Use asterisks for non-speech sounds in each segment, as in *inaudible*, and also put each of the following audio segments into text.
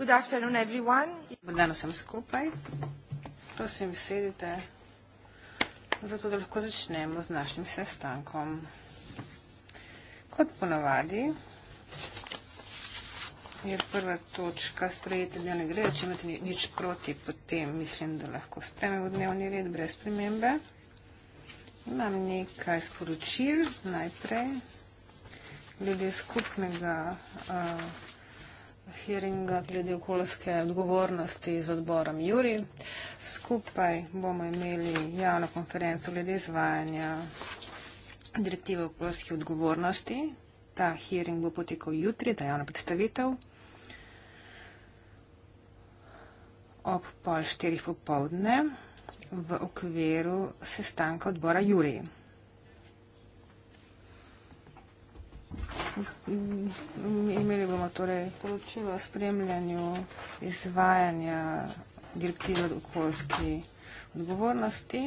Good afternoon, everyone. Dobro dan vsem skupaj. Prosim, sedite, zato da lahko začnemo z našim sestankom. Kot ponovadi je prva točka sprejete dnevne grede, če imate nič proti, potem mislim, da lahko spremem v dnevni red brez spremembe. Imam nekaj sporočil najprej glede skupnega uh, hearinga glede okoljske odgovornosti z odborom Juri. Skupaj bomo imeli javno konferenco glede izvajanja direktive okoljske odgovornosti. Ta hearing bo potekal jutri, ta javna predstavitev. ob pol štirih popovdne v okviru sestanka odbora Juriji. Imeli bomo torej poročilo o spremljanju izvajanja direktive od okoljski odgovornosti.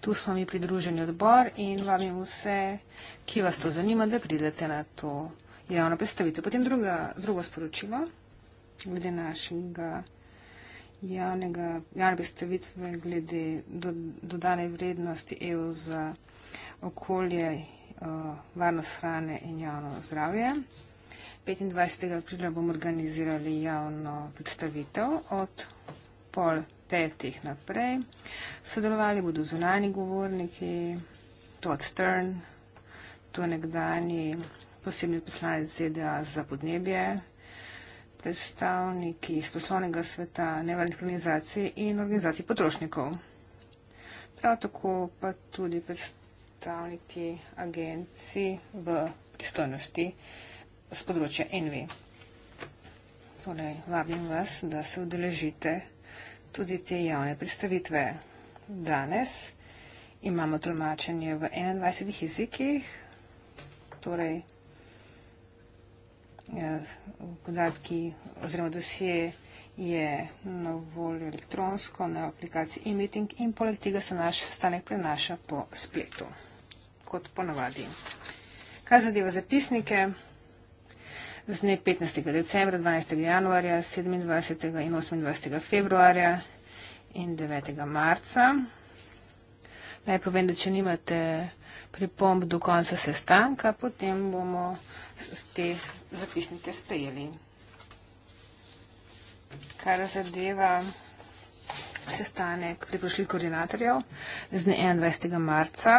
Tu smo mi pridruženi odbor in vam je vse, ki vas to zanima, da pridete na to javno predstavitev. Potem druga, drugo sporočilo glede našega javnega, javne predstavitve glede do, dodane vrednosti EU za okolje Eh, varnost hrane in javno zdravje. 25. aprila bomo organizirali javno predstavitev od pol petih naprej. Sodelovali bodo zunani govorniki, Todd Stern, to nekdani posebni poslanec ZDA za podnebje, predstavniki iz poslovnega sveta, nevaljnih organizacij in organizacij potrošnikov. Prav tako pa tudi predstavniki predstavniki agencij v pristojnosti z področja NV. Torej, vabim vas, da se udeležite tudi te javne predstavitve danes. Imamo tolmačenje v 21 jezikih, torej ja, podatki oziroma dosje je na voljo elektronsko na aplikaciji e-meeting in poleg tega se naš stanek prenaša po spletu kot ponavadi. Kaj zadeva zapisnike? Z dne 15. decembra, 12. januarja, 27. in 28. februarja in 9. marca. Naj povem, da če nimate pripomb do konca sestanka, potem bomo te zapisnike sprejeli. Kar zadeva sestanek priprošljih koordinatorjev z dne 21. marca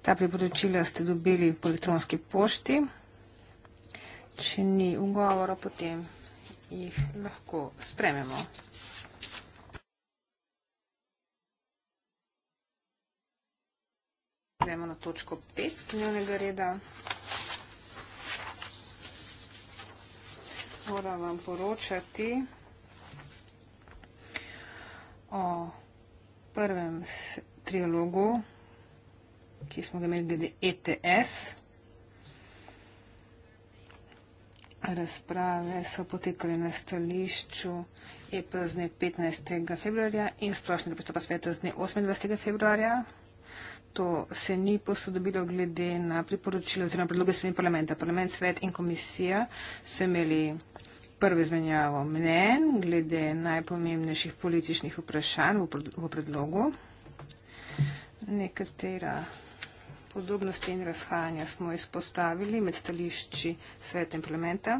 Ta priporočila ste dobili po elektronski pošti. Če ni ugovora, potem jih lahko sprememo. Gremo na točko 5 dnevnega reda. Moram vam poročati o prvem trialogu ki smo ga imeli glede ETS. Razprave so potekale na stališču EP z dne 15. februarja in splošnega pristopa sveta z dne 28. februarja. To se ni posodobilo glede na priporočilo oziroma predloge spremenja parlamenta. Parlament, svet in komisija so imeli prvo izmenjavo mnen glede najpomembnejših političnih vprašanj v predlogu. Nekatera Podobnosti in razhajanja smo izpostavili med stališči sveta implementa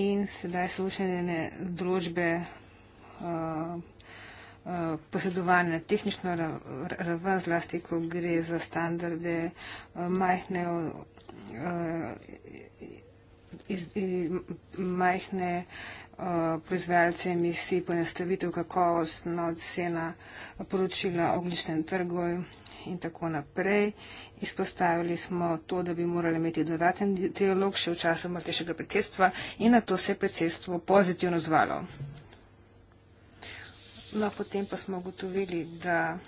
in sedaj slušene družbe uh, eh, eh, posedovanja tehnično raven, zlasti ko gre za standarde eh, majhne, iz, majhne proizvajalce emisij, ponestavitev kakovostno cena poročila ogličnem trgu in tako naprej. Izpostavili smo to, da bi morali imeti dodaten dialog še v času mrtvejšega predsedstva in na to se je predsedstvo pozitivno zvalo. No, potem pa smo ugotovili, da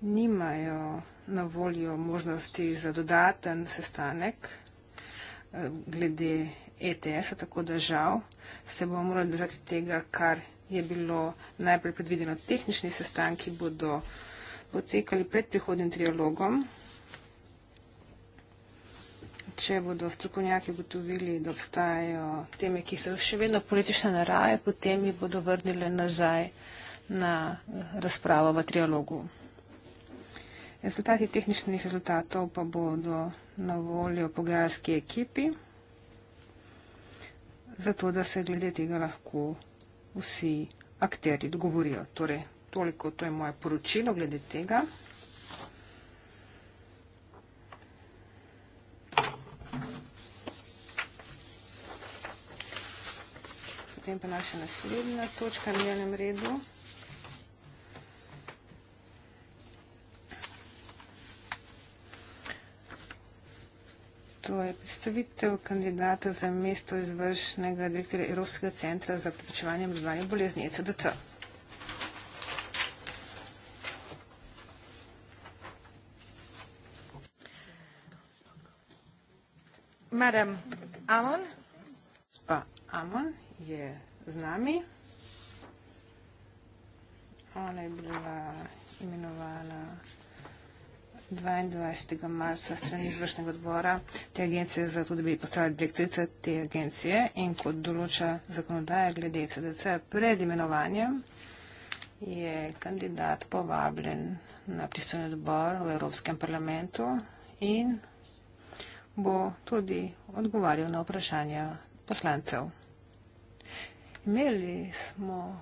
nimajo na voljo možnosti za dodaten sestanek eh, glede ETS-a, tako da žal se bomo morali držati tega, kar je bilo najprej predvideno. Tehnični sestanki bodo potekali pred prihodnim trialogom, če bodo strokovnjaki gotovili, da obstajajo teme, ki so še vedno politične naraje, potem jih bodo vrnili nazaj na eh, razpravo v trialogu. Rezultati tehničnih rezultatov pa bodo na voljo pogajalski ekipi, zato da se glede tega lahko vsi akteri dogovorijo. Torej, Toliko, to je moje poročilo glede tega. Potem pa naša naslednja točka na njenem redu. To je predstavitev kandidata za mesto izvršnega direktorja Evropskega centra za preprečevanje in obvladovanje bolezni ECDC. Madam Amon. Spa Amon je z nami. Ona je bila imenovana 22. marca strani izvršnega odbora te agencije, zato da bi postala direktorica te agencije in kot določa zakonodaja glede CDC pred imenovanjem je kandidat povabljen na pristojni odbor v Evropskem parlamentu in bo tudi odgovarjal na vprašanja poslancev. Imeli smo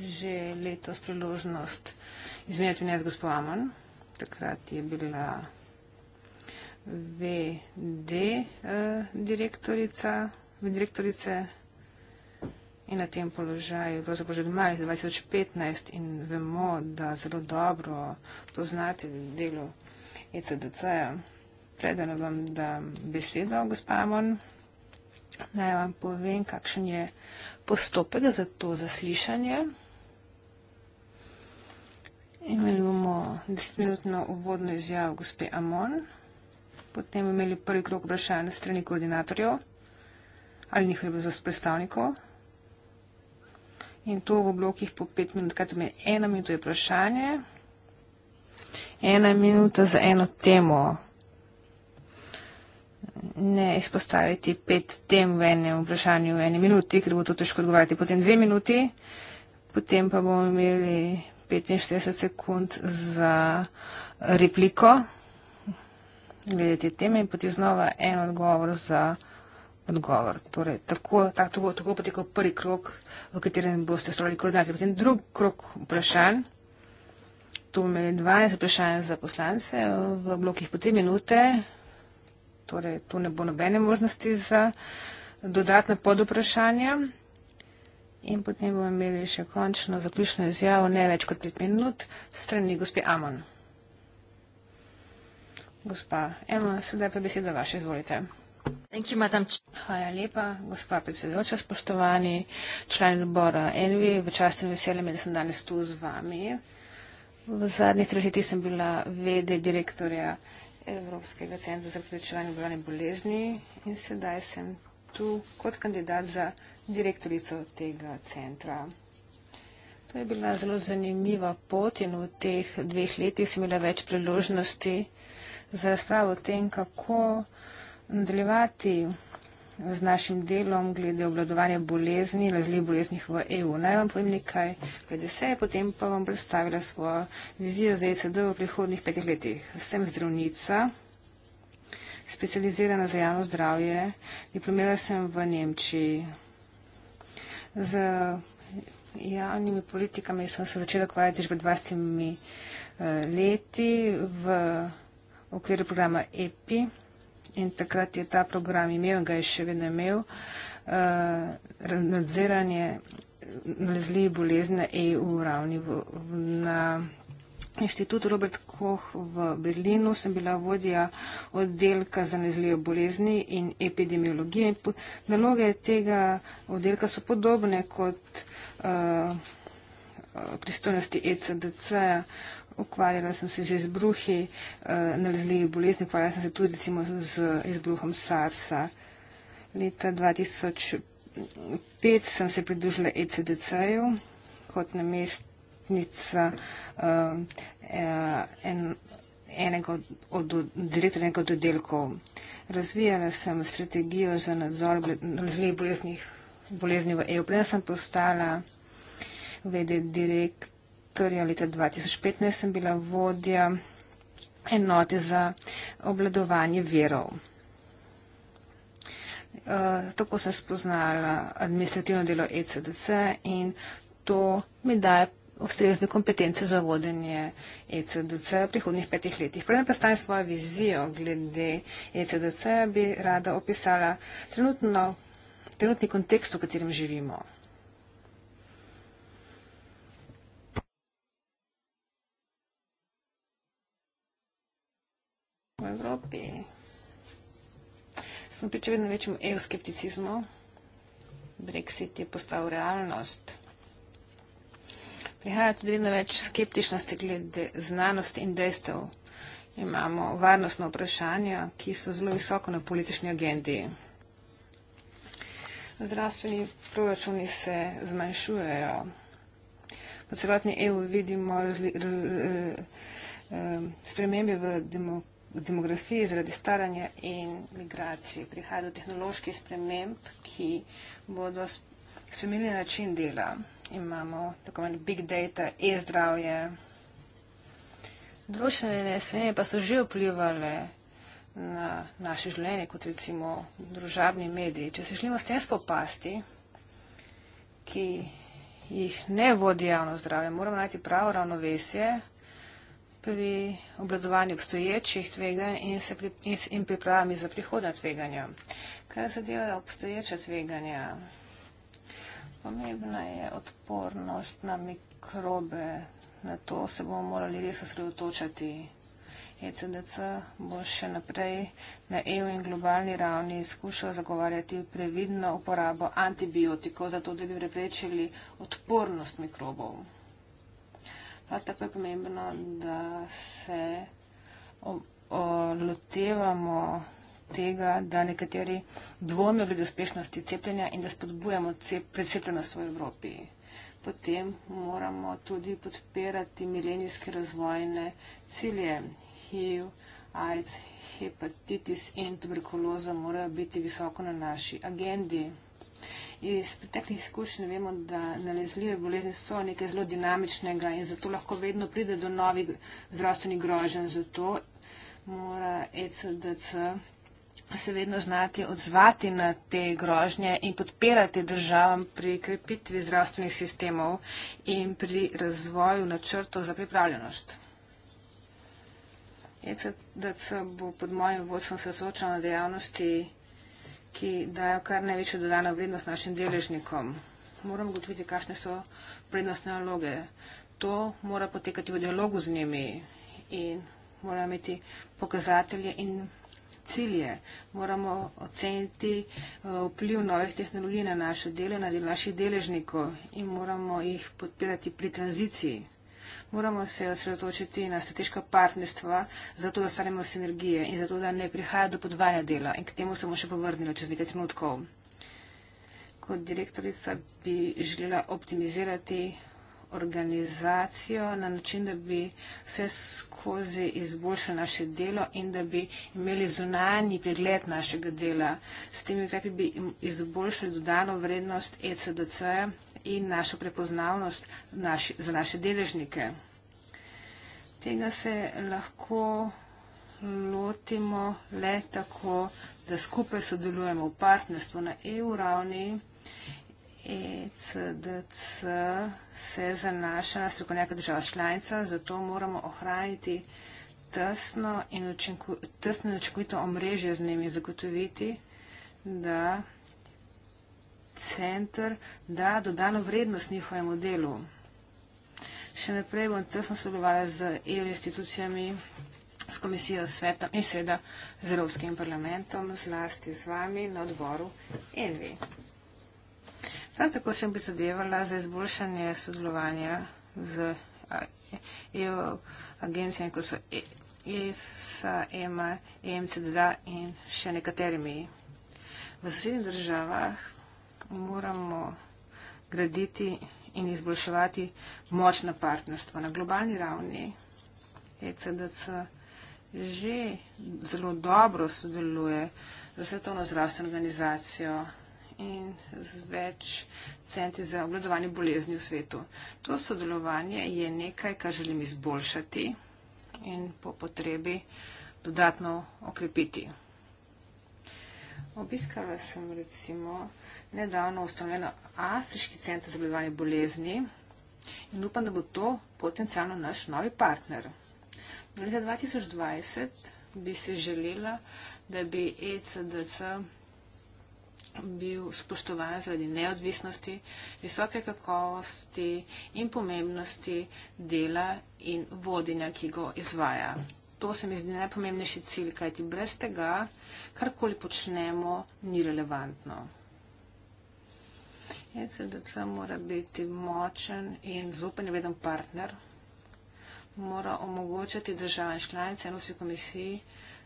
že letos priložnost izmenjati mnenje z gospod Amon. Takrat je bila VD eh, direktorica, v direktorice in na tem položaju je bilo za božeg maja 2015 in vemo, da zelo dobro poznate delo ECDC-ja. Preden vam dam besedo, gospa Amon, naj vam povem, kakšen je postopek za to zaslišanje. Imeli bomo 10-minutno uvodno izjavo gospe Amon, potem imeli prvi krok vprašanja strani koordinatorjev ali njihovih predstavnikov. In to v blokih po 5 minut, kaj to meni, ena minuta je vprašanje, ena minuta za eno temo ne izpostaviti pet tem v enem vprašanju v eni minuti, ker bo to težko odgovarjati. Potem dve minuti, potem pa bomo imeli 45 sekund za repliko glede te teme in potem znova en odgovor za odgovor. Torej, tako, tako, tako poteka prvi krok, v katerem boste strojali koordinate. Potem drug krok vprašanj. Tu bomo imeli 12 vprašanj za poslance v blokih po 3 minute torej tu ne bo nobene možnosti za dodatne podoprašanja. In potem bomo imeli še končno zaključno izjavo, ne več kot pet minut, strani gospe Amon. Gospa Amon, sedaj pa beseda vaša, izvolite. Hvala lepa, gospa predsedujoča, spoštovani člani odbora Envi, v čast in veselje, da sem danes tu z vami. V zadnjih treh letih sem bila vede direktorja Evropskega centra za preprečevanje obrovne bolezni in sedaj sem tu kot kandidat za direktorico tega centra. To je bila zelo zanimiva pot in v teh dveh letih sem imela več priložnosti za razpravo o tem, kako nadaljevati z našim delom glede obladovanja bolezni, razlih bolezni v EU. Naj vam povem nekaj glede seje, potem pa vam predstavila svojo vizijo za ECD v prihodnih petih letih. Sem zdravnica, specializirana za javno zdravje, diplomirala sem v Nemčiji. Z javnimi politikami sem se začela kvarjati že pred 20 eh, leti v okviru programa EPI in takrat je ta program imel in ga je še vedno imel uh, nadziranje nalezljivih bolezni na EU ravni. V, v, na inštitutu Robert Koch v Berlinu sem bila vodja oddelka za nalezljive bolezni in epidemiologije. In po, naloge tega oddelka so podobne kot uh, pristojnosti ECDC-ja ukvarjala sem se z izbruhi eh, nalezljivih bolezni, ukvarjala sem se tudi recimo z izbruhom SARS-a. Leta 2005 sem se pridružila ECDC-ju kot namestnica eh, eh, enega od, od, od direktornega dodelkov. Razvijala sem strategijo za nadzor nalezljivih bolezni v EU. Preden sem postala vede direkt torej leta 2015 sem bila vodja enote za obladovanje verov. Eh, tako sem spoznala administrativno delo ECDC in to mi daje ustrezne kompetence za vodenje ECDC v prihodnih petih letih. Preden predstavim svojo vizijo glede ECDC, bi rada opisala trenutno, trenutni kontekst, v katerem živimo. v Evropi. Smo priča vedno večjemu evskepticizmu. Brexit je postal realnost. Prihaja tudi vedno več skeptičnosti glede znanosti in dejstev. Imamo varnostno vprašanje, ki so zelo visoko na politični agendi. Zdravstveni proračuni se zmanjšujejo. Po celotni EU vidimo razli, r, r, r, r, spremembe v demokraciji demografiji, zaradi staranja in migracij. Prihaja do tehnoloških sprememb, ki bodo spremenili način dela. Imamo tako imen big data, e-zdravje. Določene nesmenje pa so že vplivali na naše življenje, kot recimo družabni mediji. Če se želimo s tem spopasti, ki jih ne vodi javno zdravje, moramo najti pravo ravnovesje, pri obladovanju obstoječih tveganj in, pri, in, in pripravami za prihodna tveganja. Kaj zadeva obstoječa tveganja? Pomembna je odpornost na mikrobe. Na to se bomo morali res osredotočati. ECDC bo še naprej na EU in globalni ravni skušal zagovarjati previdno uporabo antibiotikov, zato da bi preprečili odpornost mikrobov pa tako je pomembno, da se lotevamo tega, da nekateri dvomijo glede uspešnosti cepljenja in da spodbujamo cep, predcepljenost v Evropi. Potem moramo tudi podpirati milenijske razvojne cilje. HIV, AIDS, hepatitis in tuberkuloza morajo biti visoko na naši agendi. Iz preteklih izkušenj vemo, da nalezljive bolezni so nekaj zelo dinamičnega in zato lahko vedno pride do novih zdravstvenih groženj. Zato mora ECDC se vedno znati odzvati na te grožnje in podpirati državam pri krepitvi zdravstvenih sistemov in pri razvoju načrtov za pripravljenost. ECDC bo pod mojim vodstvom se soočal na dejavnosti ki dajo kar največjo dodano vrednost našim deležnikom. Moramo ugotoviti, kakšne so prednostne naloge. To mora potekati v dialogu z njimi in moramo imeti pokazatelje in cilje. Moramo oceniti eh, vpliv novih tehnologij na naše delo, na del naših deležnikov in moramo jih podpirati pri tranziciji. Moramo se osredotočiti na strateška partnerstva, zato da stanemo sinergije in zato da ne prihaja do podvanja dela. In k temu se bomo še povrnili čez nekaj trenutkov. Kot direktorica bi želela optimizirati organizacijo na način, da bi vse skozi izboljšali naše delo in da bi imeli zunanji pregled našega dela. S temi ukrepi bi izboljšali dodano vrednost ECDC-ja in našo prepoznavnost naš, za naše deležnike. Tega se lahko lotimo le tako, da skupaj sodelujemo v partnerstvu na EU ravni. ECDC se zanaša na strokovnjaka država članica, zato moramo ohraniti tesno in učinkovito omrežje z njimi zagotoviti, da center da dodano vrednost njihovemu delu. Še naprej bom tesno sodelovala z EU institucijami, s komisijo sveta in seveda z Evropskim parlamentom, zlasti z vami na odboru ENVI. Prav tako sem prizadevala za izboljšanje sodelovanja z EU agencijami, kot so EFSA, e EMA, EMCDDA in še nekaterimi. V sosednjih državah moramo graditi in izboljševati močna partnerstva na globalni ravni. ECDC že zelo dobro sodeluje za svetovno zdravstveno organizacijo in z več centri za obladovanje bolezni v svetu. To sodelovanje je nekaj, kar želim izboljšati in po potrebi dodatno okrepiti. Obiskala sem recimo nedavno ustanovljen Afriški center za obledovanje bolezni in upam, da bo to potencijalno naš novi partner. Do leta 2020 bi se želela, da bi ECDC bil spoštovan zaradi neodvisnosti, visoke kakovosti in pomembnosti dela in vodenja, ki ga izvaja. To se mi zdi najpomembnejši cilj, kajti brez tega karkoli počnemo ni relevantno. Jaz se predvsem mora biti močen in zupanje veden partner. Mora omogočati državam članice Evropske komisiji,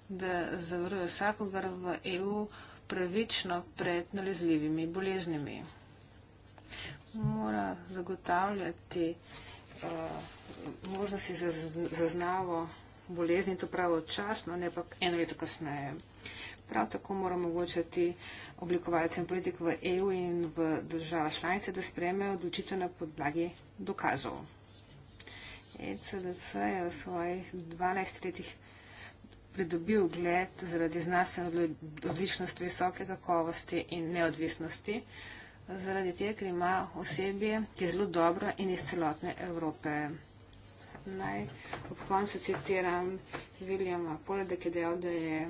da zavrujo vsakogar v EU pravično pred nalezljivimi boleznimi. Mora zagotavljati uh, možnosti za zaznavo bolezni, to pravo časno, ne pa eno leto kasneje. Prav tako mora omogočati oblikovalcem politik v EU in v država članice, da spremejo odločitev na podlagi dokazov. ECDS je v svojih 12 letih pridobil gled zaradi znanstvene odličnosti visoke kakovosti in neodvisnosti, zaradi tega, ker ima osebje, ki je zelo dobro in iz celotne Evrope. Naj ob koncu citiram Viljama Poleda, ki je dejal, da je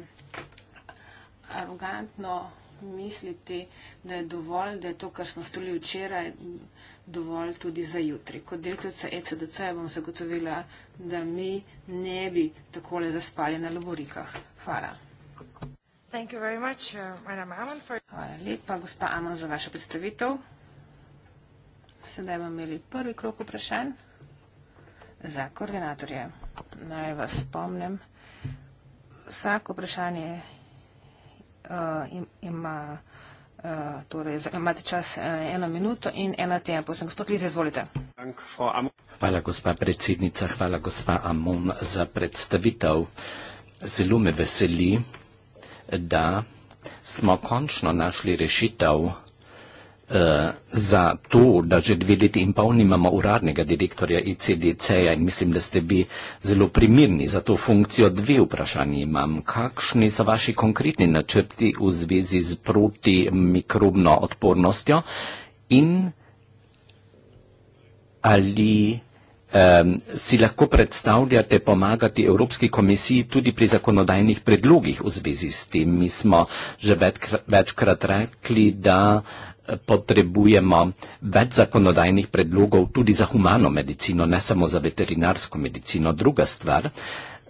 arogantno misliti, da je dovolj, da je to, kar smo storili včeraj, dovolj tudi za jutri. Kot direktorica ECDC bom zagotovila, da mi ne bi takole zaspali na laborikah. Hvala. Much, uh, for... Hvala lepa, gospa Amon, za vašo predstavitev. Sedaj bomo imeli prvi krok vprašanj za koordinatorje. Naj vas spomnim. Vsako vprašanje Eh, ima, eh, torej, imate čas eh, eno minuto in ena tema. Prosim, gospod Lize, izvolite. Hvala, gospa predsednica, hvala, gospa Amon, za predstavitev. Zelo me veseli, da smo končno našli rešitev Eh, za to, da želi videti in pa on imamo uradnega direktorja ICDC-ja in mislim, da ste bi zelo primirni za to funkcijo. Dve vprašanje imam. Kakšni so vaši konkretni načrti v zvezi z protimikrobno odpornostjo in ali um, si lahko predstavljate pomagati Evropski komisiji tudi pri zakonodajnih predlogih v zvezi s tem? Mi smo že večkrat, večkrat rekli, da potrebujemo več zakonodajnih predlogov tudi za humano medicino, ne samo za veterinarsko medicino. Druga stvar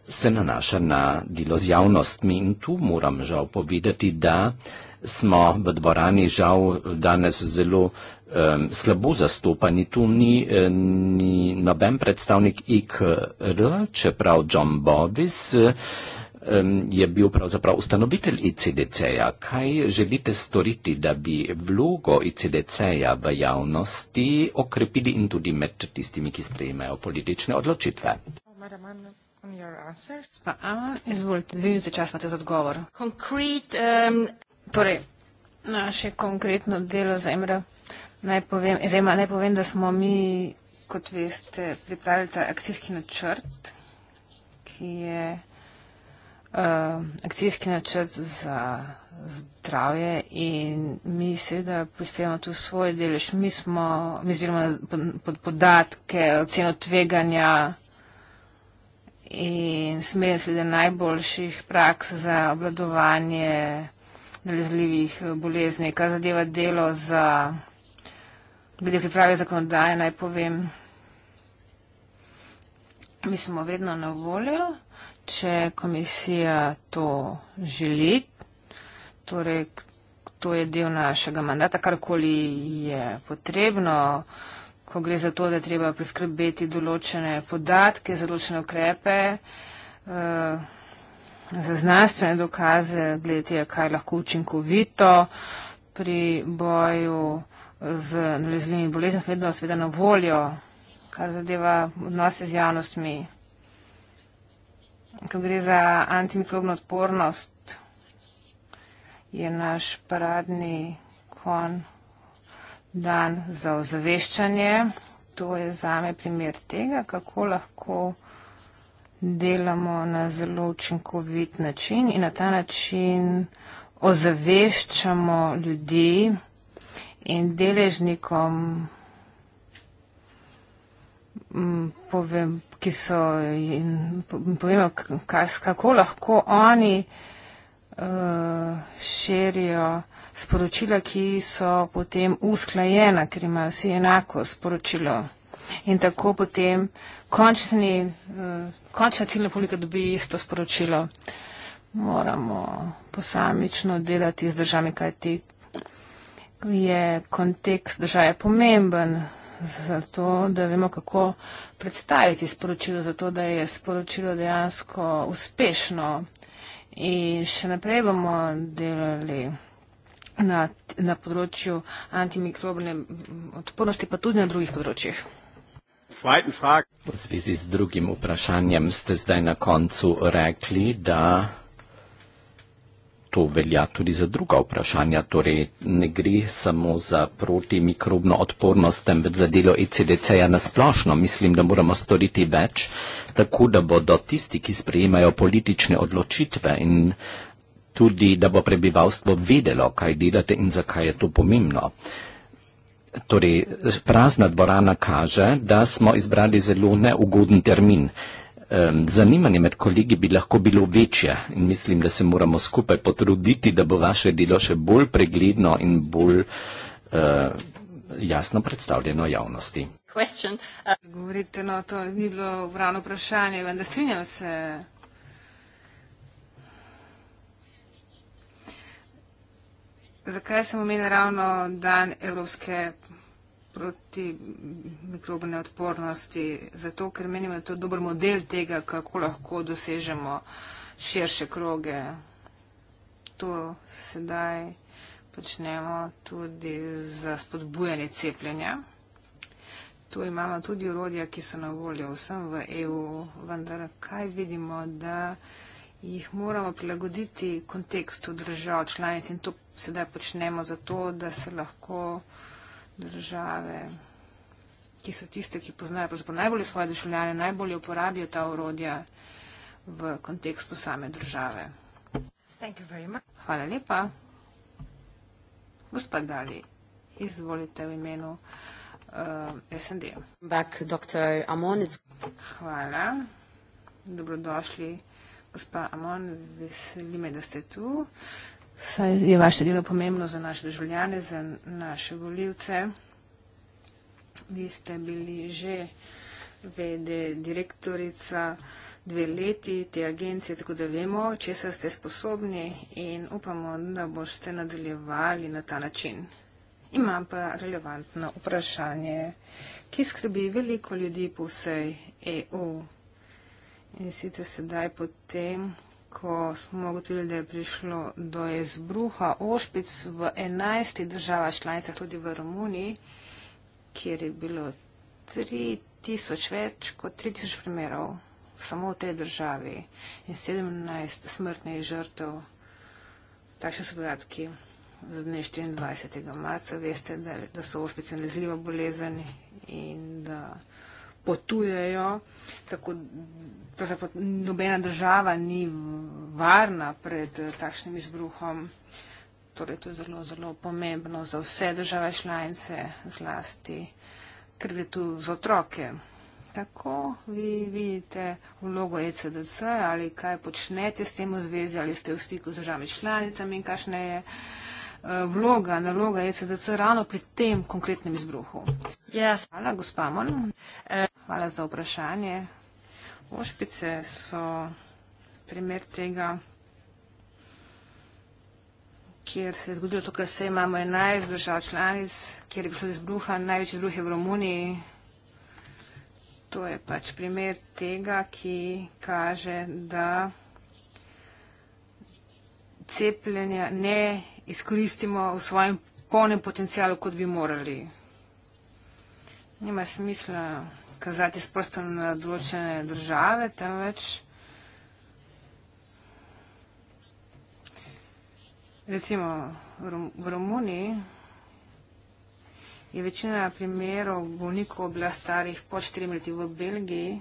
se nanaša na delo z javnostmi in tu moram žal povedati, da smo v dvorani žal danes zelo um, slabo zastopani. Tu ni, ni noben predstavnik IKR, čeprav John Bovis. Um, je bil pravzaprav ustanovitelj ICDC-ja. Kaj želite storiti, da bi vlogo ICDC-ja v javnosti okrepili in tudi med tistimi, ki sprejemajo politične odločitve? Spa, a, izvolite, dve minuti čas imate za odgovor. Konkret, um, torej, naše konkretno delo za Emre, naj povem, zajma, naj povem, da smo mi, kot veste, pripravili ta akcijski načrt, ki je Eh, akcijski načrt za zdravje in mi seveda prispevamo tu svoj delež. Mi smo, mi zbiramo pod podatke, oceno tveganja in smerim seveda najboljših praks za obladovanje nalezljivih bolezni. Kar zadeva delo za glede priprave zakonodaje, naj povem, mi smo vedno na voljo če komisija to želi, torej to je del našega mandata, karkoli je potrebno, ko gre za to, da treba priskrbeti določene podatke, določene ukrepe, eh, za znanstvene dokaze, glede tega, kaj je lahko učinkovito pri boju z nalezljivimi boleznimi, vedno seveda na voljo, kar zadeva odnose z javnostmi ko gre za antimikrobno odpornost, je naš paradni kon dan za ozaveščanje. To je zame primer tega, kako lahko delamo na zelo učinkovit način in na ta način ozaveščamo ljudi in deležnikom povem, ki so in povem, kaj, kako lahko oni uh, širijo sporočila, ki so potem usklajena, ker imajo vsi enako sporočilo. In tako potem končni, uh, končna ciljna publika dobi isto sporočilo. Moramo posamično delati z državami, kajti je kontekst države pomemben zato, da vemo, kako predstaviti sporočilo, zato, da je sporočilo dejansko uspešno. In še naprej bomo delali na, na področju antimikrobne odpornosti, pa tudi na drugih področjih. V zvezi z drugim vprašanjem ste zdaj na koncu rekli, da to velja tudi za druga vprašanja, torej ne gre samo za protimikrobno odpornost, temveč za delo ECDC-ja na splošno. Mislim, da moramo storiti več, tako da bodo tisti, ki sprejemajo politične odločitve in tudi, da bo prebivalstvo vedelo, kaj delate in zakaj je to pomembno. Torej, prazna dvorana kaže, da smo izbrali zelo neugoden termin um, zanimanje med kolegi bi lahko bilo večje in mislim, da se moramo skupaj potruditi, da bo vaše delo še bolj pregledno in bolj uh, jasno predstavljeno javnosti. Question. Govorite, no, to ni bilo vrano vprašanje, vendar strinjam se. Zakaj sem omenila ravno dan Evropske proti mikrobne odpornosti, zato ker menimo, da to je dober model tega, kako lahko dosežemo širše kroge. To sedaj počnemo tudi za spodbujanje cepljenja. Tu imamo tudi urodja, ki so na voljo vsem v EU, vendar kaj vidimo, da jih moramo prilagoditi kontekstu držav članic in to sedaj počnemo zato, da se lahko države, ki so tiste, ki poznajo najbolje svoje državljane, najbolje uporabijo ta urodja v kontekstu same države. Hvala lepa. Gospod Dali, izvolite v imenu uh, eh, SND. Back, Amon, Hvala. Dobrodošli, gospod Amon. Veseli me, da ste tu. Uh, Saj je vaše delo pomembno za naše državljane, za naše voljivce. Vi ste bili že vede direktorica dve leti te agencije, tako da vemo, če se ste sposobni in upamo, da boste nadaljevali na ta način. Imam pa relevantno vprašanje, ki skrbi veliko ljudi po vsej EU. In sicer sedaj potem, ko smo ugotovili, da je prišlo do izbruha ošpic v 11 državah članicah, tudi v Romuniji, kjer je bilo 3000 več kot 3000 primerov samo v tej državi in 17 smrtnih žrtev. Takšni so podatki z dne 24. marca. Veste, da, da so ošpice nalezljiva bolezen in da. Uh, potujejo. Tako, nobena država ni varna pred eh, takšnim izbruhom. Torej, to je zelo, zelo pomembno za vse države članice, zlasti, ker gre tu za otroke. Tako vi vidite vlogo ECDC ali kaj počnete s tem v zvezi ali ste v stiku z državami članicami in kakšne je. Uh, Eh, vloga, naloga ECDC ravno pri tem konkretnem izbruhu? Yes. Hvala, gospa Mon. Eh. Hvala za vprašanje. Ošpice so primer tega, kjer se je zgodilo to, kar se imamo 11 držav članic, kjer je prišlo do izbruha, največji izbruh je v Romuniji. To je pač primer tega, ki kaže, da cepljenja ne izkoristimo v svojem polnem potencijalu, kot bi morali. Nima smisla kazati s prstom na določene države, temveč recimo v Romuniji je večina primerov bolnikov bila starih po 4 leti v Belgiji,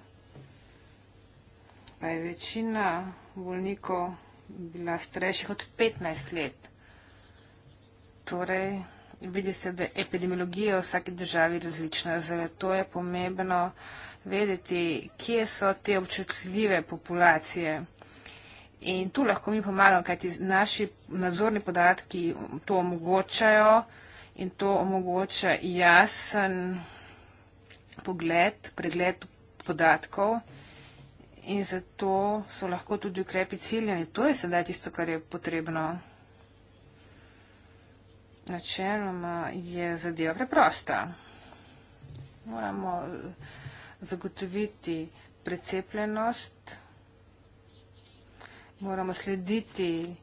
pa je večina bolnikov bila starejših od 15 let torej vidi se, da je epidemiologija v vsaki državi različna, zato je pomembno vedeti, kje so te občutljive populacije. In tu lahko mi pomagamo, kajti naši nadzorni podatki to omogočajo in to omogoča jasen pogled, pregled podatkov in zato so lahko tudi ukrepi ciljeni. To je sedaj tisto, kar je potrebno načeloma je zadeva preprosta. Moramo eh, zagotoviti precepljenost, moramo slediti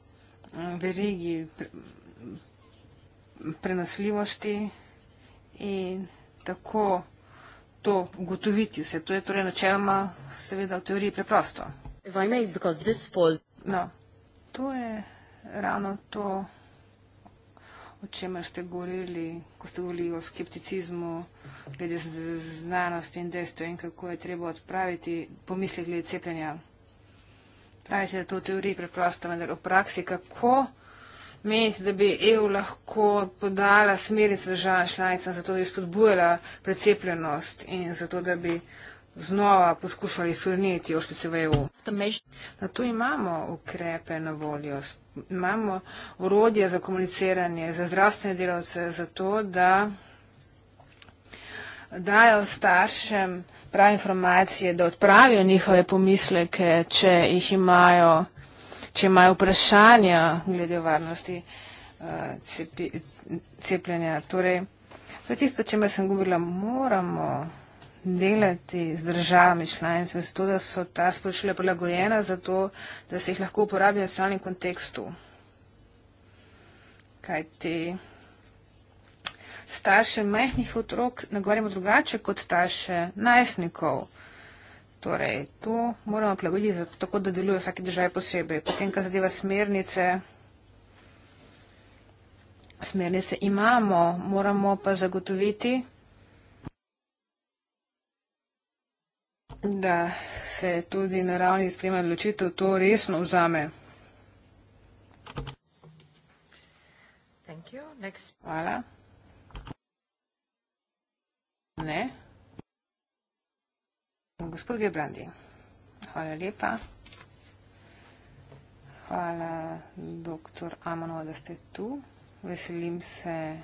mm, verigi prenosljivosti in tako to ugotoviti. Vse to je torej načeloma seveda v teoriji preprosto. No, to je ravno to o čemer ste govorili, ko ste govorili o skepticizmu glede znanosti in dejstva in kako je treba odpraviti pomislek glede cepljenja. Pravite, da to v teoriji preprosto, vendar v praksi kako menite, da bi EU lahko podala smernice državam članicam za to, da bi spodbujala precepljenost in za to, da bi znova poskušali svrniti ošpice v EU. Na to imamo ukrepe na voljo imamo urodje za komuniciranje, za zdravstvene delavce, za to, da dajo staršem prave informacije, da odpravijo njihove pomisleke, če jih imajo, če imajo vprašanja glede varnosti eh, cepljenja. Torej, to je tisto, o čem sem govorila, moramo delati z državami članice, zato da so ta sporočila prilagojena, zato da se jih lahko uporabi v nacionalnem kontekstu. Kaj ti starše majhnih otrok nagovarjamo drugače kot starše najstnikov. Torej, to moramo prilagoditi tako, da deluje vsake države posebej. Potem, kar zadeva smernice, smernice imamo, moramo pa zagotoviti, da se tudi na ravni sprejema odločitev to resno vzame. Hvala. Ne. Gospod Gebrandi, hvala lepa. Hvala, doktor Amanova, da ste tu. Veselim se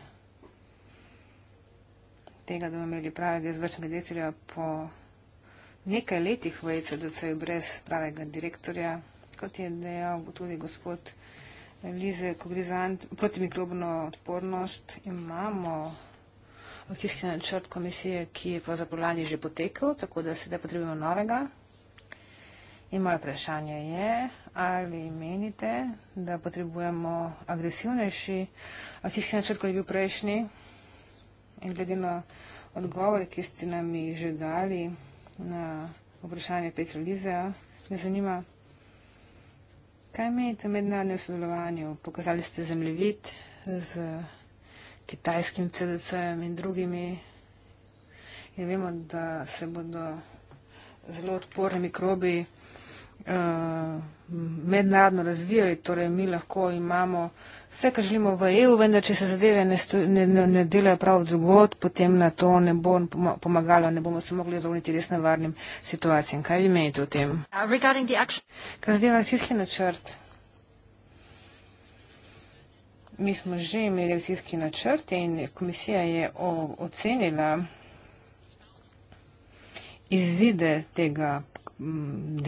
tega, da bomo imeli pravega izvršnega direktorja po nekaj letih v ECDC-ju brez pravega direktorja, kot je dejal tudi gospod Lize Kogrizant, protimikrobno odpornost imamo akcijski načrt komisije, ki je pravzaprav lani že potekel, tako da sedaj potrebujemo novega. In moje vprašanje je, ali menite, da potrebujemo agresivnejši akcijski načrt, kot je bil prejšnji? In glede na odgovore, ki ste nam jih že dali, na vprašanje Petra Lizeja. Me zanima, kaj menite o mednarodnem sodelovanju? Pokazali ste zemljevid z kitajskim CDC-jem in drugimi. In vemo, da se bodo zelo odporni mikrobi uh, mednarodno razvijali, torej mi lahko imamo uh, vse, kar želimo v EU, vendar če se zadeve ne, sto, ne, ne, ne delajo prav drugot, potem na to ne bo pomagalo, ne bomo se mogli zavoliti res nevarnim situacijam. Kaj vi menite o tem? Uh, kar zadeva sitski načrt. Mi smo že imeli sitski načrt in komisija je o, ocenila izide tega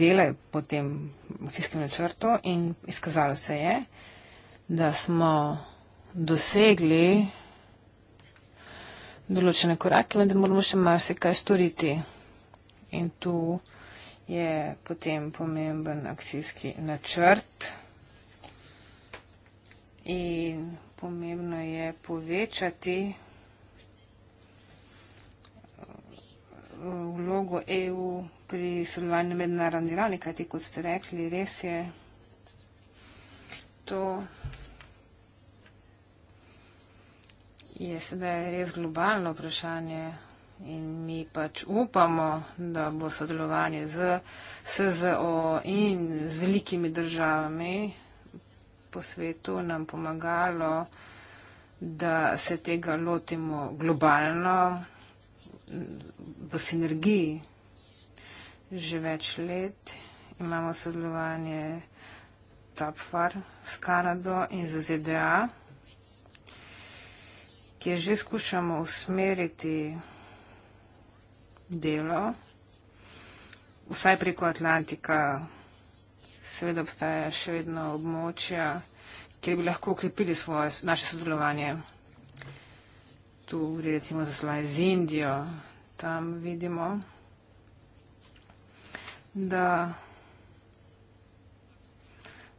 dela po tem akcijskem načrtu in izkazalo se je, da smo dosegli določene korake, vendar moramo še marsikaj storiti. In tu je potem pomemben akcijski načrt. In pomembno je povečati eh, vlogo EU pri sodelovanju mednarodni ravni, kajti kot ste rekli, res je to. je sedaj res globalno vprašanje in mi pač upamo, da bo sodelovanje z SZO in z velikimi državami po svetu nam pomagalo, da se tega lotimo globalno v sinergiji. Že več let imamo sodelovanje TAPFAR s Kanado in z ZDA kjer že skušamo usmeriti delo, vsaj preko Atlantika, seveda obstaja še vedno območja, kjer bi lahko ukrepili svoje, naše sodelovanje. Tu gre recimo za slaj z Indijo, tam vidimo, da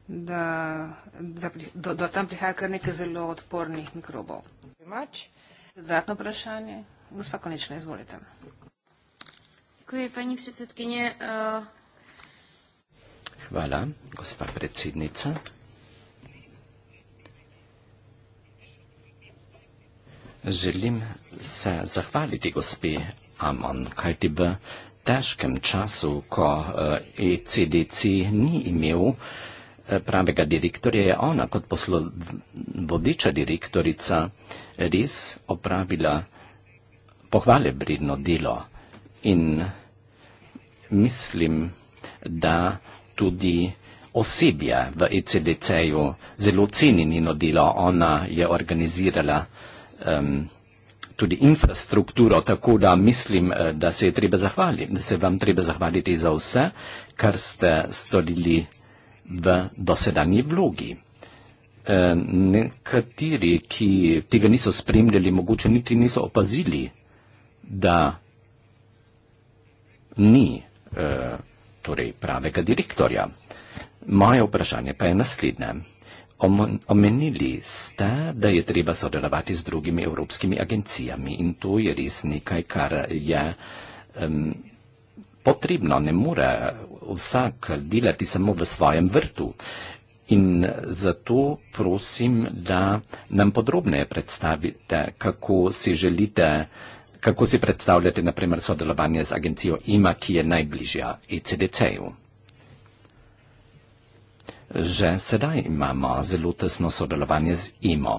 da, da pri, do, do tam prihaja kar nekaj zelo odpornih mikrobov. Imač, dodatno vprašanje? Gospa Konečna, izvolite. Dziękuję Pani Przewodniczący. Chwala, eh, gospa Przewodnicza. Želim se zahvaliti gospi Amon, kajti v težkem času, ko ECDC eh, e ni imel uh, Eh, pravega direktorja, je ona kot poslovodiča direktorica res opravila pohvale vredno delo. In mislim, da tudi osebje v ECDC-ju zelo ceni njeno delo. Ona je organizirala um, tudi infrastrukturo, tako da mislim, eh, da se je treba zahvaliti, da se vam treba zahvaliti za vse, kar ste storili v dosedanji vlogi. E, nekateri, ki tega niso spremljali, mogoče niti niso opazili, da ni e, torej, pravega direktorja. Moje vprašanje pa je naslednje. Omenili ste, da je treba sodelovati z drugimi evropskimi agencijami in to je res nekaj, kar je potrebno, ne more vsak delati samo v svojem vrtu. In zato prosim, da nam podrobneje predstavite, kako si želite, kako si predstavljate, naprimer, sodelovanje z agencijo IMA, ki je najbližja ECDC-ju. Že sedaj imamo zelo tesno sodelovanje z IMO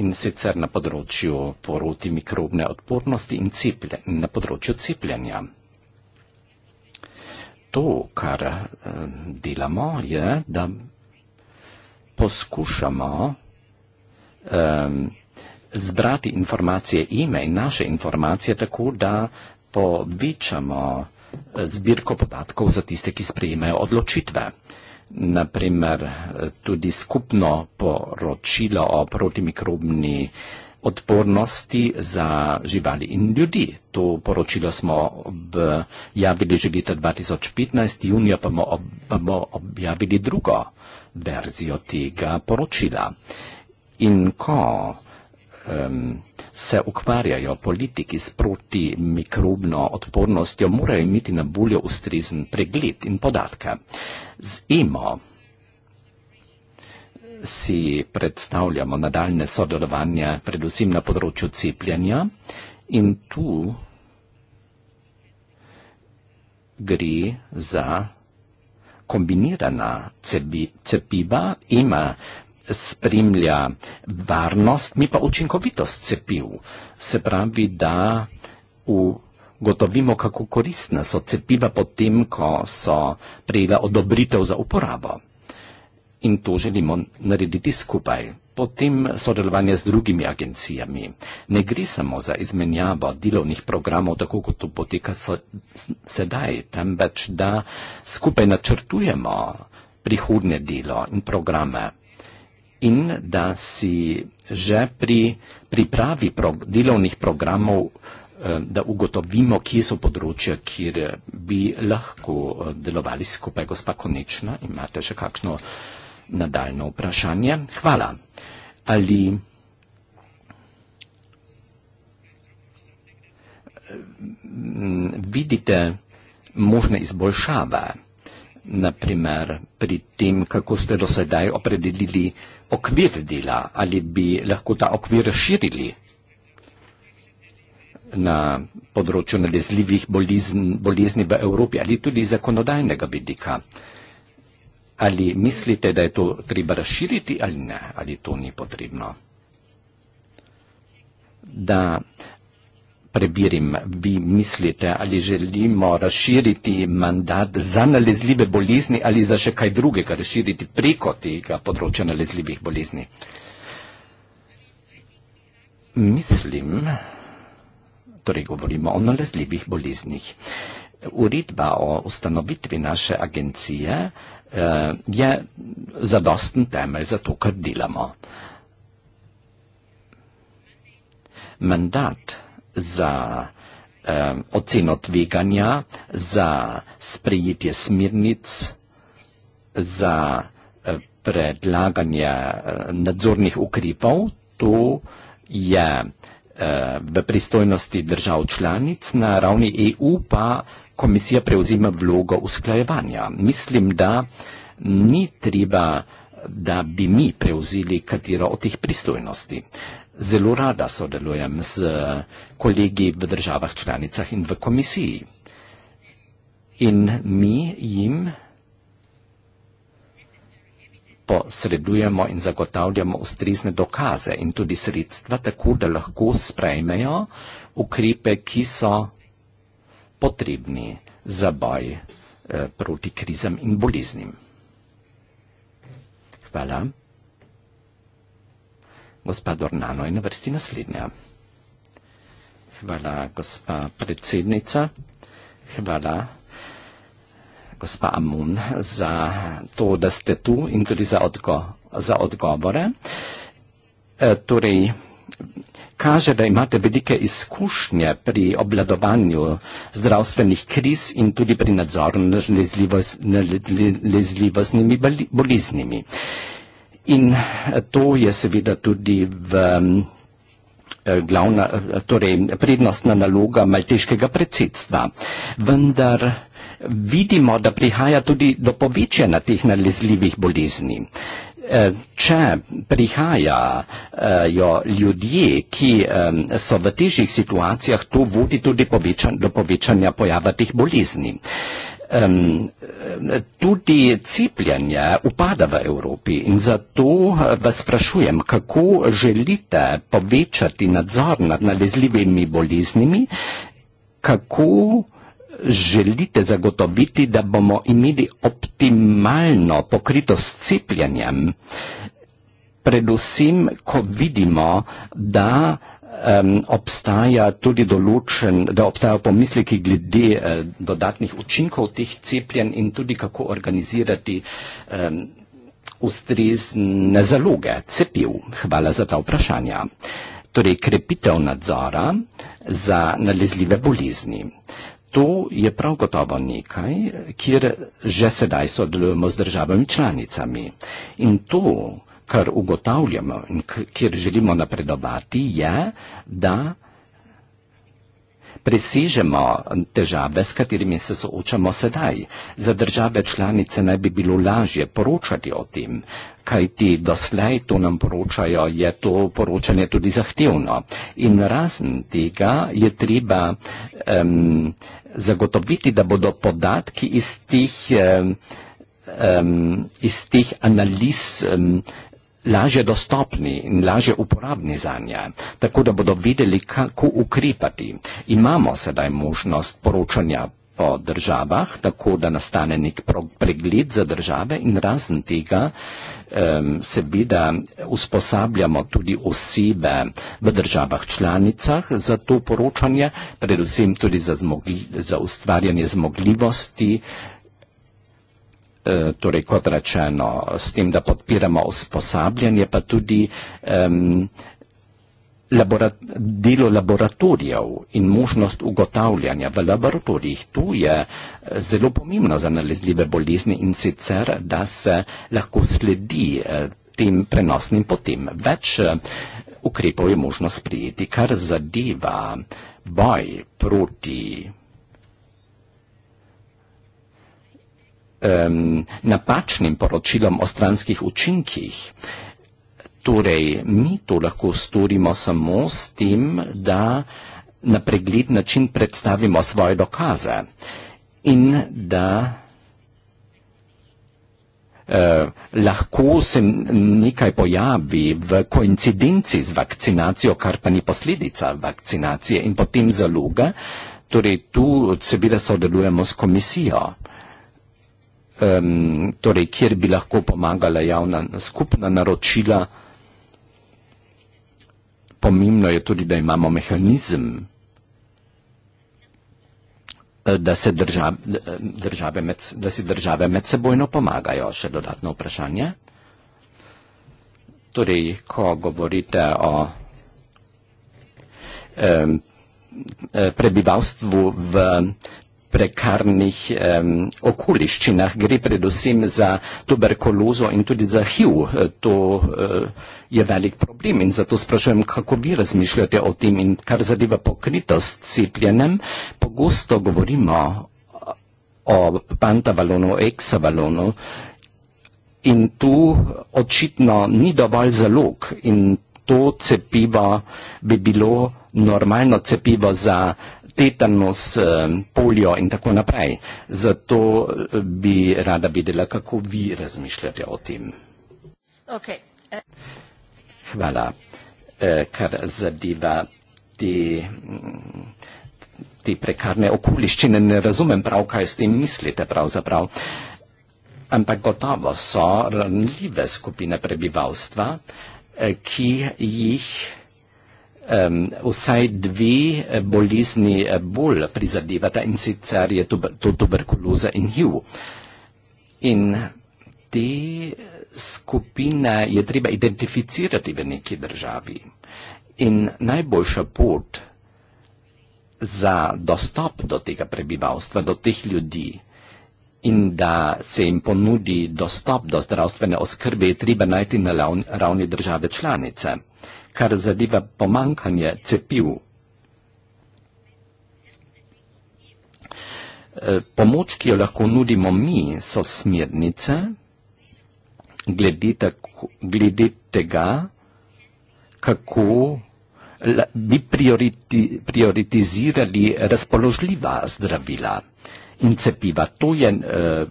in sicer na področju poroti mikrobne odpornosti in ciple, na področju cepljenja. To, kar eh, delamo, je, da poskušamo um, zbrati informacije, ime in naše informacije tako, da povečamo eh, zbirko podatkov za tiste, ki sprejemajo odločitve naprimer tudi skupno poročilo o protimikrobni odpornosti za živali in ljudi. To poročilo smo objavili že leta 2015, junija pa bomo objavili drugo verzijo tega poročila. In ko um, se ukvarjajo politiki s protimikrobno odpornostjo, morajo imeti na voljo ustrezen pregled in podatke. Z EMO si predstavljamo nadaljne sodelovanje predvsem na področju cepljanja in tu gre za kombinirana cepiva. EMA spremlja varnost, mi pa učinkovitost cepiv. Se pravi, da ugotovimo, kako koristna so cepiva potem, ko so prejela odobritev za uporabo. In to želimo narediti skupaj. Potem sodelovanje z drugimi agencijami. Ne gre samo za izmenjavo delovnih programov, tako kot to poteka sedaj, temveč da skupaj načrtujemo prihodnje delo in programe in da si že pri pripravi prog delovnih programov, eh, da ugotovimo, kje so področja, kjer bi lahko eh, delovali skupaj. Gospa Konečna, imate še kakšno nadaljno vprašanje? Hvala. Ali eh, vidite možne izboljšave, naprimer pri tem, kako ste do sedaj opredelili okvir dela ali bi lahko ta okvir širili na področju nalezljivih bolizn, bolezni v Evropi ali tudi zakonodajnega vidika. Ali mislite, da je to treba razširiti ali ne, ali to ni potrebno? Da prebirim, vi mislite, ali želimo razširiti mandat za nalezljive bolezni ali za še kaj drugega razširiti preko tega področja nalezljivih bolezni. Mislim, torej govorimo o nalezljivih boleznih. Uredba o ustanovitvi naše agencije eh, je zadosten temelj za to, kar delamo. Mandat za eh, oceno tveganja, za sprejetje smirnic, za eh, predlaganje eh, nadzornih ukrepov. To je eh, v pristojnosti držav članic, na ravni EU pa komisija prevzima vlogo usklajevanja. Mislim, da ni treba, da bi mi prevzeli katero od teh pristojnosti zelo rada sodelujem z eh, kolegi v državah članicah in v komisiji. In mi jim posredujemo in zagotavljamo ustrizne dokaze in tudi sredstva, tako da lahko sprejmejo ukrepe, ki so potrebni za boj eh, proti krizam in boliznim. Hvala gospa Dornano je na vrsti naslednja. Hvala, gospa predsednica. Hvala, gospa Amun, za to, da ste tu in tudi za, odgo za odgovore. E, torej, kaže, da imate velike izkušnje pri obladovanju zdravstvenih kriz in tudi pri nadzoru nalezljivostnimi boliznimi. Nalezljivo In eh, to je seveda tudi v mm, eh, glavna, eh, torej prednostna naloga malteškega predsedstva. Vendar vidimo, da prihaja tudi do povečanja teh nalezljivih bolezni. Če prihajajo ljudje, ki so v težjih situacijah, to vodi tudi povečan, do povečanja pojava teh bolezni um, tudi cepljenje upada v Evropi in zato eh, vas sprašujem, kako želite povečati nadzor nad nalezljivimi boleznimi, kako želite zagotoviti, da bomo imeli optimalno pokritost cepljenjem, predvsem, ko vidimo, da um, obstaja tudi določen, da obstajajo pomisleki glede uh, dodatnih učinkov teh cepljenj in tudi kako organizirati um, ustrezne zaloge cepiv. Hvala za ta vprašanja. Torej, krepitev nadzora za nalezljive bolezni. To je prav gotovo nekaj, kjer že sedaj sodelujemo z državami članicami. In to, kar ugotavljamo in kjer želimo napredovati, je, da presežemo težave, s katerimi se soočamo sedaj. Za države članice naj bi bilo lažje poročati o tem, kaj ti doslej to nam poročajo, je to poročanje tudi zahtevno. In razen tega je treba um, zagotoviti, da bodo podatki iz teh, um, iz teh analiz um, lažje dostopni in lažje uporabni za nje, tako da bodo videli, kako ukrepati. Imamo sedaj možnost poročanja po državah, tako da nastane nek pregled za države in razen tega um, seveda usposabljamo tudi osebe v državah članicah za to poročanje, predvsem tudi za, zmogli, za ustvarjanje zmogljivosti. Eh, torej kot rečeno, s tem, da podpiramo usposabljanje, pa tudi um, laborat delo laboratorijev in možnost ugotavljanja v laboratorijih. Tu je eh, zelo pomembno za nalezljive bolezni in sicer, da se lahko sledi eh, tem prenosnim potem. Več ukrepov je možno sprijeti, kar zadeva boj proti um, napačnim poročilom o stranskih učinkih. Torej, mi to lahko storimo samo s tem, da na pregled način predstavimo svoje dokaze in da Uh, lahko se nekaj pojavi v koincidenci z vakcinacijo, kar pa ni posledica vakcinacije in potem zaloga. Torej tu seveda sodelujemo s komisijo um, torej kjer bi lahko pomagala javna skupna naročila. Pomembno je tudi, da imamo mehanizem, eh, da, se država, države med, da si države medsebojno pomagajo. Še dodatno vprašanje. Torej, ko govorite o eh, prebivalstvu v prekarnih um, okoliščinah. Gre predvsem za tuberkulozo in tudi za HIV. E, to uh, je velik problem in zato sprašujem, kako vi razmišljate o tem in kar zadeva pokritost cepljenem. Pogosto govorimo o pantabalonu, eksabalonu in tu očitno ni dovolj zalog in to cepivo bi bilo normalno cepivo za tetanus, eh, polio in tako naprej. Zato eh, bi rada videla, kako vi razmišljate o tem. Okay. Eh. Hvala. Kar zadeva te, te prekarne okoliščine, ne razumem prav, kaj s tem mislite pravzaprav. Ampak gotovo so ranljive skupine prebivalstva, ki jih um, vsaj dve eh, bolezni eh, bolj prizadevata in sicer je to tuberkuloza in HIV. In te eh, skupine je treba identificirati v neki državi. In najboljša pot za dostop do tega prebivalstva, do teh ljudi in da se jim ponudi dostop do zdravstvene oskrbe, je treba najti na ravni države članice kar zadeva pomankanje cepiv. E, pomoč, ki jo lahko nudimo mi, so smernice glede, tako, glede tega, kako bi prioriti, prioritizirali razpoložljiva zdravila in cepiva. To je eh,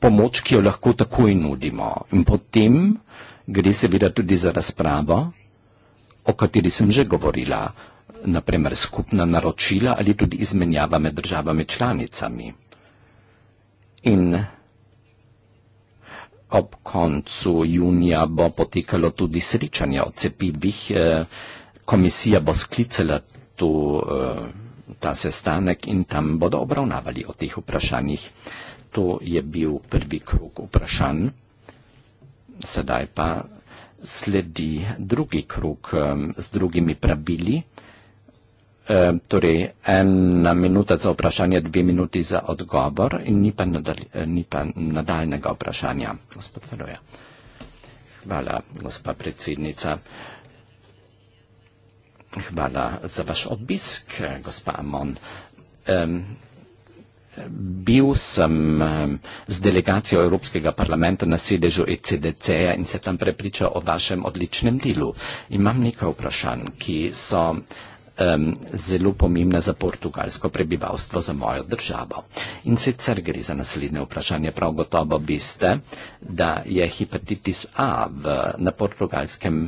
pomoč, ki jo lahko takoj nudimo. In potem gre seveda tudi za razpravo o kateri sem že govorila, naprimer skupna naročila ali tudi izmenjava med državami članicami. In ob koncu junija bo potekalo tudi srečanje o cepivih, eh, komisija bo sklicala tu eh, ta sestanek in tam bodo obravnavali o teh vprašanjih. To je bil prvi krug vprašanj. Sedaj pa sledi drugi krug um, z drugimi pravili, um, torej ena minuta za vprašanje, dve minuti za odgovor in ni pa, nadalj, ni pa nadaljnega vprašanja. Gospod Veloja. Hvala, gospa predsednica. Hvala za vaš obisk, gospa Amon. Um, Bil sem z delegacijo Evropskega parlamenta na sedežu ECDC-ja in se tam prepričal o vašem odličnem delu. Imam nekaj vprašanj, ki so um, zelo pomembna za portugalsko prebivalstvo, za mojo državo. In sicer gre za naslednje vprašanje. Prav gotovo veste, da je hepatitis A v, na portugalskem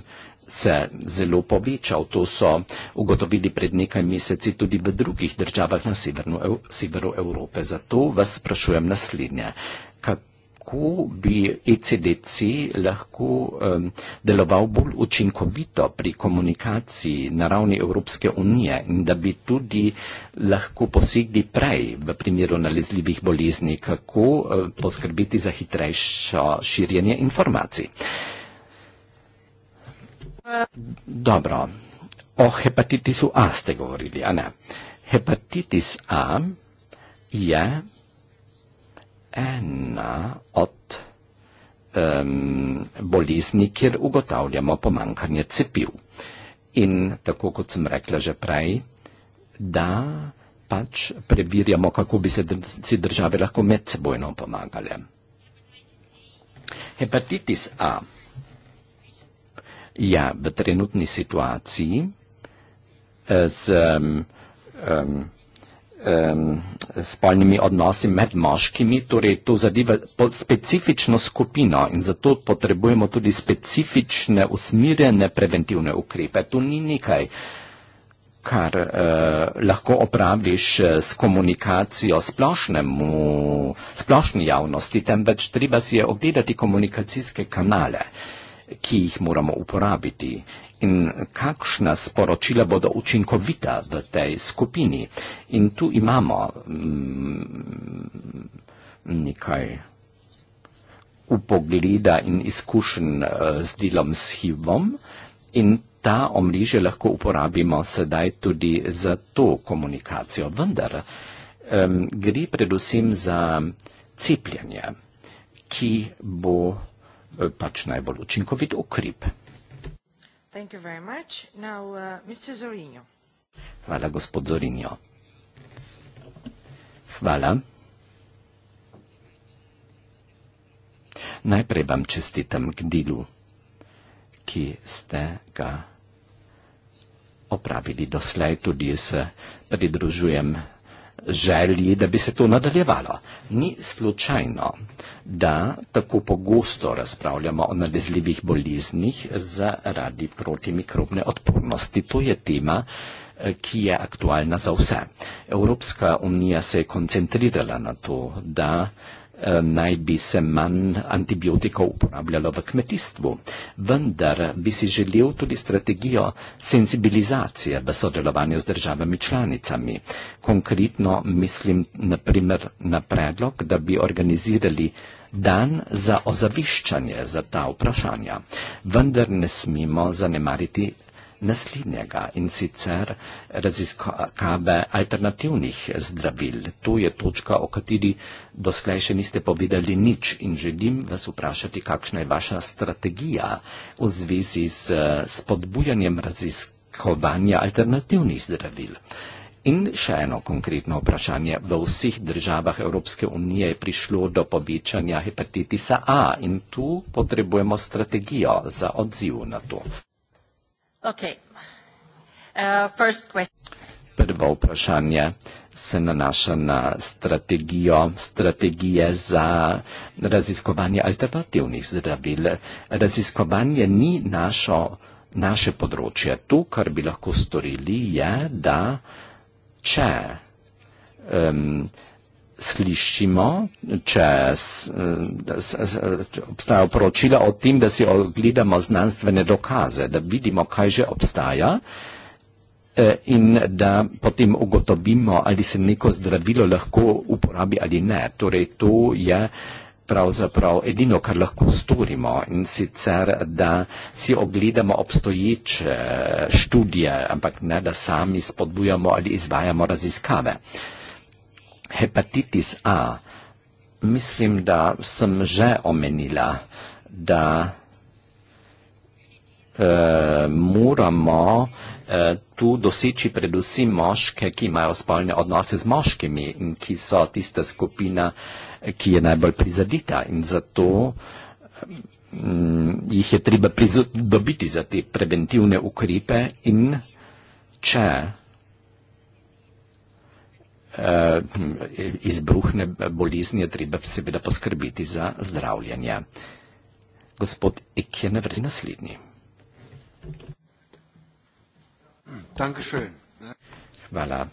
se zelo povečal. To so ugotovili pred nekaj meseci tudi v drugih državah na severu, severu Evrope. Zato vas sprašujem naslednje. Kako bi ECDC lahko um, deloval bolj učinkovito pri komunikaciji na ravni Evropske unije in da bi tudi lahko posegli prej v primeru nalezljivih bolezni, kako uh, poskrbiti za hitrejšo širjenje informacij? Uh, Dobro, o hepatitisu A ste govorili, a ne? Hepatitis A je ena od um, bolezni, kjer ugotavljamo pomankanje cepiv. In tako kot sem rekla že prej, da pač preverjamo, kako bi se si države lahko medsebojno pomagale. Hepatitis A Ja, v trenutni situaciji eh, z um, um, um, spolnimi odnosi med moškimi, torej to zadeva specifično skupino in zato potrebujemo tudi specifične usmirjene preventivne ukrepe. To ni nekaj kar eh, lahko opraviš eh, s komunikacijo splošnemu, splošni javnosti, temveč treba si je ogledati komunikacijske kanale. Eh, ki jih moramo uporabiti in kakšna sporočila bodo učinkovita v tej skupini. In tu imamo mm, nekaj upogleda in izkušenj eh, z delom s HIV-om in ta omrežje lahko uporabimo sedaj tudi za to komunikacijo. Vendar um, gre predvsem za cepljenje, ki bo pač najbolj učinkovit ukrep. Uh, Hvala, gospod Zorinjo. Hvala. Najprej vam čestitam k delu, ki ste ga opravili doslej, tudi se pridružujem želji, da bi se to nadaljevalo. Ni slučajno, da tako pogosto razpravljamo o nalezljivih boliznih zaradi protimikrobne odpornosti. To je tema, eh, ki je aktualna za vse. Evropska unija se je koncentrirala na to, da uh, Eh, naj bi se manj antibiotikov uporabljalo v kmetijstvu. Vendar bi si želel tudi strategijo sensibilizacije v sodelovanju z državami članicami. Konkretno mislim naprimer na predlog, da bi organizirali dan za ozaviščanje za ta vprašanja. Vendar ne smemo zanemariti naslednjega in sicer raziskave alternativnih zdravil. To je točka, o kateri doslej še niste povedali nič in želim vas vprašati, kakšna je vaša strategija v zvezi s spodbujanjem raziskovanja alternativnih zdravil. In še eno konkretno vprašanje. V vseh državah Evropske unije je prišlo do povečanja hepatitisa A in tu potrebujemo strategijo za odziv na to. Uh, Prvo vprašanje se nanaša na strategijo, strategije za raziskovanje alternativnih zdravil. Raziskovanje ni našo, naše področje. To, kar bi lahko storili, je, da če um, slišimo, če eh, obstaja poročilo o tem, da si ogledamo znanstvene dokaze, da vidimo, kaj že obstaja eh, in da potem ugotovimo, ali se neko zdravilo lahko uporabi ali ne. Torej, to je pravzaprav edino, kar lahko storimo in sicer, da si ogledamo obstoječe eh, študije, ampak ne, da sami spodbujamo ali izvajamo raziskave. Uh, hepatitis A, mislim, da sem že omenila, da eh, moramo eh, tu doseči predvsem moške, ki imajo spolne odnose z moškimi in ki so tista skupina, ki je najbolj prizadita in zato hm, jih je treba dobiti za te preventivne ukrepe in če Eh, izbruhne bolezni, je treba seveda poskrbeti za zdravljenje. Gospod Ekje na vrsti naslednji. Hvala.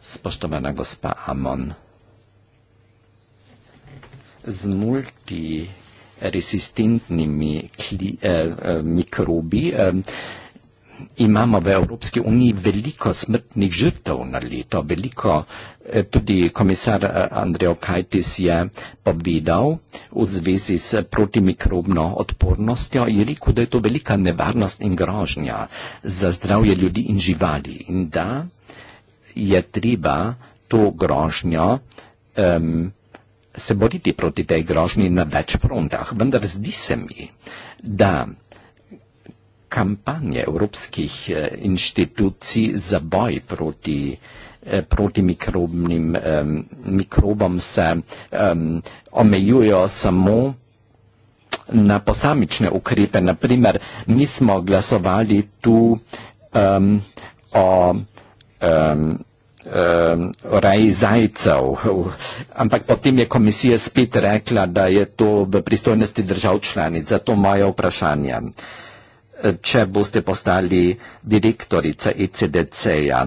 Spoštovana gospa Amon, z multiresistentnimi eh, eh, mikrobi eh, imamo v Evropski uniji veliko smrtnih žrtev na leto, veliko, eh, tudi komisar eh, Andrej Kajtis je povedal v zvezi s protimikrobno odpornostjo in rekel, da je to velika nevarnost in grožnja za zdravje ljudi in živali in da je treba to grožnjo um, se boriti proti tej grožnji na več frontah. Vendar zdi se mi, da kampanje evropskih eh, inštitucij za boj proti, eh, proti mikrobnim mikrobom se um, omejujo samo na posamične ukrepe. Naprimer, mi smo glasovali tu um, o um, Um, raj zajcev. Ampak potem je komisija spet rekla, da je to v pristojnosti držav članic. Zato moje vprašanje. Uh, če boste postali direktorica ECDC-ja.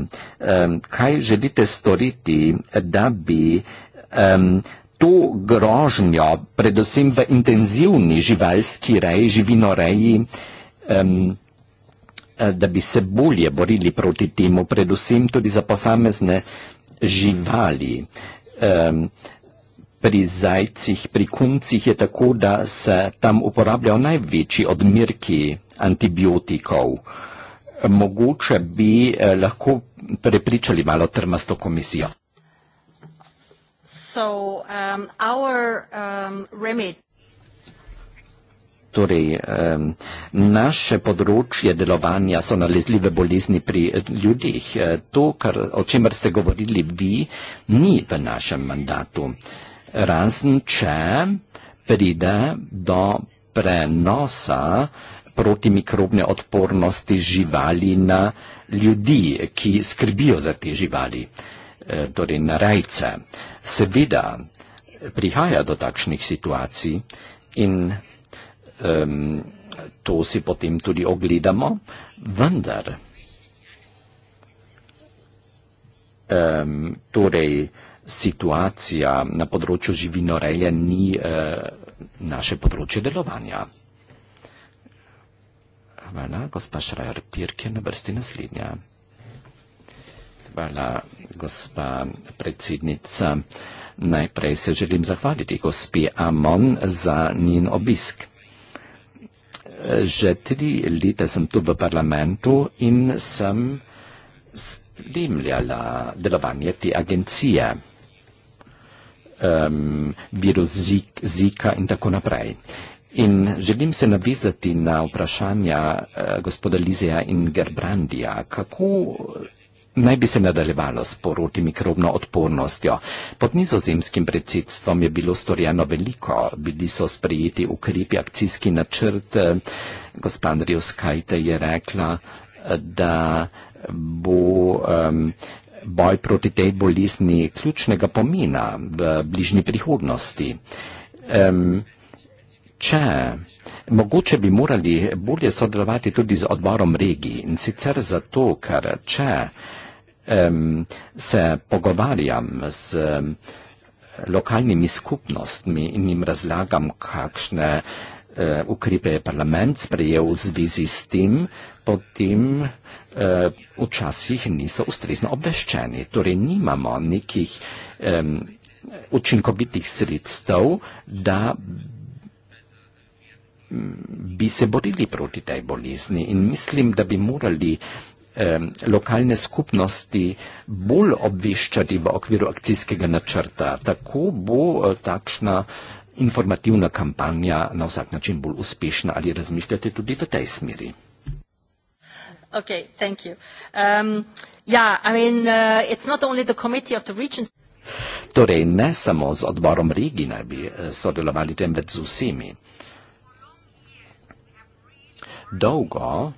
Kaj želite storiti, da bi to grožnjo, predvsem v intenzivni živalski reji, živinoreji, eh, da bi se bolje borili proti temu, predvsem tudi za posamezne živali. Pri zajcih, pri kuncih je tako, da se tam uporabljajo največji odmirki živali, antibiotikov. Mogoče bi eh, lahko prepričali malo trmasto komisijo. So, um, our, um, torej, um, naše področje delovanja so nalezljive bolezni pri eh, ljudih. Eh, to, kar, o čemer ste govorili vi, ni v našem mandatu. Razen, če pride do prenosa uh, protimikrobne odpornosti živali na ljudi, ki skrbijo za te živali, eh, torej na rajce. Seveda prihaja do takšnih situacij in um, to si potem tudi ogledamo, vendar um, torej situacija na področju živinoreje ni uh, naše področje delovanja. Hvala. Gospa Šrajer Pirke na vrsti naslednja. Hvala, gospa predsednica. Najprej se želim zahvaliti gospi Amon za njen obisk. Že tri leta sem tu v parlamentu in sem spremljala delovanje te agencije, um, virus Zika in tako naprej. In želim se navezati na vprašanja uh, gospoda Lizeja in Gerbrandija. Kako eh, naj bi se nadaljevalo s protimikrobno odpornostjo? Pod nizozemskim predsedstvom je bilo storjeno veliko. Bili so sprejeti ukrepi, akcijski načrt. Eh, gospa Andrius Kajte je rekla, da bo um, boj proti tej bolizni ključnega pomena v bližnji prihodnosti. Um, če mogoče bi morali bolje sodelovati tudi z odborom regij in sicer zato, ker če um, se pogovarjam z um, lokalnimi skupnostmi in jim razlagam, kakšne uh, ukrepe je parlament sprejel v zvezi s tem, potem uh, včasih niso ustrezno obveščeni. Torej nimamo nekih um, učinkovitih sredstev, da bi se borili proti tej bolezni in mislim, da bi morali um, lokalne skupnosti bolj obveščati v okviru akcijskega načrta. Tako bo e, takšna informativna kampanja na vsak način bolj uspešna. Ali razmišljate tudi v tej smeri? Um, uh, torej, ne samo z odborom regij naj bi e, sodelovali, temveč z vsemi. Uh, dolgo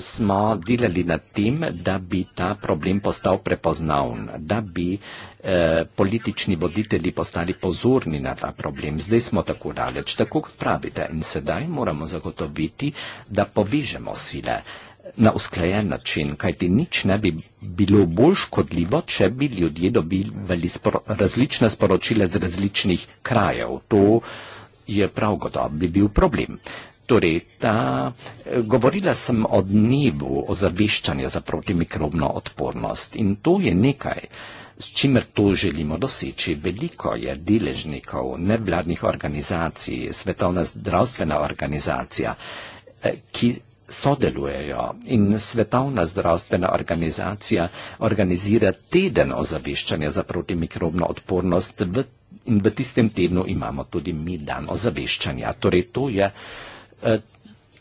smo delali nad tem, da bi ta problem postal prepoznavn, da bi eh, politični voditelji postali pozorni na ta problem. Zdaj smo tako daleč, tako kot pravite, in sedaj moramo zagotoviti, da povežemo sile na usklajen način, kajti nič ne bi bilo bolj škodljivo, če bi ljudje dobili spor različne sporočile z različnih krajev. To eh, je prav gotovo bi bil problem. Torej, ta, eh, govorila sem o dnevu ozaveščanja za protimikrobno odpornost in to je nekaj, s čimer to želimo doseči. Veliko je deležnikov, nevladnih organizacij, svetovna zdravstvena organizacija, eh, ki sodelujejo in svetovna zdravstvena organizacija organizira teden ozaveščanja za protimikrobno odpornost v in v tistem tednu imamo tudi mi dan ozaveščanja. Torej, to je eh,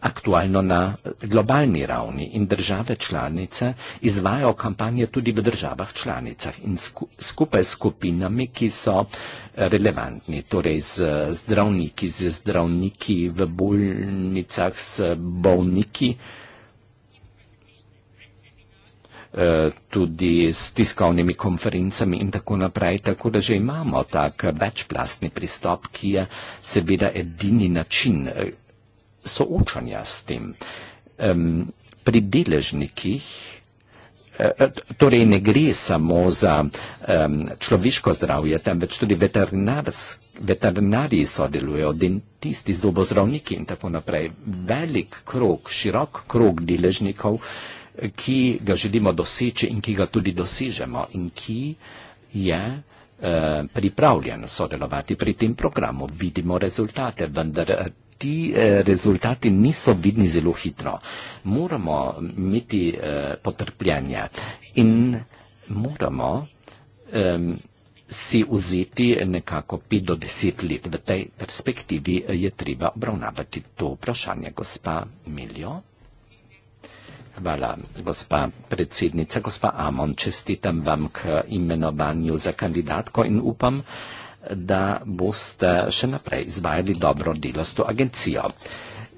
aktualno na globalni ravni in države članice izvajo kampanje tudi v državah članicah in skupaj s skupinami, ki so eh, relevantni, torej z zdravniki, z zdravniki v bolnicah, z bolniki. Eh, tudi s tiskovnimi konferencami in tako naprej, tako da že imamo tak večplastni pristop, ki je seveda edini način eh, soočanja s tem. Pri deležnikih, eh, torej ne gre samo za človeško zdravje, temveč tudi veterinarski. Veterinariji sodelujejo, dentisti, zdobozdravniki in tako naprej. Velik krok, širok krok deležnikov ki ga želimo doseči in ki ga tudi dosežemo in ki je eh, pripravljen sodelovati pri tem programu. Vidimo rezultate, vendar eh, ti eh, rezultati niso vidni zelo hitro. Moramo imeti potrpljenje in moramo si vzeti nekako 5 do 10 let. V tej perspektivi je treba obravnavati to vprašanje, gospa Miljo. Hvala, gospa predsednica. Gospa Amon, čestitam vam k imenovanju za kandidatko in upam, da boste še naprej izvajali dobro delo s to agencijo.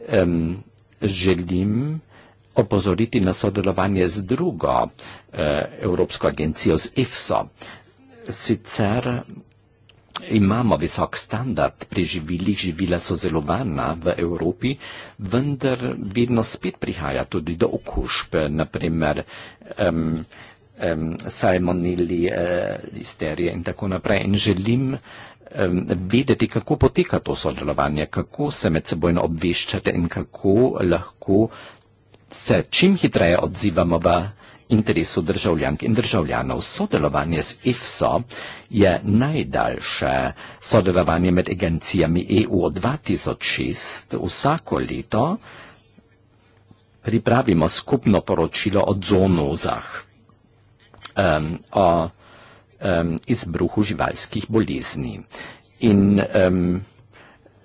Um, želim opozoriti na sodelovanje z drugo uh, Evropsko agencijo, z EFSO. Sicer imamo visok standard, pri živilih živila so zelo varna v Evropi, vendar vedno spet prihaja tudi do okužb, naprimer um, um, salmonili, uh, eh, listerije in tako naprej. In želim um, vedeti, kako poteka to sodelovanje, kako se med sebojno obveščate in kako lahko se čim hitreje odzivamo v interesu državljank in državljanov. Sodelovanje z IFSO je najdaljše sodelovanje med agencijami EU od 2006. Vsako leto pripravimo skupno poročilo o zonozah, um, o um, izbruhu živalskih bolezni. In um,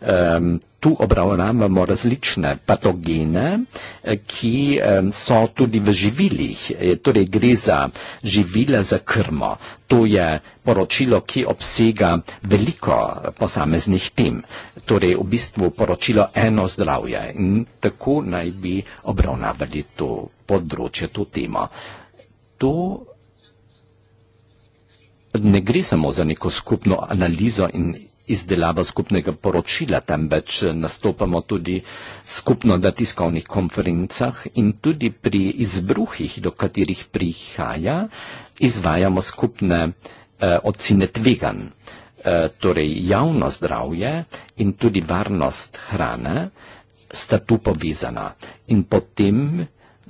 um, tu obravnavamo različne patogene, eh, ki um, so tudi v živilih, e, torej gre za živila za krmo. To je poročilo, ki obsega veliko posameznih tem, torej v bistvu poročilo eno zdravje in tako naj bi obravnavali to področje, to temo. To ne gre samo za neko skupno analizo in izdelava skupnega poročila, temveč nastopamo tudi skupno na tiskovnih konferencah in tudi pri izbruhih, do katerih prihaja, izvajamo skupne eh, ocene tveganj. Eh, torej javno zdravje in tudi varnost hrane sta tu povezana in potem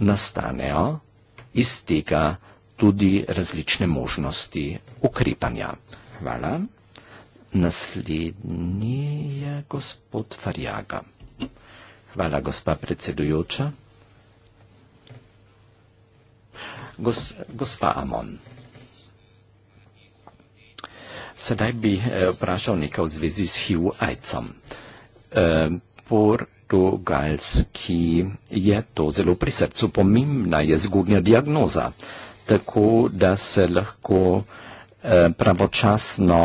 nastanejo iz tega tudi različne možnosti ukrepanja. Hvala. Naslednji je gospod Farjaga. Hvala, gospa predsedujoča. Gos, gospa Amon. Sedaj bi eh, vprašal nekaj v zvezi s HIV-ajcom. Eh, portugalski je to zelo pri srcu. Pomembna je zgodnja diagnoza, tako da se lahko eh, pravočasno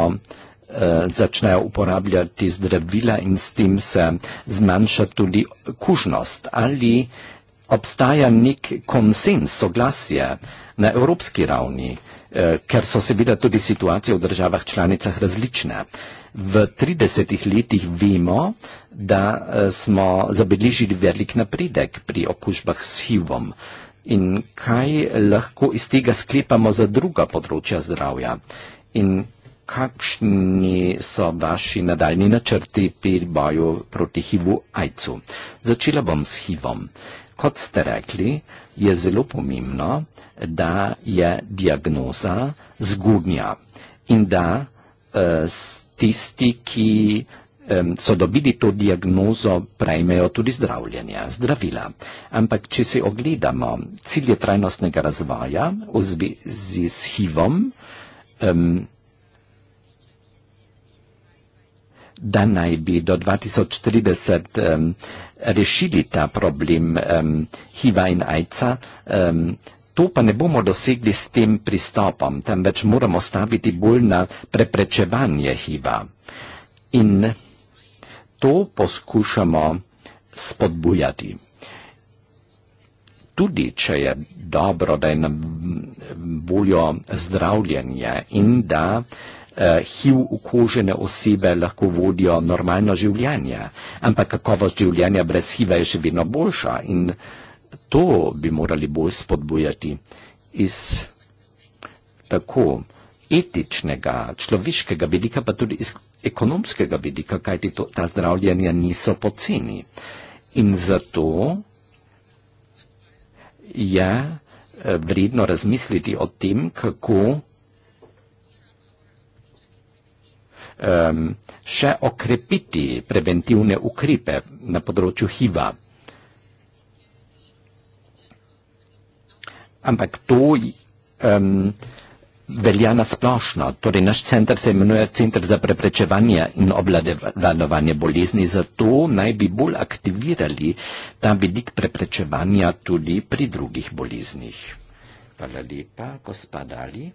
začne uporabljati zdravila in s tem se zmanjša tudi kužnost. Ali obstaja nek konsens, soglasje na evropski ravni, eh, ker so seveda tudi situacije v državah članicah različne. V 30 letih vemo, da eh, smo zabeležili velik napredek pri okužbah s HIV-om. In kaj lahko iz tega sklepamo za druga področja zdravja? In kakšni so vaši nadaljni načrti pri boju proti HIV-u AIDS-u. Začela bom s HIV-om. Kot ste rekli, je zelo pomembno, da je diagnoza zgodnja in da eh, tisti, ki eh, so dobili to diagnozo, prejmejo tudi zdravljenje, zdravila. Ampak, če si ogledamo cilje trajnostnega razvoja v zvezi z HIV-om, eh, da naj bi do 2040 um, rešili ta problem um, HIV-a in AIDS-a. Um, to pa ne bomo dosegli s tem pristopom, temveč moramo staviti bolj na preprečevanje HIV-a. In to poskušamo spodbujati. Tudi, če je dobro, da je na voljo zdravljenje in da eh, HIV okužene osebe lahko vodijo normalno življenje, ampak kakovost življenja brez HIV-a je še vedno boljša in to bi morali bolj spodbujati iz tako etičnega, človeškega vidika, pa tudi iz ekonomskega vidika, kajti to, ta zdravljenja niso poceni. In zato je eh, vredno razmisliti o tem, kako še okrepiti preventivne ukripe na področju HIV-a. Ampak to um, velja na splošno. Torej, naš center se imenuje Center za preprečevanje in obladovanje bolezni, zato naj bi bolj aktivirali ta vidik preprečevanja tudi pri drugih boleznih. Hvala lepa, gospodali.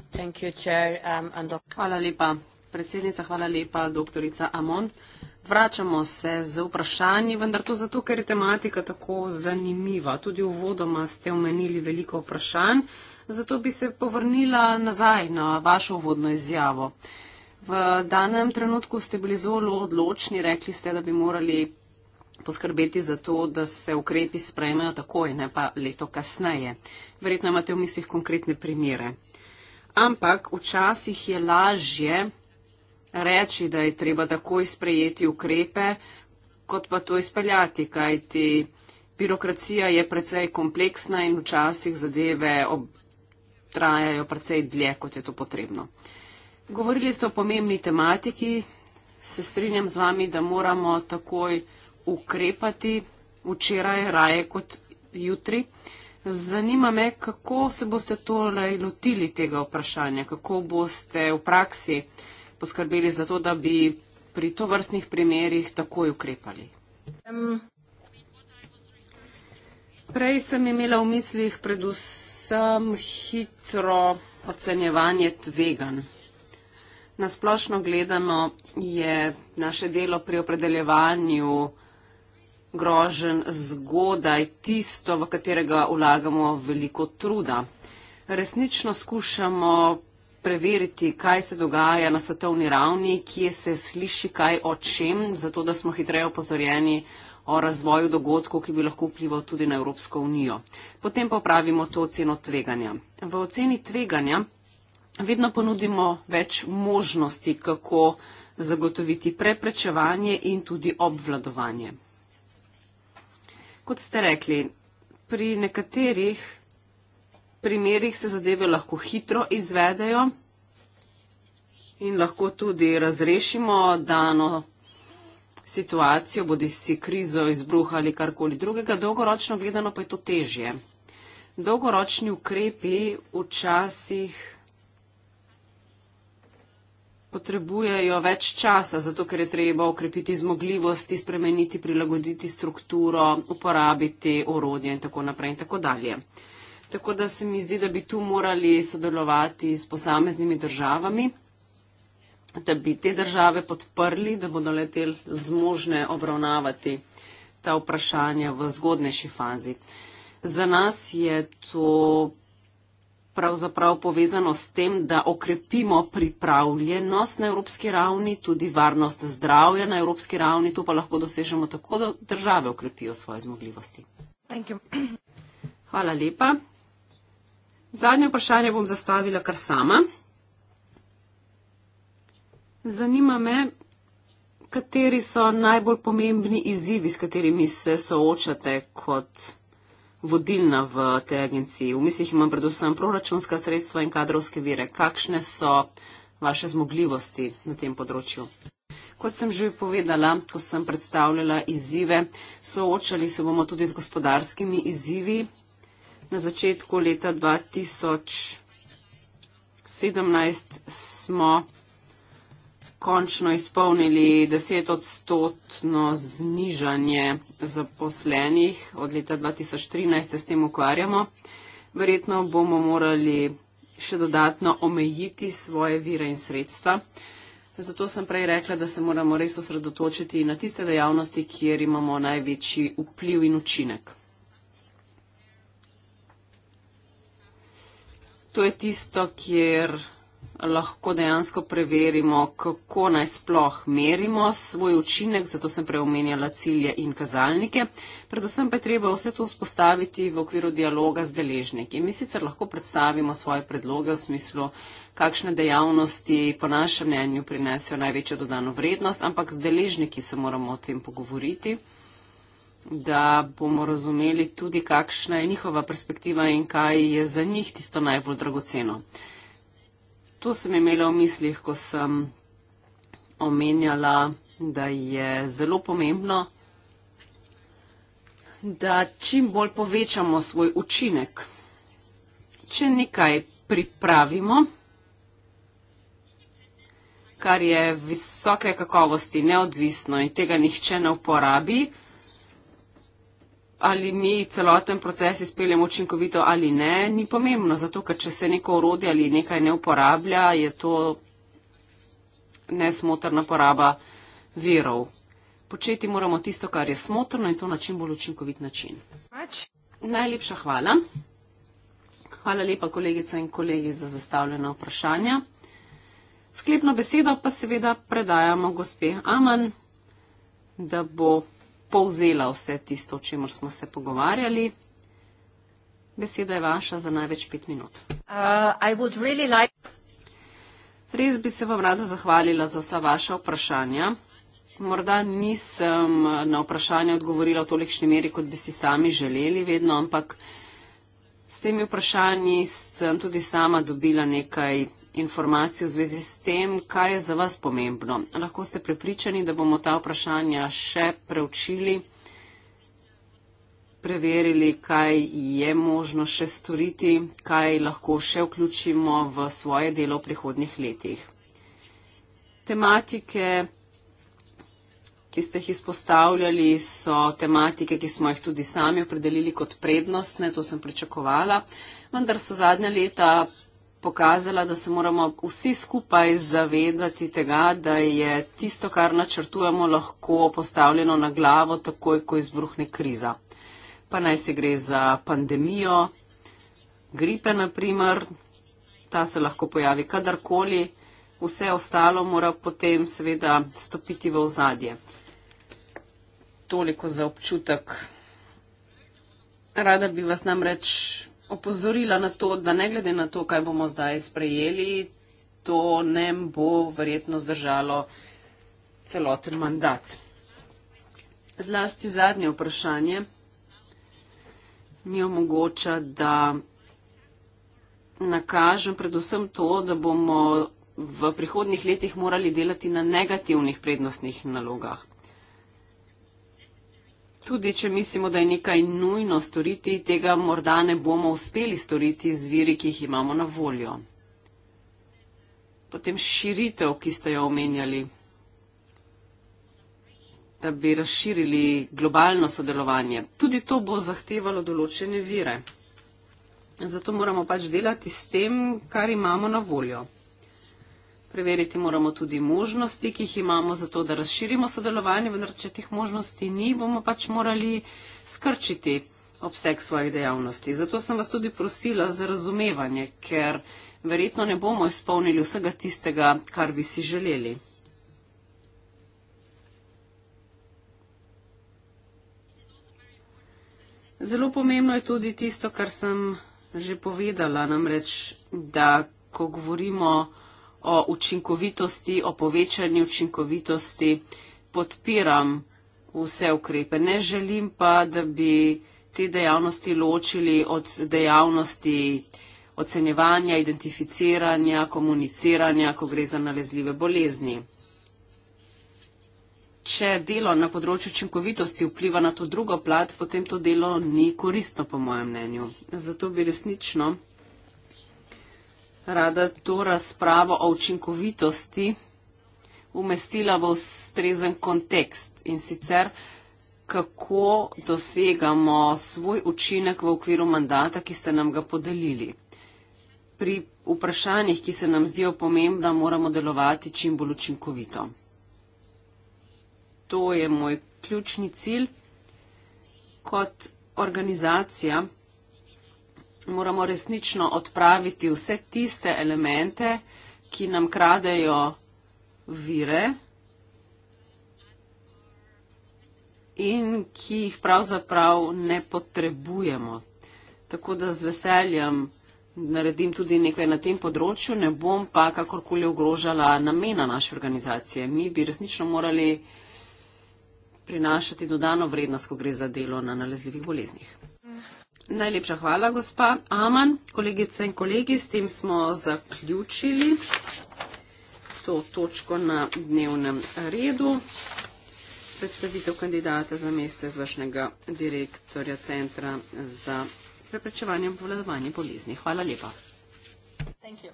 Um, hvala lepa. Predsednica, hvala lepa, doktorica Amon. Vračamo se z vprašanji, vendar to zato, ker je tematika tako zanimiva. Tudi v vodoma ste omenili veliko vprašanj, zato bi se povrnila nazaj na vašo vodno izjavo. V danem trenutku ste bili zelo odločni, rekli ste, da bi morali poskrbeti za to, da se ukrepi sprejmejo takoj, ne pa leto kasneje. Verjetno imate v mislih konkretne primere. Ampak včasih je lažje reči, da je treba takoj sprejeti ukrepe, kot pa to izpeljati, kajti birokracija je precej kompleksna in včasih zadeve ob trajajo precej dlje, kot je to potrebno. Govorili ste o pomembni tematiki, se strinjam z vami, da moramo takoj ukrepati včeraj, raje kot jutri. Uh, Zanima me, kako se boste torej lotili tega vprašanja, kako boste v praksi poskrbeli za to, da bi pri to vrstnih primerjih takoj ukrepali. Um, prej sem imela v mislih predvsem hitro ocenjevanje tvegan. Nasplošno gledano je naše delo pri opredeljevanju grožen zgodaj, tisto, v katerega vlagamo veliko truda. Resnično skušamo preveriti, kaj se dogaja na svetovni ravni, kje se sliši kaj o čem, zato da smo hitreje opozorjeni o razvoju dogodkov, ki bi lahko vplival tudi na Evropsko unijo. Potem pa pravimo to oceno tveganja. V oceni tveganja vedno ponudimo več možnosti, kako zagotoviti preprečevanje in tudi obvladovanje kot ste rekli, pri nekaterih primerjih se zadeve lahko hitro izvedejo in lahko tudi razrešimo dano situacijo, bodi si krizo izbruha ali karkoli drugega, dolgoročno gledano pa je to težje. Dolgoročni ukrepi včasih potrebujejo več časa, zato ker je treba okrepiti zmogljivosti, spremeniti, prilagoditi strukturo, uporabiti orodje in tako naprej in tako dalje. Tako da se mi zdi, da bi tu morali sodelovati s posameznimi državami, da bi te države podprli, da bodo letel zmožne obravnavati ta vprašanja v zgodnejši fazi. Za nas je to pravzaprav povezano s tem, da okrepimo pripravljenost na evropski ravni, tudi varnost zdravja na evropski ravni. To pa lahko dosežemo tako, da države okrepijo svoje zmogljivosti. Hvala lepa. Zadnje vprašanje bom zastavila kar sama. Zanima me, kateri so najbolj pomembni izzivi, s katerimi se soočate kot vodilna v tej agenciji? V mislih imam predvsem proračunska sredstva in kadrovske vire. Kakšne so vaše zmogljivosti na tem področju? Kot sem že povedala, ko sem predstavljala izzive, soočali se bomo tudi z gospodarskimi izzivi. Na začetku leta 2017 smo končno izpolnili deset odstotno znižanje zaposlenih od leta 2013, se s tem ukvarjamo. Verjetno bomo morali še dodatno omejiti svoje vire in sredstva. Zato sem prej rekla, da se moramo res osredotočiti na tiste dejavnosti, kjer imamo največji vpliv in učinek. To je tisto, kjer lahko dejansko preverimo, kako naj sploh merimo svoj učinek, zato sem preomenjala cilje in kazalnike. Predvsem pa je treba vse to vzpostaviti v okviru dialoga z deležniki. Mi sicer lahko predstavimo svoje predloge v smislu, kakšne dejavnosti po našem mnenju prinesijo največjo dodano vrednost, ampak z deležniki se moramo o tem pogovoriti da bomo razumeli tudi, kakšna je njihova perspektiva in kaj je za njih tisto najbolj dragoceno. Uh, To sem imela v mislih, ko sem omenjala, da je zelo pomembno, da čim bolj povečamo svoj učinek. Če nekaj pripravimo, kar je visoke kakovosti, neodvisno in tega nihče ne uporabi, ali mi celoten proces izpeljemo učinkovito ali ne, ni pomembno, zato ker če se neko urodje ali nekaj ne uporablja, je to nesmotrna poraba virov. Početi moramo tisto, kar je smotrno in to na čim bolj učinkovit način. Najlepša hvala. Hvala lepa kolegica in kolegi za zastavljena vprašanja. Sklepno besedo pa seveda predajamo gospe Aman, da bo povzela vse tisto, o čemer smo se pogovarjali. Beseda je vaša za največ pet minut. Uh, really like... Res bi se vam rada zahvalila za vsa vaša vprašanja. Morda nisem uh, na vprašanje odgovorila v tolikšni meri, kot bi si sami želeli vedno, ampak s temi vprašanji sem tudi sama dobila nekaj informacije v zvezi s tem, kaj je za vas pomembno. Lahko ste prepričani, da bomo ta vprašanja še preučili, preverili, kaj je možno še storiti, kaj lahko še vključimo v svoje delo v prihodnih letih. Tematike, ki ste jih izpostavljali, so tematike, ki smo jih tudi sami opredelili kot prednostne, to sem pričakovala, vendar so zadnja leta pokazala, da se moramo vsi skupaj zavedati tega, da je tisto, kar načrtujemo, lahko postavljeno na glavo takoj, ko izbruhne kriza. Pa naj se gre za pandemijo, gripe naprimer, ta se lahko pojavi kadarkoli, vse ostalo mora potem seveda stopiti v ozadje. Toliko za občutek. Rada bi vas namreč opozorila na to, da ne glede na to, kaj bomo zdaj sprejeli, to ne bo verjetno zdržalo celoten mandat. Zlasti zadnje vprašanje mi omogoča, da nakažem predvsem to, da bomo v prihodnih letih morali delati na negativnih prednostnih nalogah. Tudi, če mislimo, da je nekaj nujno storiti, tega morda ne bomo uspeli storiti z viri, ki jih imamo na voljo. Potem širitev, ki ste jo omenjali, da bi razširili globalno sodelovanje. Tudi to bo zahtevalo določene vire. Zato moramo pač delati s tem, kar imamo na voljo. Preveriti moramo tudi možnosti, ki jih imamo za to, da razširimo sodelovanje, vendar če teh možnosti ni, bomo pač morali skrčiti obseg svojih dejavnosti. Zato sem vas tudi prosila za razumevanje, ker verjetno ne bomo izpolnili vsega tistega, kar bi si želeli. Zelo pomembno je tudi tisto, kar sem že povedala, namreč, da ko govorimo o o učinkovitosti, o povečanju učinkovitosti, podpiram vse ukrepe. Ne želim pa, da bi te dejavnosti ločili od dejavnosti ocenjevanja, identificiranja, komuniciranja, ko gre za nalezljive bolezni. Če delo na področju učinkovitosti vpliva na to drugo plat, potem to delo ni koristno, po mojem mnenju. Zato bi resnično rada to razpravo o učinkovitosti umestila v ustrezen kontekst in sicer kako dosegamo svoj učinek v okviru mandata, ki ste nam ga podelili. Pri vprašanjih, ki se nam zdijo pomembna, moramo delovati čim bolj učinkovito. To je moj ključni cilj. Kot organizacija moramo resnično odpraviti vse tiste elemente, ki nam kradejo vire in ki jih pravzaprav ne potrebujemo. Tako da z veseljem naredim tudi nekaj na tem področju, ne bom pa kakorkoli ogrožala namena naše organizacije. Mi bi resnično morali prinašati dodano vrednost, ko gre za delo na nalezljivih boleznih. Najlepša hvala, gospa Aman. Kolegice in kolegi, s tem smo zaključili to točko na dnevnem redu. Predstavitev kandidata za mesto izvršnega direktorja Centra za preprečevanje in povladovanje bolezni. Hvala lepa. Thank you.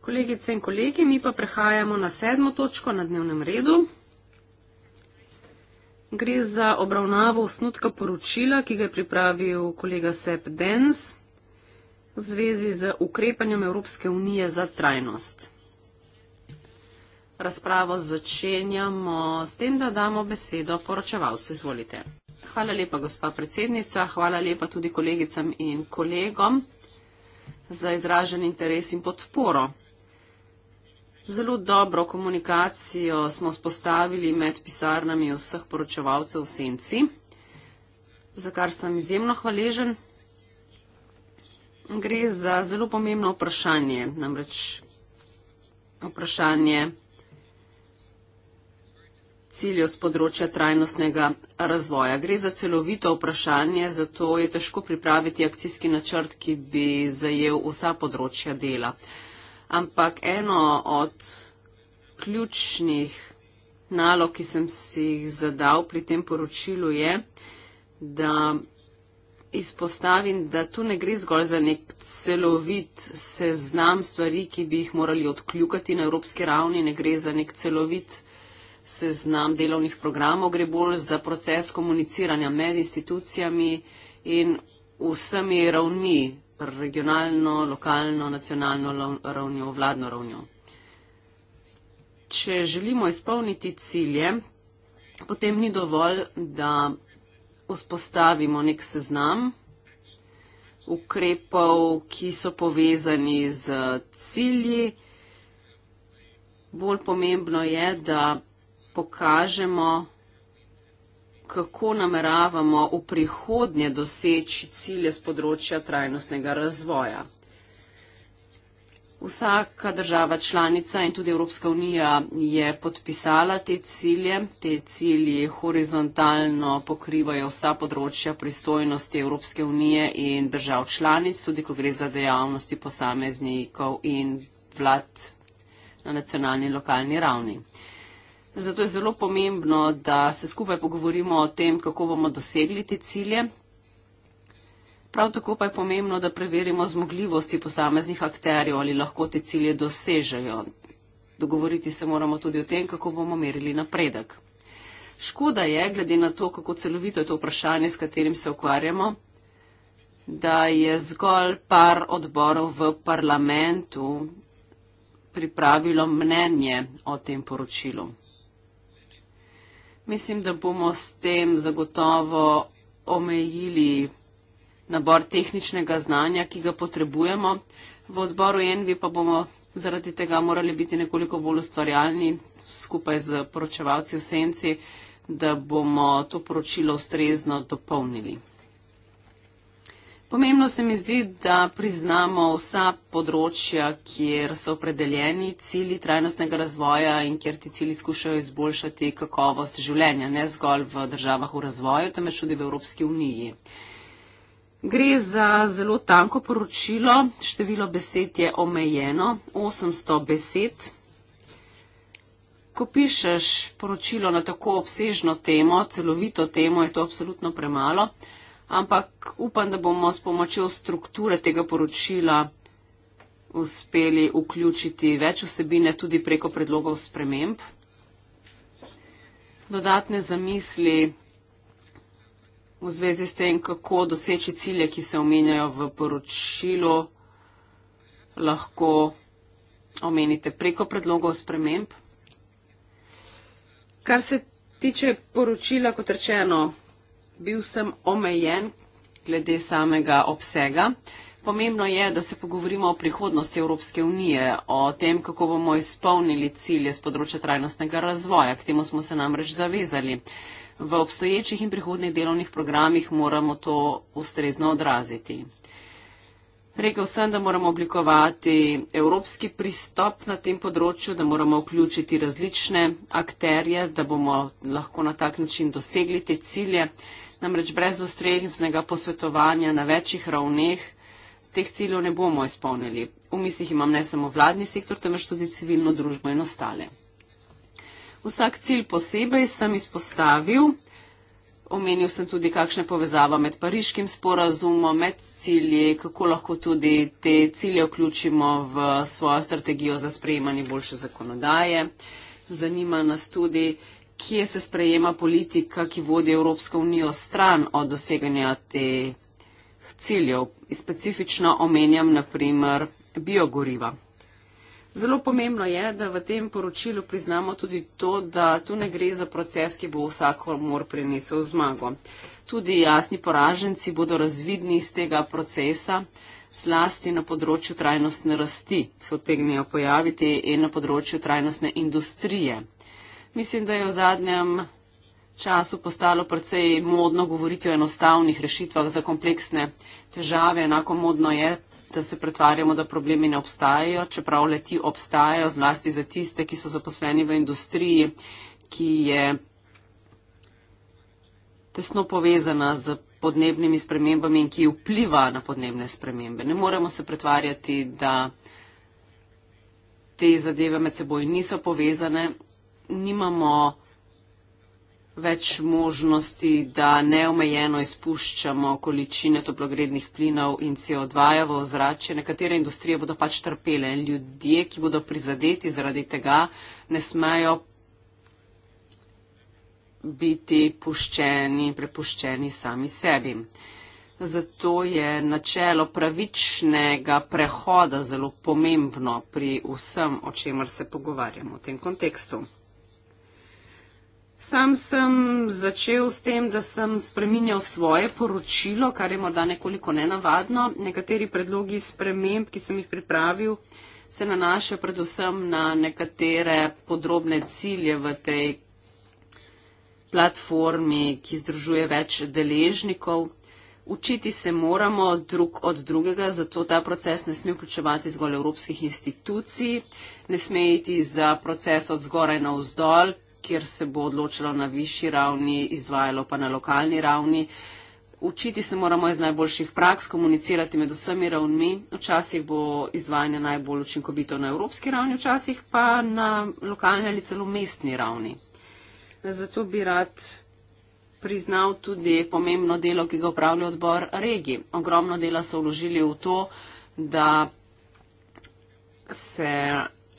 Kolegice in kolegi, mi pa prehajamo na sedmo točko na dnevnem redu. Gre za obravnavo osnutka poročila, ki ga je pripravil kolega Sepp Dens v zvezi z ukrepanjem Evropske unije za trajnost. Razpravo začenjamo s tem, da damo besedo poročevalcu. Izvolite. Hvala lepa, gospa predsednica. Hvala lepa tudi kolegicam in kolegom za izražen interes in podporo. Zelo dobro komunikacijo smo spostavili med pisarnami vseh poročevalcev v Senci, za kar sem izjemno hvaležen. Gre za zelo pomembno vprašanje, namreč vprašanje ciljev z področja trajnostnega razvoja. Gre za celovito vprašanje, zato je težko pripraviti akcijski načrt, ki bi zajel vsa področja dela. Ampak eno od ključnih nalog, ki sem si jih zadal pri tem poročilu, je, da izpostavim, da tu ne gre zgolj za nek celovit seznam stvari, ki bi jih morali odkljukati na evropski ravni, ne gre za nek celovit seznam seznam delovnih programov, gre bolj za proces komuniciranja med institucijami in vsemi ravni, regionalno, lokalno, nacionalno ravnjo, vladno ravnjo. Če želimo izpolniti cilje, potem ni dovolj, da vzpostavimo nek seznam ukrepov, ki so povezani z cilji. Bolj pomembno je, da pokažemo, kako nameravamo v prihodnje doseči cilje z področja trajnostnega razvoja. Vsaka država članica in tudi Evropska unija je podpisala te cilje. Te cilji horizontalno pokrivajo vsa področja pristojnosti Evropske unije in držav članic, tudi ko gre za dejavnosti posameznikov in vlad na nacionalni in lokalni ravni. Zato je zelo pomembno, da se skupaj pogovorimo o tem, kako bomo dosegli te cilje. Prav tako pa je pomembno, da preverimo zmogljivosti posameznih akterjev, ali lahko te cilje dosežejo. Dogovoriti se moramo tudi o tem, kako bomo merili napredek. Škoda je, glede na to, kako celovito je to vprašanje, s katerim se ukvarjamo, da je zgolj par odborov v parlamentu pripravilo mnenje o tem poročilu. Mislim, da bomo s tem zagotovo omejili nabor tehničnega znanja, ki ga potrebujemo. V odboru Envi pa bomo zaradi tega morali biti nekoliko bolj ustvarjalni skupaj z poročevalci v senci, da bomo to poročilo ustrezno dopolnili. Pomembno se mi zdi, da priznamo vsa področja, kjer so opredeljeni cilji trajnostnega razvoja in kjer ti cilji skušajo izboljšati kakovost življenja, ne zgolj v državah v razvoju, temveč tudi v Evropski uniji. Gre za zelo tanko poročilo, število besed je omejeno, 800 besed. Ko pišeš poročilo na tako obsežno temo, celovito temo, je to absolutno premalo ampak upam, da bomo s pomočjo strukture tega poročila uspeli vključiti več vsebine tudi preko predlogov sprememb. Dodatne zamisli v zvezi s tem, kako doseči cilje, ki se omenjajo v poročilu, lahko omenite preko predlogov sprememb. Kar se tiče poročila, kot rečeno, bil sem omejen glede samega obsega. Pomembno je, da se pogovorimo o prihodnosti Evropske unije, o tem, kako bomo izpolnili cilje z področja trajnostnega razvoja. K temu smo se namreč zavezali. V obstoječih in prihodnih delovnih programih moramo to ustrezno odraziti. Rekel sem, da moramo oblikovati evropski pristop na tem področju, da moramo vključiti različne akterje, da bomo lahko na tak način dosegli te cilje. Namreč brez ustreznega posvetovanja na večjih ravneh teh ciljev ne bomo izpolnili. V mislih imam ne samo vladni sektor, temveč tudi civilno družbo in ostale. Vsak cilj posebej sem izpostavil. Omenil sem tudi, kakšna je povezava med pariškim sporazumom, med cilji, kako lahko tudi te cilje vključimo v svojo strategijo za sprejemanje boljše zakonodaje. Zanima nas tudi, kje se sprejema politika, ki vodi Evropsko unijo stran od doseganja teh ciljev. Specifično omenjam naprimer biogoriva. Zelo pomembno je, da v tem poročilu priznamo tudi to, da tu ne gre za proces, ki bo vsakomor prinesel zmago. Tudi jasni poraženci bodo razvidni iz tega procesa, zlasti na področju trajnostne rasti, so tegnijo pojaviti in na področju trajnostne industrije. Mislim, da je v zadnjem času postalo precej modno govoriti o enostavnih rešitvah za kompleksne težave. Enako modno je, da se pretvarjamo, da problemi ne obstajajo, čeprav leti obstajajo, zlasti za tiste, ki so zaposleni v industriji, ki je tesno povezana z podnebnimi spremembami in ki vpliva na podnebne spremembe. Ne moremo se pretvarjati, da te zadeve med seboj niso povezane nimamo več možnosti, da neomejeno izpuščamo količine toplogrednih plinov in CO2 -ja v ozračje. Nekatere industrije bodo pač trpele. Ljudje, ki bodo prizadeti zaradi tega, ne smejo biti puščeni in prepuščeni sami sebi. Zato je načelo pravičnega prehoda zelo pomembno pri vsem, o čemer se pogovarjamo v tem kontekstu. Sam sem začel s tem, da sem spreminjal svoje poročilo, kar je morda nekoliko nenavadno. Nekateri predlogi sprememb, ki sem jih pripravil, se nanašajo predvsem na nekatere podrobne cilje v tej platformi, ki združuje več deležnikov. Učiti se moramo drug od drugega, zato ta proces ne sme vključevati zgolj evropskih institucij, ne sme iti za proces od zgoraj na vzdolj, kjer se bo odločila na višji ravni, izvajalo pa na lokalni ravni. Učiti se moramo iz najboljših praks, komunicirati med vsemi ravnmi. Včasih bo izvajanje najbolj učinkovito na evropski ravni, včasih pa na lokalni ali celo mestni ravni. Zato bi rad priznal tudi pomembno delo, ki ga upravlja odbor regi. Ogromno dela so vložili v to, da se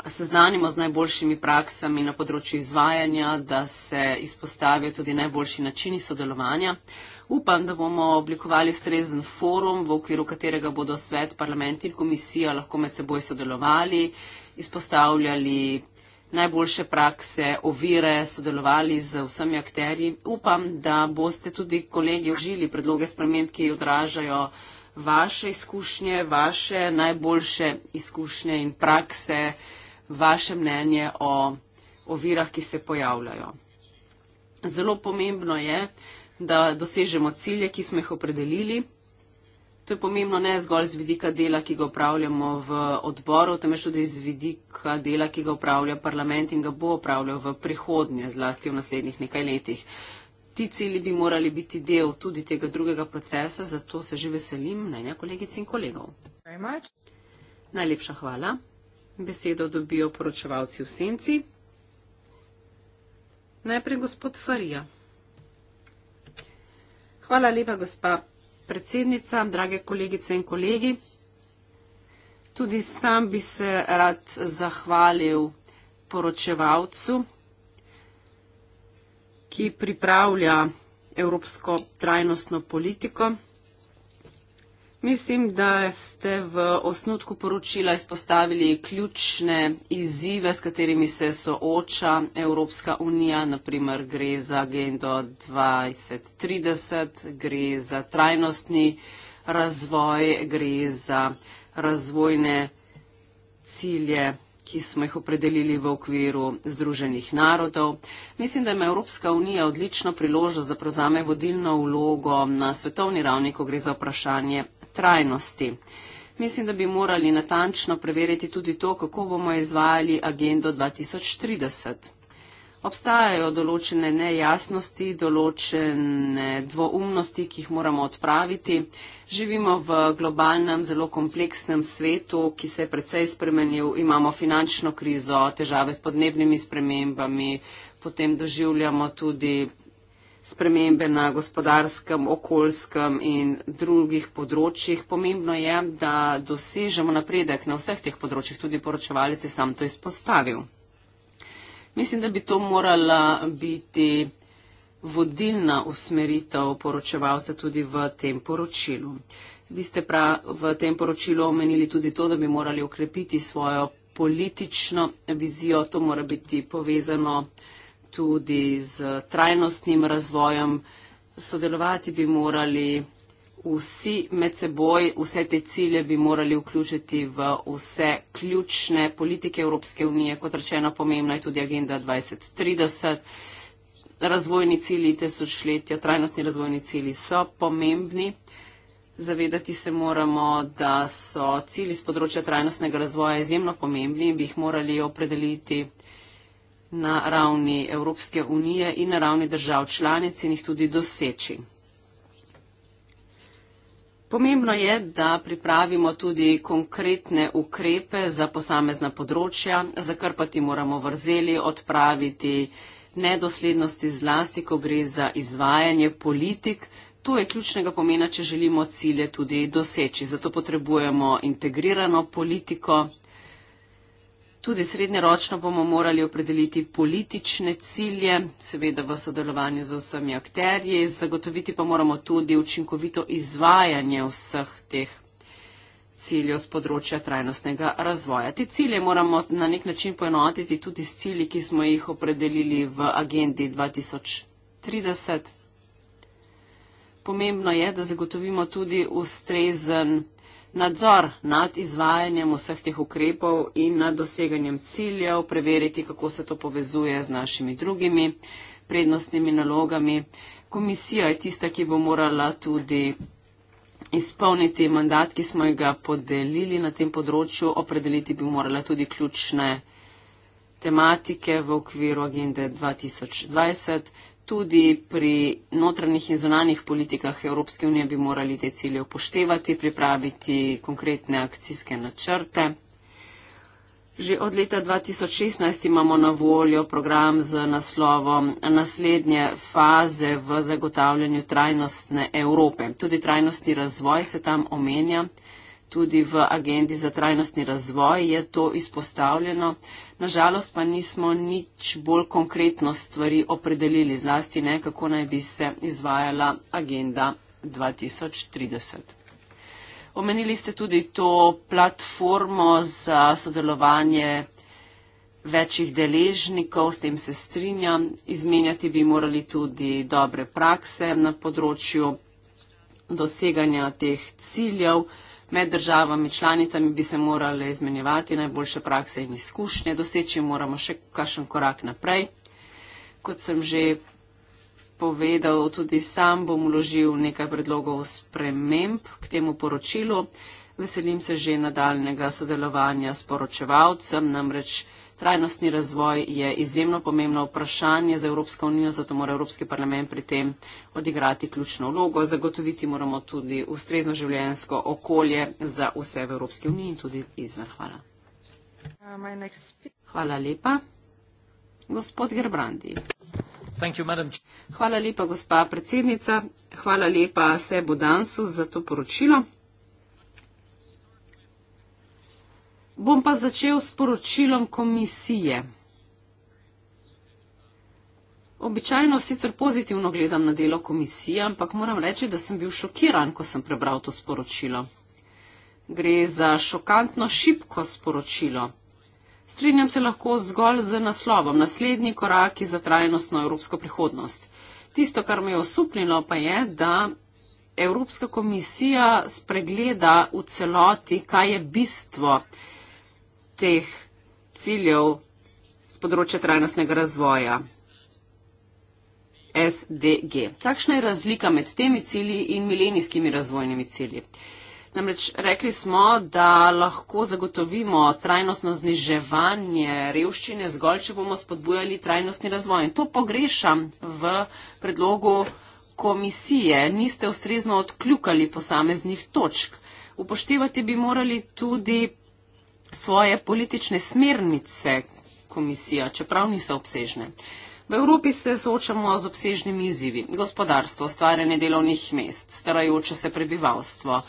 seznanimo z najboljšimi praksami na področju izvajanja, da se izpostavijo tudi najboljši načini sodelovanja. Upam, da bomo oblikovali ustrezen forum, v okviru katerega bodo svet, parlament in komisija lahko med seboj sodelovali, izpostavljali najboljše prakse, ovire, sodelovali z vsemi akterji. Upam, da boste tudi kolegi užili predloge sprememb, ki odražajo vaše izkušnje, vaše najboljše izkušnje in prakse vaše mnenje o ovirah, ki se pojavljajo. Zelo pomembno je, da dosežemo cilje, ki smo jih opredelili. To je pomembno ne zgolj z vidika dela, ki ga upravljamo v odboru, temveč tudi z vidika dela, ki ga upravlja parlament in ga bo upravljal v prihodnje, zlasti v naslednjih nekaj letih. Ti cilji bi morali biti del tudi tega drugega procesa, zato se že veselim mnenja kolegic in kolegov. Najlepša hvala besedo dobijo poročevalci v senci. Najprej gospod Farija. Hvala lepa, gospa predsednica, drage kolegice in kolegi. Tudi sam bi se rad zahvalil poročevalcu, ki pripravlja evropsko trajnostno politiko. Mislim, da ste v osnutku poročila izpostavili ključne izzive, s katerimi se sooča Evropska unija, naprimer gre za agendo 2030, gre za trajnostni razvoj, gre za razvojne cilje ki smo jih opredelili v okviru Združenih narodov. Mislim, da ima Evropska unija odlično priložnost, da prevzame vodilno vlogo na svetovni ravni, ko gre za vprašanje trajnosti. Mislim, da bi morali natančno preveriti tudi to, kako bomo izvajali agendo 2030. Obstajajo določene nejasnosti, določene dvoumnosti, ki jih moramo odpraviti. Živimo v globalnem, zelo kompleksnem svetu, ki se je precej spremenil. Imamo finančno krizo, težave s podnebnimi spremembami, potem doživljamo tudi spremembe na gospodarskem, okoljskem in drugih področjih. Pomembno je, da dosežemo napredek na vseh teh področjih, tudi poročevalec je sam to izpostavil. Mislim, da bi to morala biti vodilna usmeritev poročevalca tudi v tem poročilu. Vi ste prav v tem poročilu omenili tudi to, da bi morali ukrepiti svojo politično vizijo, to mora biti povezano tudi z trajnostnim razvojem. Sodelovati bi morali vsi med seboj, vse te cilje bi morali vključiti v vse ključne politike Evropske unije, kot rečeno pomembna je tudi agenda 2030. Razvojni cilji tesočletja, trajnostni razvojni cilji so pomembni. Zavedati se moramo, da so cilji z področja trajnostnega razvoja izjemno pomembni in bi jih morali opredeliti na ravni Evropske unije in na ravni držav članic in jih tudi doseči. Pomembno je, da pripravimo tudi konkretne ukrepe za posamezna področja, zakrpati moramo vrzeli, odpraviti nedoslednosti zlasti, ko gre za izvajanje politik. To je ključnega pomena, če želimo cilje tudi doseči. Zato potrebujemo integrirano politiko. Tudi srednjeročno bomo morali opredeliti politične cilje, seveda v sodelovanju z vsemi akterji, zagotoviti pa moramo tudi učinkovito izvajanje vseh teh ciljev z področja trajnostnega razvoja. Te cilje moramo na nek način poenotiti tudi s cilji, ki smo jih opredelili v agendi 2030. Pomembno je, da zagotovimo tudi ustrezen nadzor nad izvajanjem vseh teh ukrepov in nad doseganjem ciljev, preveriti, kako se to povezuje z našimi drugimi prednostnimi nalogami. Komisija je tista, ki bo morala tudi izpolniti mandat, ki smo ga podelili na tem področju, opredeliti bi morala tudi ključne tematike v okviru agende 2020, tudi pri notranjih in zunanjih politikah Evropske unije bi morali te cilje upoštevati, pripraviti konkretne akcijske načrte. Že od leta 2016 imamo na voljo program z naslovom Naslednje faze v zagotavljanju trajnostne Evrope. Tudi trajnostni razvoj se tam omenja tudi v agendi za trajnostni razvoj je to izpostavljeno. Nažalost pa nismo nič bolj konkretno stvari opredelili, zlasti ne, kako naj bi se izvajala agenda 2030. Omenili ste tudi to platformo za sodelovanje večjih deležnikov, s tem se strinjam, izmenjati bi morali tudi dobre prakse na področju doseganja teh ciljev med državami članicami bi se morale izmenjevati najboljše prakse in izkušnje, doseči moramo še kakšen korak naprej. Kot sem že povedal, tudi sam bom uložil nekaj predlogov sprememb k temu poročilu. Veselim se že nadaljnega sodelovanja s poročevalcem, namreč Trajnostni razvoj je izjemno pomembno vprašanje za Evropsko unijo, zato mora Evropski parlament pri tem odigrati ključno vlogo. Zagotoviti moramo tudi ustrezno življenjsko okolje za vse v Evropski uniji in tudi izven. Hvala. Hvala lepa. Gospod Gerbrandi. You, hvala lepa, gospa predsednica. Hvala lepa Sebo Dansu za to poročilo. Bom pa začel s poročilom komisije. Običajno sicer pozitivno gledam na delo komisije, ampak moram reči, da sem bil šokiran, ko sem prebral to sporočilo. Gre za šokantno šipko sporočilo. Strinjam se lahko zgolj z naslovom Naslednji koraki za trajnostno evropsko prihodnost. Tisto, kar me je osupnilo, pa je, da Evropska komisija spregleda v celoti, kaj je bistvo teh ciljev z področja trajnostnega razvoja SDG. Takšna je razlika med temi cilji in milenijskimi razvojnimi cilji. Namreč rekli smo, da lahko zagotovimo trajnostno zniževanje revščine zgolj, če bomo spodbujali trajnostni razvoj. In to pogrešam v predlogu komisije. Niste ustrezno odkljukali posameznih točk. Upoštevati bi morali tudi svoje politične smernice komisija, čeprav niso obsežne. V Evropi se soočamo z obsežnimi izzivi. Gospodarstvo, ustvarjanje delovnih mest, starajoče se prebivalstvo,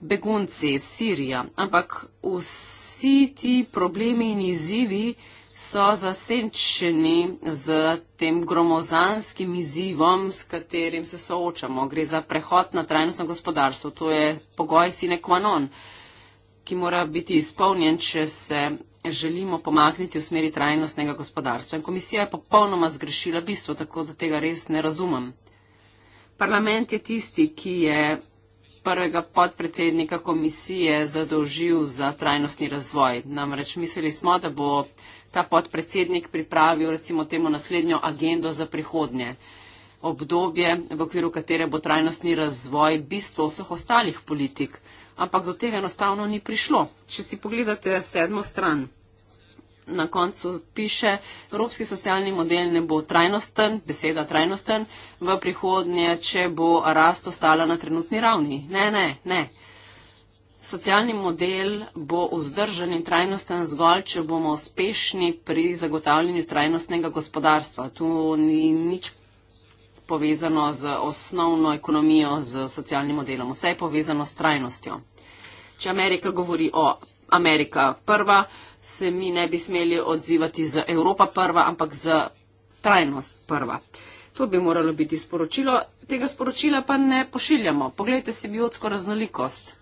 begunci, Sirija. Ampak vsi ti problemi in izzivi so zasenčeni z tem gromozanskim izzivom, s katerim se soočamo. Gre za prehod na trajnostno gospodarstvo. To je pogoj sine qua non ki mora biti izpolnjen, če se želimo pomakniti v smeri trajnostnega gospodarstva. In komisija je popolnoma zgrešila bistvo, tako da tega res ne razumem. Parlament je tisti, ki je prvega podpredsednika komisije zadolžil za trajnostni razvoj. Namreč mislili smo, da bo ta podpredsednik pripravil recimo temu naslednjo agendo za prihodnje obdobje, v okviru katere bo trajnostni razvoj bistvo vseh ostalih politik ampak do tega enostavno ni prišlo. Če si pogledate sedmo stran, na koncu piše, evropski socialni model ne bo trajnosten, beseda trajnosten, v prihodnje, če bo rast ostala na trenutni ravni. Ne, ne, ne. Socialni model bo vzdržen in trajnosten zgolj, če bomo uspešni pri zagotavljanju trajnostnega gospodarstva. Tu ni nič povezano z osnovno ekonomijo, z socialnim modelom. Vse je povezano s trajnostjo. Če Amerika govori o Amerika prva, se mi ne bi smeli odzivati z Evropa prva, ampak z trajnost prva. To bi moralo biti sporočilo, tega sporočila pa ne pošiljamo. Poglejte si biotsko raznolikost.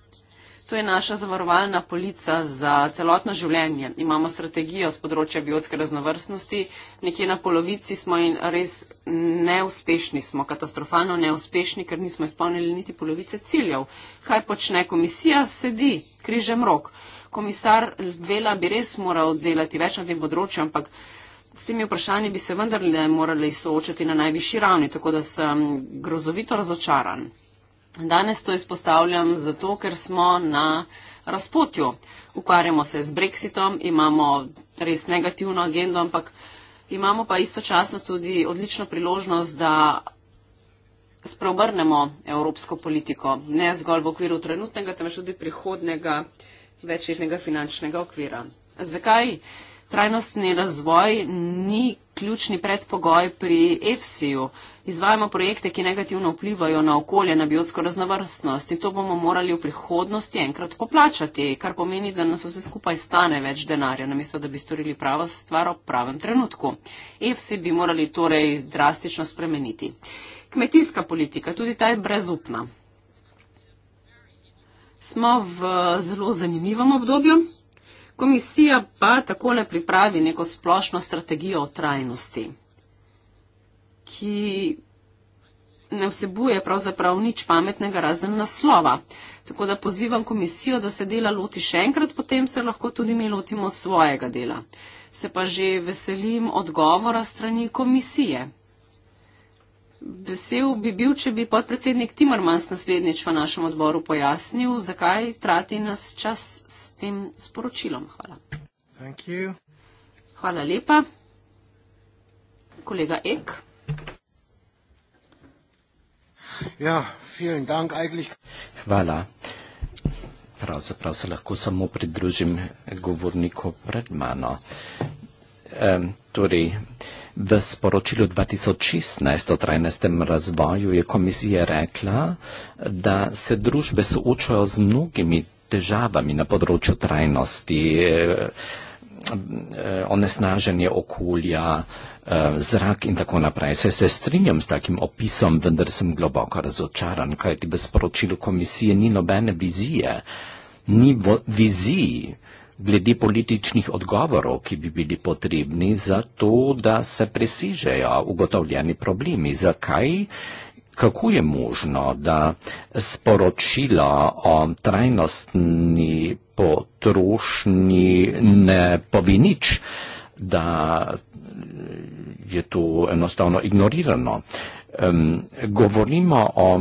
To je naša zavarovalna polica za celotno življenje. Imamo strategijo z področja biotske raznovrstnosti. Nekje na polovici smo in res neuspešni, smo katastrofalno neuspešni, ker nismo izpolnili niti polovice ciljev. Kaj počne komisija? Sedi, križem rok. Komisar Vela bi res moral delati več na tem področju, ampak. S temi vprašanji bi se vendarle morali soočati na najvišji ravni, tako da sem grozovito razočaran. Danes to izpostavljam zato, ker smo na razpotju. Ukvarjamo se z brexitom, imamo res negativno agendo, ampak imamo pa istočasno tudi odlično priložnost, da spreobrnemo evropsko politiko, ne zgolj v okviru trenutnega, temveč tudi prihodnega večjetnega finančnega okvira. Zakaj? trajnostni razvoj ni ključni predpogoj pri EFSI-ju. Izvajamo projekte, ki negativno vplivajo na okolje, na biotsko raznovrstnost in to bomo morali v prihodnosti enkrat poplačati, kar pomeni, da nas vse skupaj stane več denarja, namesto da bi storili pravo stvar ob pravem trenutku. EFSI bi morali torej drastično spremeniti. Kmetijska politika, tudi ta je brezupna. Smo v zelo zanimivem obdobju. Komisija pa tako ne pripravi neko splošno strategijo o trajnosti, ki ne vsebuje pravzaprav nič pametnega razen naslova. Tako da pozivam komisijo, da se dela loti še enkrat, potem se lahko tudi mi lotimo svojega dela. Se pa že veselim odgovora strani komisije vesel bi bil, če bi podpredsednik Timmermans naslednjič v našem odboru pojasnil, zakaj trati nas čas s tem sporočilom. Hvala. Hvala lepa. Kolega Ek. Ja, dank, Hvala. Pravzaprav se lahko samo pridružim govorniku pred mano. Um, torej, V sporočilu 2016 o trajnostnem razvoju je komisija rekla, da se družbe soočajo z mnogimi težavami na področju trajnosti, eh, eh, onesnaženje okolja, eh, zrak in tako naprej. Se, se strinjam s takim opisom, vendar sem globoko razočaran, kajti v sporočilu komisije ni nobene vizije, ni vo, viziji glede političnih odgovorov, ki bi bili potrebni za to, da se presižejo ugotovljeni problemi. Zakaj? Kako je možno, da sporočilo o trajnostni potrošnji ne pove nič, da je to enostavno ignorirano? Um, govorimo o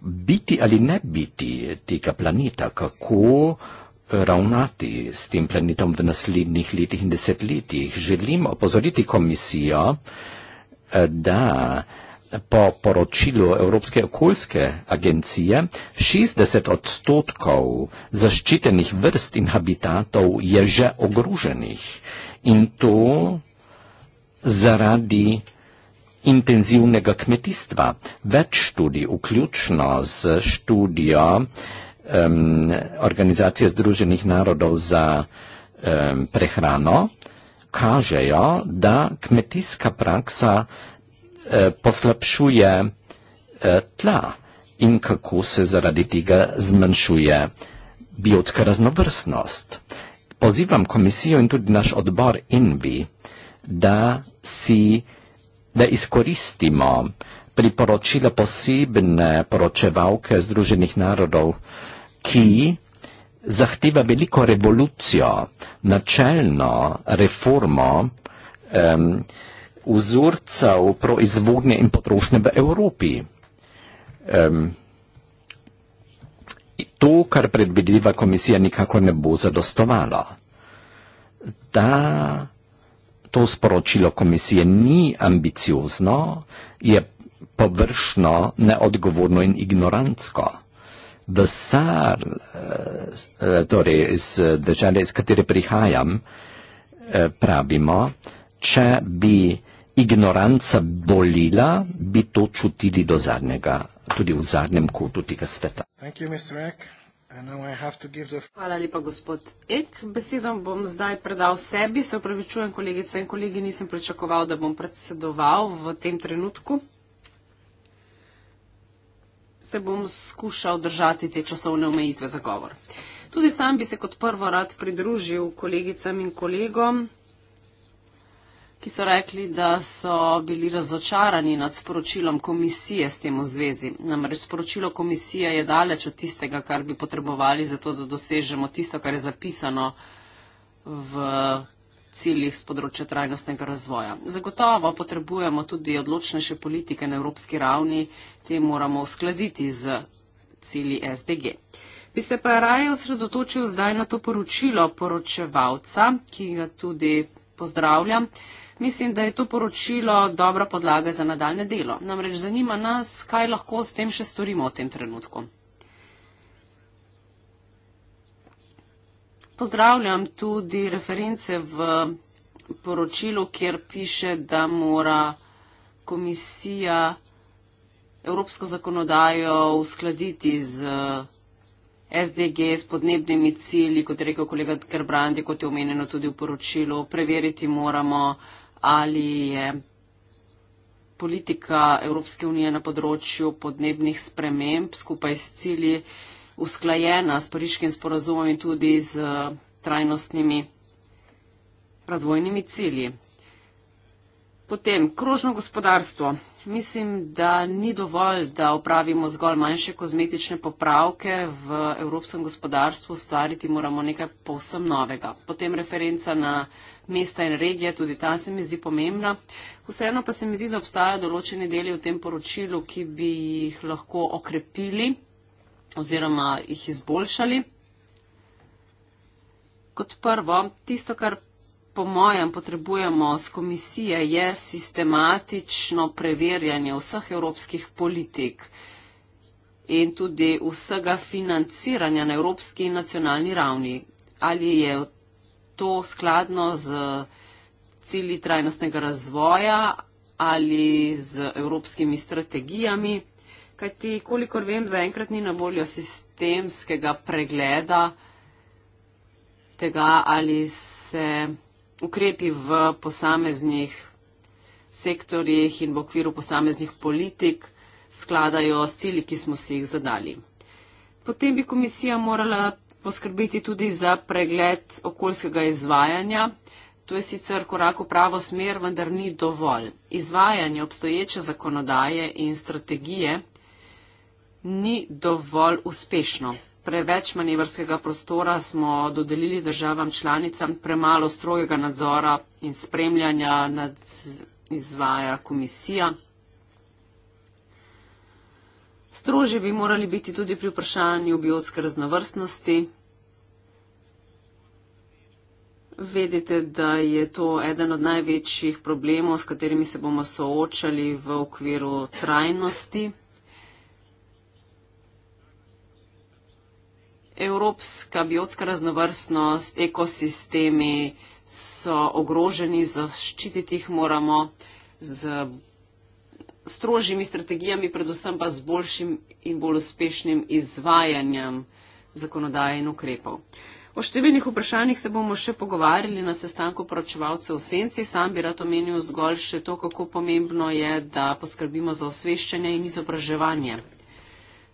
biti ali ne biti tega planeta, kako ravnati s tem planetom v naslednjih letih in desetletjih. Želim opozoriti komisijo, eh, da po poročilu Evropske okoljske agencije 60 odstotkov zaščitenih vrst in habitatov je že ogroženih in to zaradi intenzivnega kmetijstva. Več študij, vključno z študijo, um, organizacije Združenih narodov za um, prehrano kažejo, da kmetijska praksa uh, poslabšuje uh, tla in kako se zaradi tega zmanjšuje biotska raznovrstnost. Pozivam komisijo in tudi naš odbor INVI, da, si, da izkoristimo priporočila posebne poročevalke Združenih narodov uh, ki zahteva veliko revolucijo, načelno reformo um, vzorcev proizvodnje in potrošnje v Evropi. Um, to, kar predvidljiva komisija, nikako ne bo zadostovalo. Ta, to sporočilo komisije ni ambiciozno, je površno, neodgovorno in ignorantsko da sar, eh, eh, torej iz eh, države, iz katere prihajam, pravimo, če bi ignoranca bolila, bi to čutili do zadnjega, tudi v zadnjem kutu tega sveta. Hvala lepa, gospod Ek. Besedom bom zdaj predal sebi. Se upravičujem, kolegice in kolegi, nisem pričakoval, da bom predsedoval v tem trenutku se bom skušal držati te časovne omejitve za govor. Tudi sam bi se kot prvo rad pridružil kolegicam in kolegom, ki so rekli, da so bili razočarani nad sporočilom komisije s tem v zvezi. Namreč sporočilo komisije je daleč od tistega, kar bi potrebovali za to, da dosežemo tisto, kar je zapisano v ciljih z področja trajnostnega razvoja. Zagotovo potrebujemo tudi odločnejše politike na evropski ravni, te moramo uskladiti z cilji SDG. Bi se pa raje osredotočil zdaj na to poročilo poročevalca, ki ga tudi pozdravljam. Mislim, da je to poročilo dobra podlaga za nadaljne delo. Namreč zanima nas, kaj lahko s tem še storimo v tem trenutku. pozdravljam tudi reference v poročilu, kjer piše, da mora komisija evropsko zakonodajo uskladiti z eh, SDG, s podnebnimi cilji, kot je rekel kolega Gerbrand, kot je omenjeno tudi v poročilu. Preveriti moramo, ali je politika Evropske unije na področju podnebnih sprememb skupaj s cilji. Uh, usklajena s pariškim sporozumom in tudi z eh, trajnostnimi razvojnimi cilji. Potem, krožno gospodarstvo. Mislim, da ni dovolj, da opravimo zgolj manjše kozmetične popravke v evropskem gospodarstvu, ustvariti moramo nekaj povsem novega. Potem referenca na mesta in regije, tudi ta se mi zdi pomembna. Vseeno pa se mi zdi, da obstajajo določene deli v tem poročilu, ki bi jih lahko okrepili oziroma jih izboljšali. Kot prvo, tisto, kar po mojem potrebujemo z komisije, je sistematično preverjanje vseh evropskih politik in tudi vsega financiranja na evropski in nacionalni ravni. Ali je to skladno z cilji trajnostnega razvoja ali z evropskimi strategijami? kajti kolikor vem, zaenkrat ni na voljo sistemskega pregleda tega, ali se ukrepi v posameznih sektorjih in v okviru posameznih politik skladajo s cili, ki smo si jih zadali. Potem bi komisija morala poskrbeti tudi za pregled okoljskega izvajanja. To je sicer korak v pravo smer, vendar ni dovolj. Izvajanje obstoječe zakonodaje in strategije ni dovolj uspešno. Preveč manevrskega prostora smo dodelili državam članicam, premalo strogega nadzora in spremljanja nad izvaja komisija. Strožje bi morali biti tudi pri vprašanju biotske raznovrstnosti. Vedite, da je to eden od največjih problemov, s katerimi se bomo soočali v okviru trajnosti. evropska biotska raznovrstnost, ekosistemi so ogroženi, zaščititi jih moramo z strožjimi strategijami, predvsem pa z boljšim in bolj uspešnim izvajanjem zakonodaje in ukrepov. O številnih vprašanjih se bomo še pogovarjali na sestanku poročevalcev v Senci. Sam bi rad omenil zgolj še to, kako pomembno je, da poskrbimo za osveščanje in izobraževanje.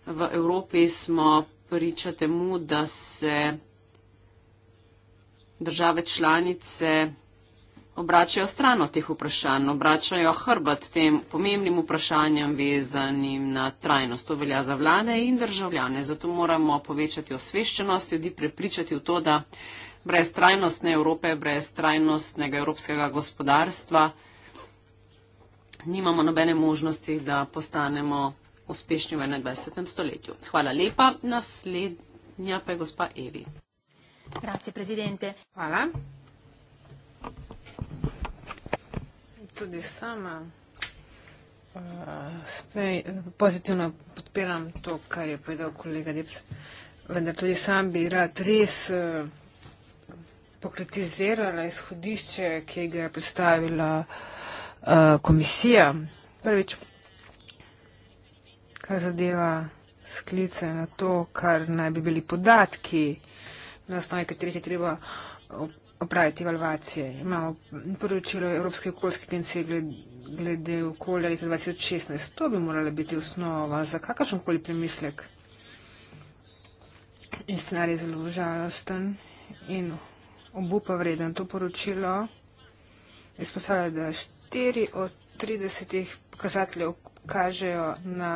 V Evropi smo priča temu, da se države članice obračajo stran od teh vprašanj, obračajo hrbat tem pomembnim vprašanjem vezanim na trajnost. To velja za vlade in državljane. Zato moramo povečati osveščenost ljudi, prepričati v to, da brez trajnostne Evrope, brez trajnostnega evropskega gospodarstva nimamo nobene možnosti, da postanemo uspešni v 21. stoletju. Hvala lepa. Naslednja pa je gospa Evi. Grazie, prezidente. Hvala. Tudi sama uh, pozitivno podpiram to, kar je povedal kolega Debs, vendar tudi sam bi rad res uh, pokritizirala izhodišče, ki ga je predstavila uh, komisija. Prvič, kar zadeva sklice na to, kar naj bi bili podatki, na osnovi katerih je treba opraviti evalvacije. Imamo poročilo Evropske okoljske agencije glede okolja leta 2016. To bi morala biti osnova za kakršenkoli premislek. In scenarij je zelo žalosten in obupa vreden. To poročilo izpostavlja, da 4 od 30 pokazateljev kažejo na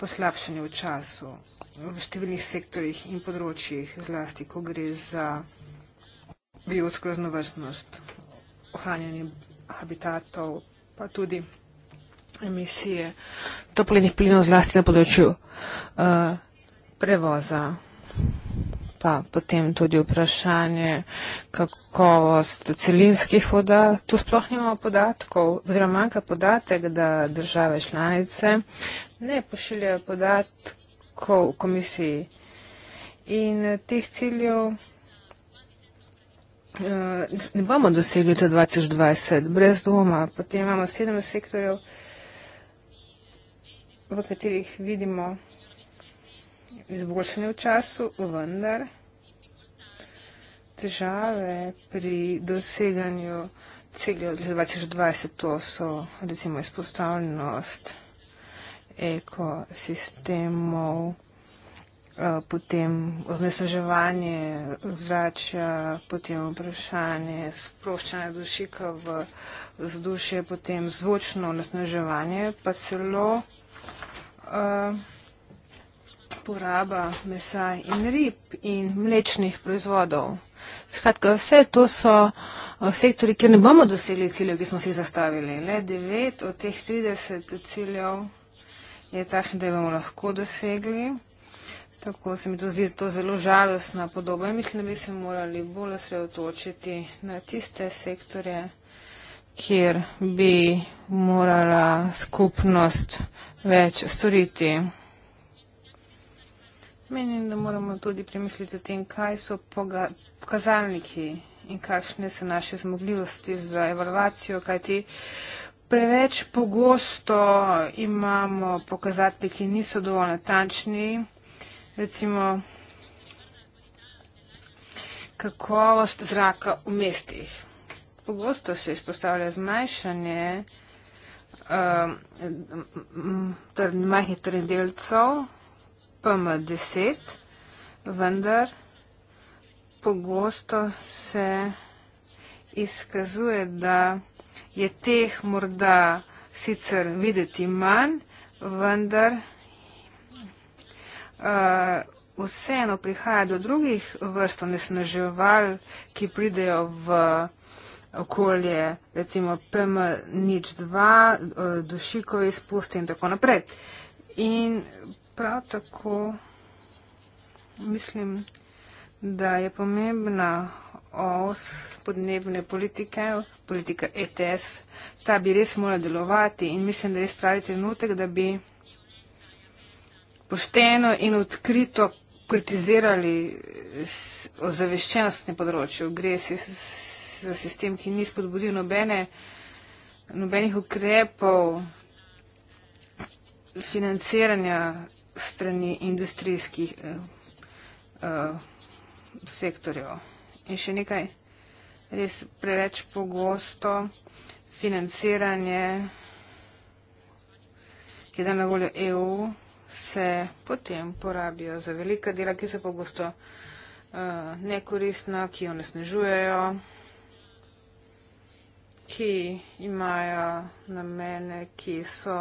poslabšanje v času v številnih sektorjih in področjih, zlasti, ko gre za biotsko raznovrstnost, ohranjanje habitatov, pa tudi emisije toplenih plinov zlasti na področju uh, prevoza. Pa potem tudi vprašanje kakovost celinskih voda. Tu sploh nimamo podatkov, oziroma manjka podatek, da države članice ne pošiljajo podatkov komisiji. In eh, teh ciljev uh, ne bomo dosegli do 2020, brez doma. Potem imamo sedem sektorjev, v katerih vidimo izboljšanje v času, vendar težave pri doseganju ciljev do 2020, to so recimo izpostavljenost ekosistemov, eh, potem oznesaževanje zračja, potem vprašanje sproščanja dušika v vzdušje, potem zvočno oznesaževanje, pa celo eh, poraba mesa in rib in mlečnih proizvodov. Skratka, vse to so eh, sektori, kjer ne bomo dosegli ciljev, ki smo si jih zastavili. Le devet od teh 30 ciljev je takšen, da jo bomo lahko dosegli. Tako se mi to zdi to zelo žalostna podoba in mislim, da bi se morali bolj osredotočiti na tiste sektorje, kjer bi morala skupnost več storiti. Menim, da moramo tudi premisliti o tem, kaj so pokazalniki in kakšne so naše zmogljivosti za evalvacijo, kaj ti. Te... Preveč pogosto imamo pokazatelje, ki niso dovolj natančni, recimo kakovost zraka v mestih. Pogosto se izpostavlja zmanjšanje um, majhnih trendelcev PM10, vendar pogosto se izkazuje, da je teh morda sicer videti manj, vendar eh, vseeno prihaja do drugih vrst onesnaževal, ki pridejo v okolje, recimo PM nič 2, eh, dušikov izpusti in tako naprej. In prav tako mislim, da je pomembna OS podnebne politike, politika ETS, ta bi res mora delovati in mislim, da je res pravi trenutek, da bi pošteno in odkrito kritizirali o zaveščenostne področju. Gre se za sistem, ki ni spodbudil nobene, nobenih ukrepov financiranja strani industrijskih eh, eh, sektorjev in še nekaj res preveč pogosto financiranje, ki da na voljo EU, se potem porabijo za velika dela, ki so pogosto uh, nekoristna, ki jo nesnežujejo, ki imajo namene, ki so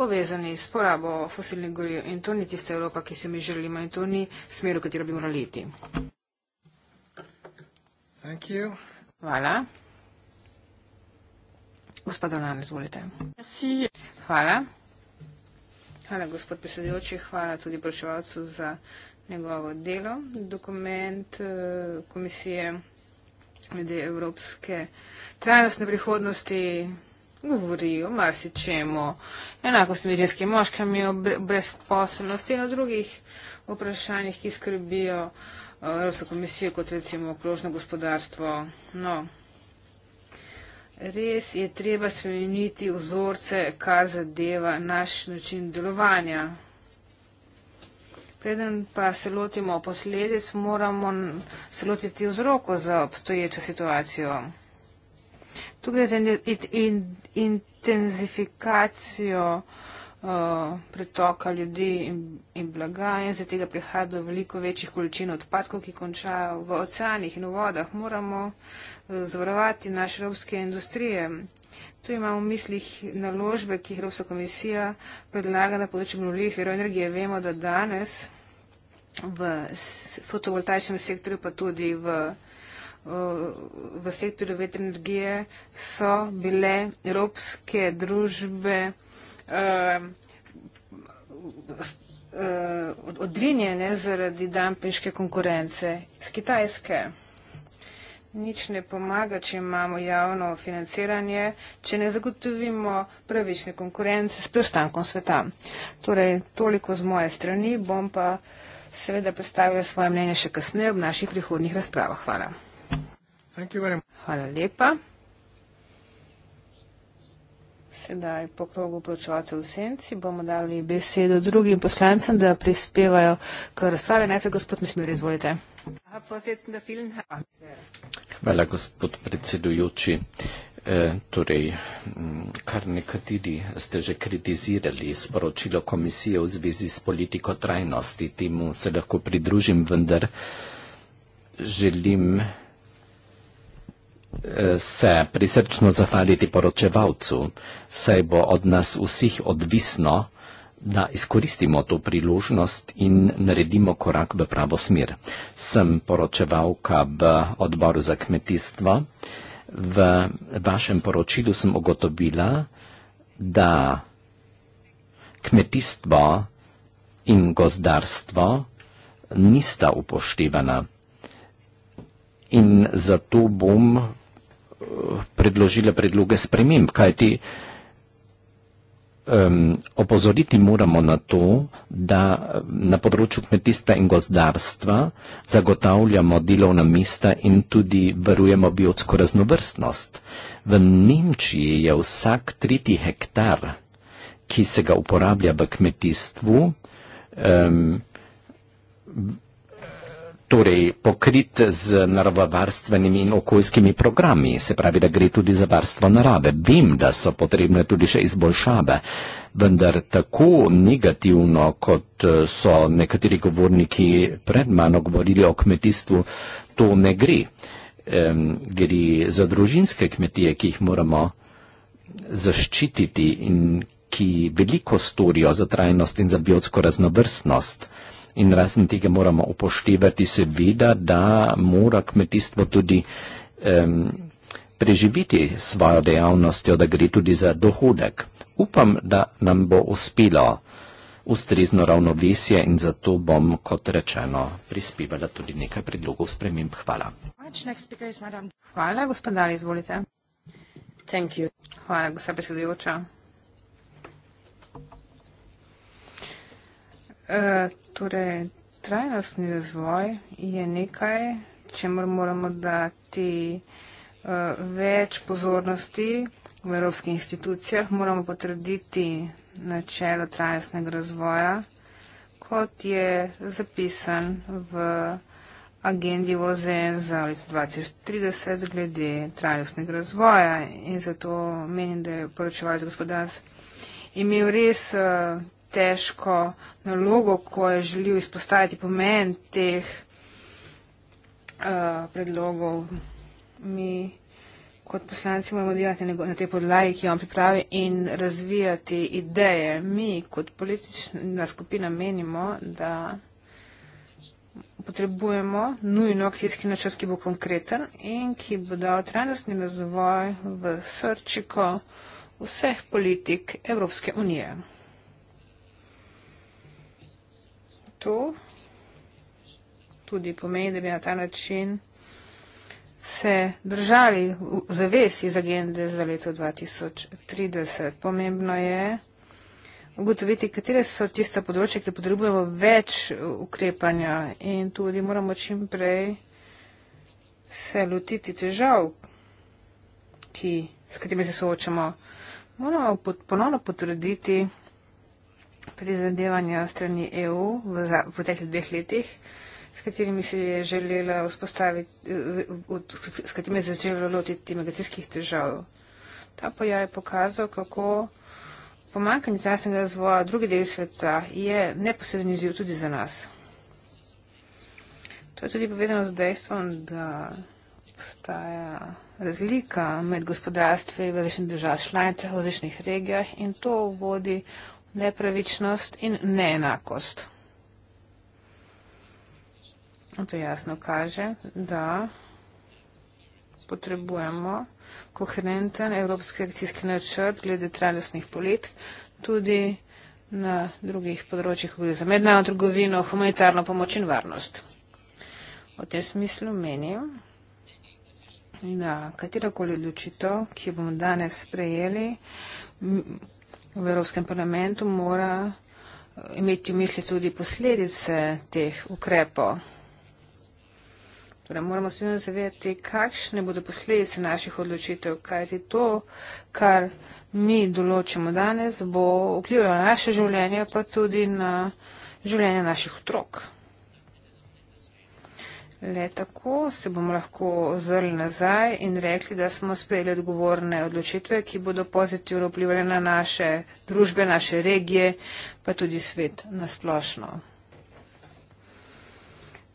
povezani s porabo fosilnih goril in to ni tista Evropa, ki si mi želimo in to ni smer, v katero bi morali iti. Thank you. Hvala. Gospod Donan, izvolite. Merci. Hvala. Hvala, gospod predsedujoči. Hvala tudi poročevalcu za njegovo delo. Dokument eh, komisije glede evropske trajnostne prihodnosti govori o marsičemu, enako s medijskim moškami, o brezposobnosti in o drugih vprašanjih, ki skrbijo uh, Eh, Evropsko komisijo kot recimo okrožno gospodarstvo. No, res je treba spremeniti vzorce, kar zadeva naš način delovanja. Preden pa se lotimo posledic, moramo se lotiti vzroko za obstoječo situacijo. Tukaj je za intenzifikacijo in, in, pretoka ljudi in, in blaga in zaradi tega prihaja do veliko večjih količin odpadkov, ki končajo v oceanih in v vodah. Moramo eh, zavarovati naše evropske industrije. Tu imamo v mislih naložbe, ki jih Evropska komisija predlaga na področju obnovljivih virov energije. Vemo, da danes v fotovoltaičnem sektorju, pa tudi v, v sektorju vetrne energije, so bile evropske družbe Ehm, eh, odrinjene zaradi dampinške konkurence z Kitajske. Nič ne pomaga, če imamo javno financiranje, če ne zagotovimo pravične konkurence s preostankom sveta. Torej, toliko z moje strani, bom pa seveda predstavila svoje mnenje še kasneje ob naših prihodnih razpravah. Hvala. Hvala lepa. Sedaj po krogu pločevalcev v senci bomo dali besedo drugim poslancem, da prispevajo k razprave. Najprej gospod Mesmir, izvolite. Hvala, gospod predsedujoči. E, torej, kar nekateri ste že kritizirali sporočilo komisije v zvezi s politiko trajnosti, temu se lahko pridružim, vendar želim se prisrčno zahvaliti poročevalcu, saj bo od nas vsih odvisno, da izkoristimo to priložnost in naredimo korak v pravo smer. Sem poročevalka v odboru za kmetijstvo. V vašem poročilu sem ugotovila, da kmetijstvo in gozdarstvo nista upoštevana. In zato bom predložila predloge sprememb, kajti um, opozoriti moramo na to, da na področju kmetijstva in gozdarstva zagotavljamo delovna mesta in tudi varujemo biotsko raznovrstnost. V Nemčiji je vsak tretji hektar, ki se ga uporablja v kmetijstvu, um, torej pokrit z naravovarstvenimi in okoljskimi programi, se pravi, da gre tudi za varstvo narave. Vem, da so potrebne tudi še izboljšave, vendar tako negativno, kot eh, so nekateri govorniki pred mano govorili o kmetijstvu, to ne gre. Ehm, gre za družinske kmetije, ki jih moramo zaščititi in ki veliko storijo za trajnost in za biotsko raznovrstnost. Ehm, In razen tega moramo upoštevati seveda, da mora kmetijstvo tudi um, preživeti svojo dejavnostjo, da gre tudi za dohodek. Upam, da nam bo uspelo ustrezno ravnovesje in zato bom, kot rečeno, prispevala tudi nekaj predlogov sprememb. Hvala. Hvala, gospodar, izvolite. Thank you. Hvala, gospod predsedujoča. Uh, Torej, trajnostni razvoj je nekaj, čemu moramo dati uh, več pozornosti v evropskih institucijah, moramo potrditi načelo trajnostnega razvoja, kot je zapisan v agendi voze za leto 2030 glede trajnostnega razvoja in zato menim, da je poročevalec gospodarstva imel res eh, težko uh, nalogo, ko je želel izpostaviti pomen teh uh, predlogov. Mi kot poslanci moramo delati na tej podlagi, ki jo on pripravi in razvijati ideje. Mi kot politična skupina menimo, da potrebujemo nujno akcijski načrt, ki bo konkreten in ki bo dal trajnostni razvoj v srčiko vseh politik Evropske unije. to. Tudi pomeni, da bi na ta način se držali v zaves iz agende za leto 2030. Pomembno je ugotoviti, katere so tiste področje, ki potrebujemo več ukrepanja in tudi moramo čim prej se lotiti težav, ki, s katerimi se soočamo. Moramo pot, ponovno potrditi prizadevanja strani EU v, za, v preteklih dveh letih, s katerimi se je želela vzpostaviti, s katerimi se je začela lotiti medicinskih težav. Ta pojav je pokazal, kako pomankanje zdravstvenega razvoja druge dele sveta je neposredni izziv tudi za nas. To je tudi povezano z dejstvom, da obstaja razlika med gospodarstvi v različnih državah članicah, v različnih regijah in to vodi nepravičnost in neenakost. To jasno kaže, da potrebujemo koherenten evropski akcijski načrt glede trajnostnih politik, tudi na drugih področjih, kot je za mednarodno trgovino, humanitarno pomoč in varnost. V tem smislu menim, da katerokoli odločitev, ki jo bomo danes sprejeli, v Evropskem parlamentu mora eh, imeti v misli tudi posledice teh ukrepov. Torej, moramo se zavedati, kakšne bodo posledice naših odločitev, kajti to, kar mi določimo danes, bo vplivalo na naše življenje, pa tudi na življenje naših otrok. Le tako se bomo lahko ozrli nazaj in rekli, da smo sprejeli odgovorne odločitve, ki bodo pozitivno vplivali na naše družbe, naše regije, pa tudi svet nasplošno.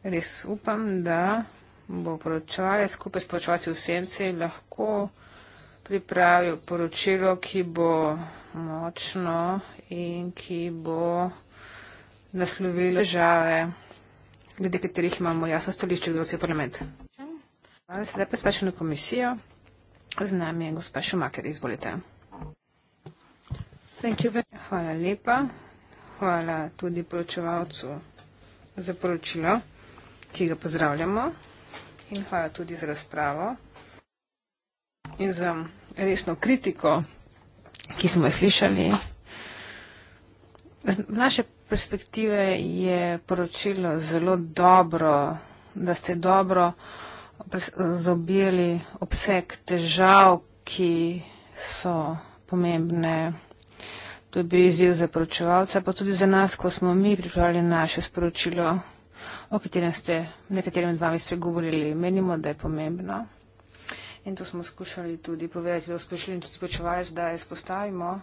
Res upam, da bo poročevalec skupaj s poročevalci v senci lahko pripravil poročilo, ki bo močno in ki bo naslovilo žave glede katerih imamo jasno stališče Evropski parlament. Hvala, sedaj pa spešeno komisijo. Z nami je gospa Šumaker, izvolite. Hvala lepa. Hvala tudi poročevalcu za poročilo, ki ga pozdravljamo. In hvala tudi za razpravo in za resno kritiko, ki smo jo slišali. Naše perspektive je poročilo zelo dobro, da ste dobro zobili obseg težav, ki so pomembne. To je bil izziv za poročevalca, pa tudi za nas, ko smo mi pripravili naše sporočilo, o katerem ste nekaterim med vami spregovorili. Menimo, da je pomembno. In to smo skušali tudi povedati, da smo prišli in tudi poročevalec, da izpostavimo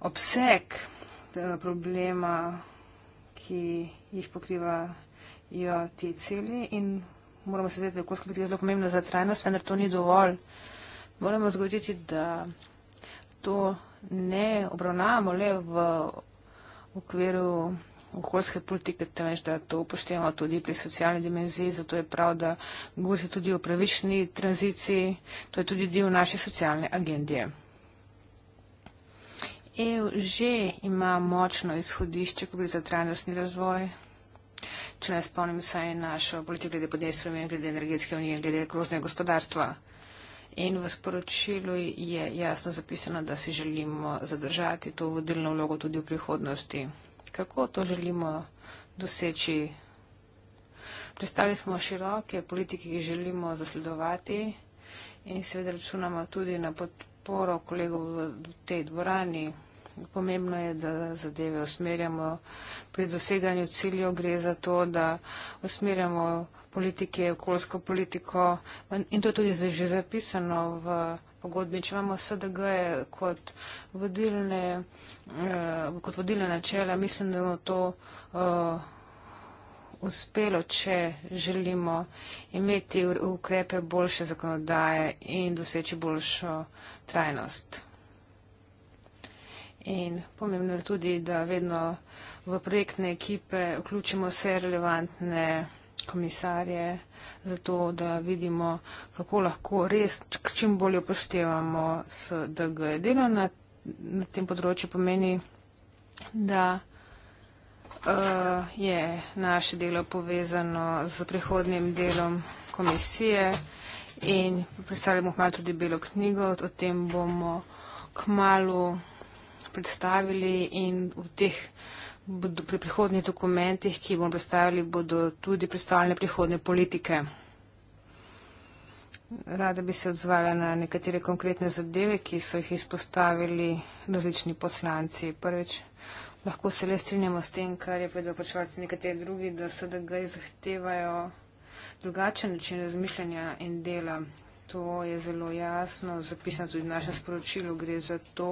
obseg. Eh, problema, ki jih pokrivajo ti cilji in moramo se zavedati, kako skrbeti je zelo pomembno za trajnost, vendar to ni dovolj. Moramo zgoditi, da to ne obravnavamo le v okviru okoljske politike, temveč da to upoštevamo tudi pri socialni dimenziji, zato je prav, da govorite tudi o pravični tranziciji, to je tudi del naše socialne agendije. EU že ima močno izhodišče, ko gre za trajnostni razvoj. Če ne spomnim, saj je naša politika glede podnebnih sprememb, glede energetske unije, glede krožnega gospodarstva. In v sporočilu je jasno zapisano, da si želimo zadržati to vodilno vlogo tudi v prihodnosti. Kako to želimo doseči? Predstavili smo široke politike, ki jih želimo zasledovati in seveda računamo tudi na podporo kolegov v tej dvorani. Pomembno je, da zadeve usmerjamo. Pri doseganju ciljev gre za to, da usmerjamo politike, okoljsko politiko in to je tudi že zapisano v pogodbi. Če imamo SDG kot vodilne, eh, kot vodilne načela, mislim, da bomo to eh, uspelo, če želimo imeti ukrepe boljše zakonodaje in doseči boljšo trajnost in pomembno je tudi, da vedno v projektne ekipe vključimo vse relevantne komisarje, zato da vidimo, kako lahko res čim bolje upoštevamo s DG. Delo na, na tem področju pomeni, da uh, je naše delo povezano z prihodnim delom komisije in predstavljamo hmalo tudi belo knjigo, o tem bomo k malu predstavili in v teh bodo, pri prihodnih dokumentih, ki bomo predstavili, bodo tudi predstavljene prihodne politike. Rada bi se odzvala na nekatere konkretne zadeve, ki so jih izpostavili različni poslanci. Prvič, lahko se le strinjamo s tem, kar je povedal počevalci nekateri drugi, da SDG zahtevajo drugačen način razmišljanja in dela. To je zelo jasno, zapisano tudi v našem sporočilu. Gre za to,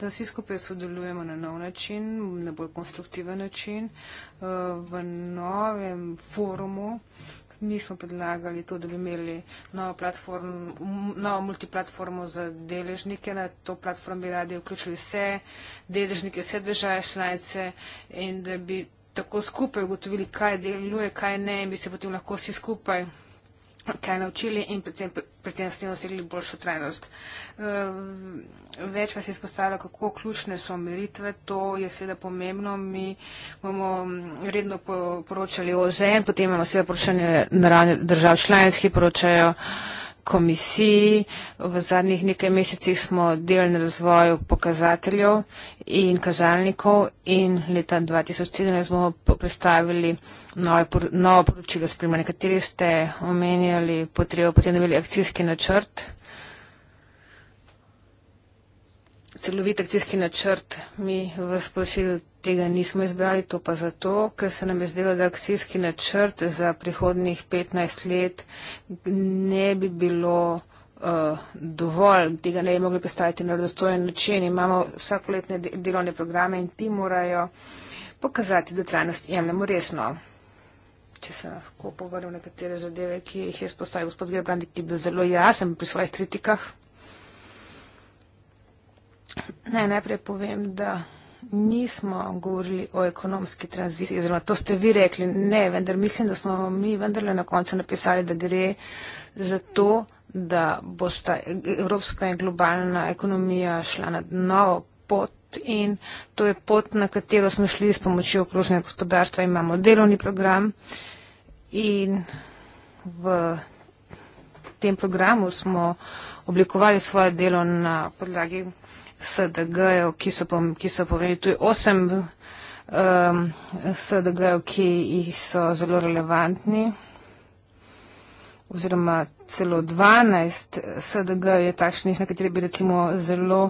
da vsi skupaj sodelujemo na nov način, na bolj konstruktiven način, eh, v novem forumu. Mi smo predlagali to, da bi imeli novo, novo multiplatformo za deležnike. Na to platformo bi radi vključili vse deležnike, vse države članice in da bi tako skupaj ugotovili, kaj deluje, kaj ne in bi se potem lahko vsi skupaj kaj naučili in potem, potem s tem dosegli boljšo trajnost. Ehm, več vas je izpostavilo, kako ključne so meritve, to je seveda pomembno. Mi bomo mm, redno poročali o ZEN, potem imamo seveda poročanje naravne držav članic, ki poročajo uh, komisiji. V zadnjih nekaj mesecih smo delali na razvoju pokazateljev in kazalnikov in leta 2017 bomo predstavili nove, novo poročilo spremljanja, kateri ste omenjali potrebo, potem da bi imeli akcijski načrt. celovit akcijski načrt mi v sporočilu tega nismo izbrali, to pa zato, ker se nam je zdelo, da akcijski načrt za prihodnih 15 let ne bi bilo eh, dovolj, tega ne bi mogli predstaviti na razdostojen način. Imamo vsakoletne delovne programe in ti morajo pokazati, da trajnost jemljamo resno. Če se lahko povrnem nekatere zadeve, ki jih je spostavil gospod Gerbrandi, ki je bil zelo jasen pri svojih kritikah. Ne, najprej povem, da nismo govorili o ekonomski tranziciji, oziroma to ste vi rekli, ne, vendar mislim, da smo mi vendarle na koncu napisali, da gre za to, da bosta evropska in globalna ekonomija šla na novo pot. In to je pot, na katero smo šli s pomočjo okrožnega gospodarstva. Imamo delovni program in v tem programu smo oblikovali svoje delo na podlagi SDG-jev, ki so, ki so povedali, tu je osem um, SDG-jev, ki so zelo relevantni, oziroma celo dvanajst SDG-jev je takšnih, na kateri bi recimo zelo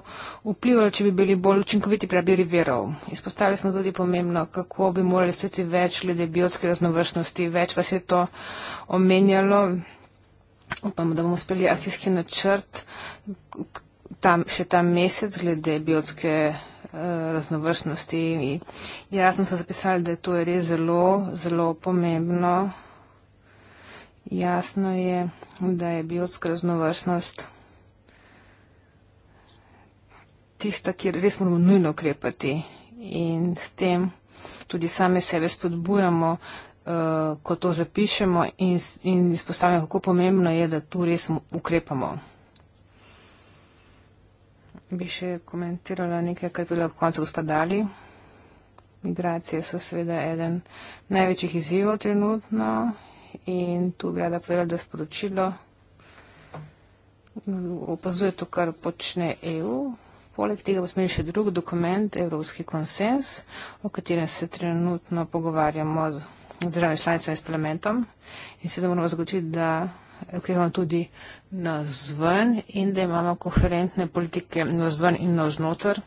vplivali, če bi bili bolj učinkoviti pri abiri verov. Izpostavili smo tudi pomembno, kako bi morali stoti več glede biotske raznovrstnosti, več vas je to omenjalo. Upamo, da bomo uspeli akcijski načrt, tam, še ta mesec glede biotske eh, raznovrstnosti. Ja, smo se zapisali, da to je res zelo, zelo pomembno. Jasno je, da je biotska raznovrstnost tista, kjer res moramo nujno ukrepati in s tem tudi same sebe spodbujamo, eh, ko to zapišemo in izpostavljamo, kako pomembno je, da tu res ukrepamo bi še komentirala nekaj, kar bi lahko koncu gospodali. Migracije so seveda eden največjih izzivov trenutno in tu bi rada povedala, da sporočilo opazuje to, kar počne EU. Poleg tega bo smeli še drug dokument, Evropski konsens, o katerem se trenutno pogovarjamo z državami članicami in s parlamentom. In seveda moramo zagotoviti, da vplivom tudi na zven in da imamo koherentne politike na zven in na vznotr.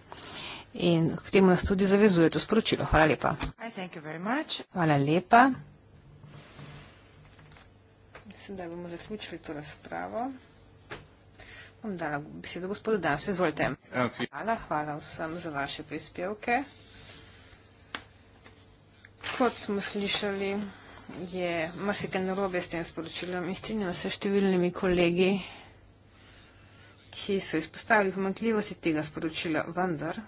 In k temu nas tudi zavezuje to sporočilo. Hvala lepa. Hvala lepa. Mislim, da bomo zaključili to razpravo. Bom dala besedo gospodu Danse, izvolite. Hvala, hvala vsem za vaše prispevke. Kot smo slišali, je marsikaj narobe s tem sporočilom in strinjam se številnimi kolegi, ki so izpostavili pomankljivosti tega sporočila, vendar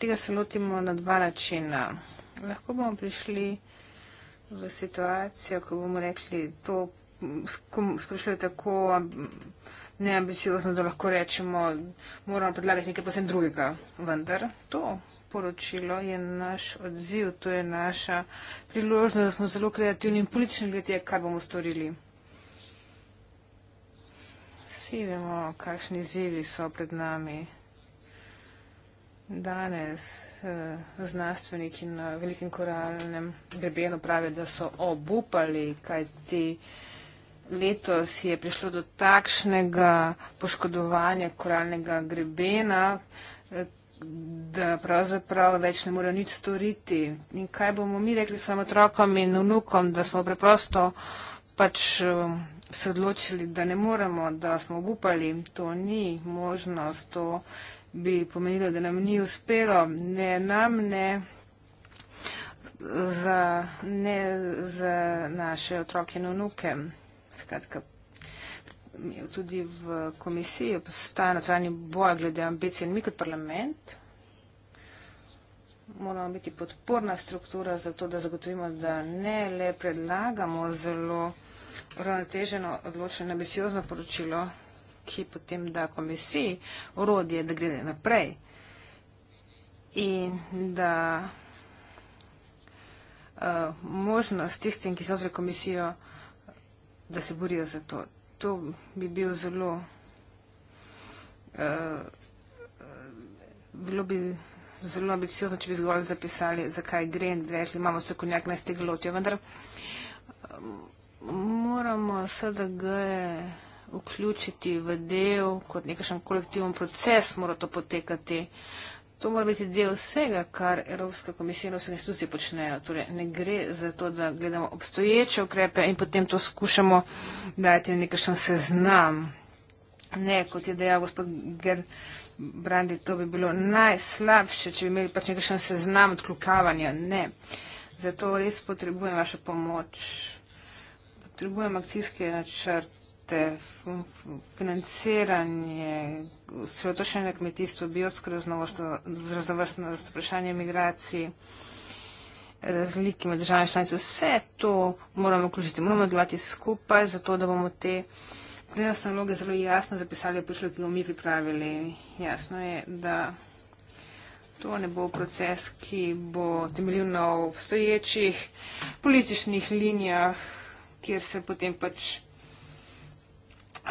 tega se lotimo na dva načina. Lahko bomo prišli v situacijo, ko bomo rekli to sporočilo tako neambiciozno, da lahko rečemo, moramo predlagati nekaj posebno drugega. Vendar to poročilo je naš odziv, to je naša priložnost, da smo zelo kreativni in politični glede, kaj bomo storili. Vsi vemo, kakšni izzivi so pred nami. Danes eh, znanstveniki na velikem koralnem grebenu pravijo, da so obupali, kaj ti. Te letos je prišlo do takšnega poškodovanja koralnega grebena, da pravzaprav več ne morejo nič storiti. In kaj bomo mi rekli svojim otrokom in vnukom, da smo preprosto pač um, se odločili, da ne moremo, da smo obupali, to ni možnost, to bi pomenilo, da nam ni uspelo, ne nam, ne za, ne za naše otroke in vnuke skratka, tudi v komisiji obstaja nacionalni boj glede ambicij in mi kot parlament moramo biti podporna struktura za to, da zagotovimo, da ne le predlagamo zelo uravnoteženo odločeno ambiciozno poročilo, ki potem da komisiji orodje, da gre naprej in da uh, možnost tistim, ki so zve komisijo da se borijo za to. To bi bil zelo, uh, bilo bi zelo ambiciozno, če bi zgolj zapisali, zakaj gre in rekli, imamo se konjak na stegu lotijo. Vendar eh, moramo SDG vključiti v del kot nekakšen kolektivni proces, mora to potekati. Uh, To mora biti del vsega, kar Evropska komisija in vse institucije počnejo. Torej, ne gre za to, da gledamo obstoječe ukrepe in potem to skušamo dati na nekakšen seznam. Ne, kot je dejal gospod Ger Brandi, to bi bilo najslabše, če bi imeli pač nekakšen seznam odklukavanja. Ne. Zato res potrebujem vašo pomoč. Potrebujem akcijski načrt te financiranje, sredotočenje na kmetijstvo, biotsko raznovrstnost, vprašanje migracij, razlike med državami članicami, vse to moramo vključiti, moramo delati skupaj, zato da bomo te prednostne naloge zelo jasno zapisali v prišlo, ki bomo mi pripravili. Jasno je, da to ne bo proces, ki bo temeljil na obstoječih političnih linijah, kjer se potem pač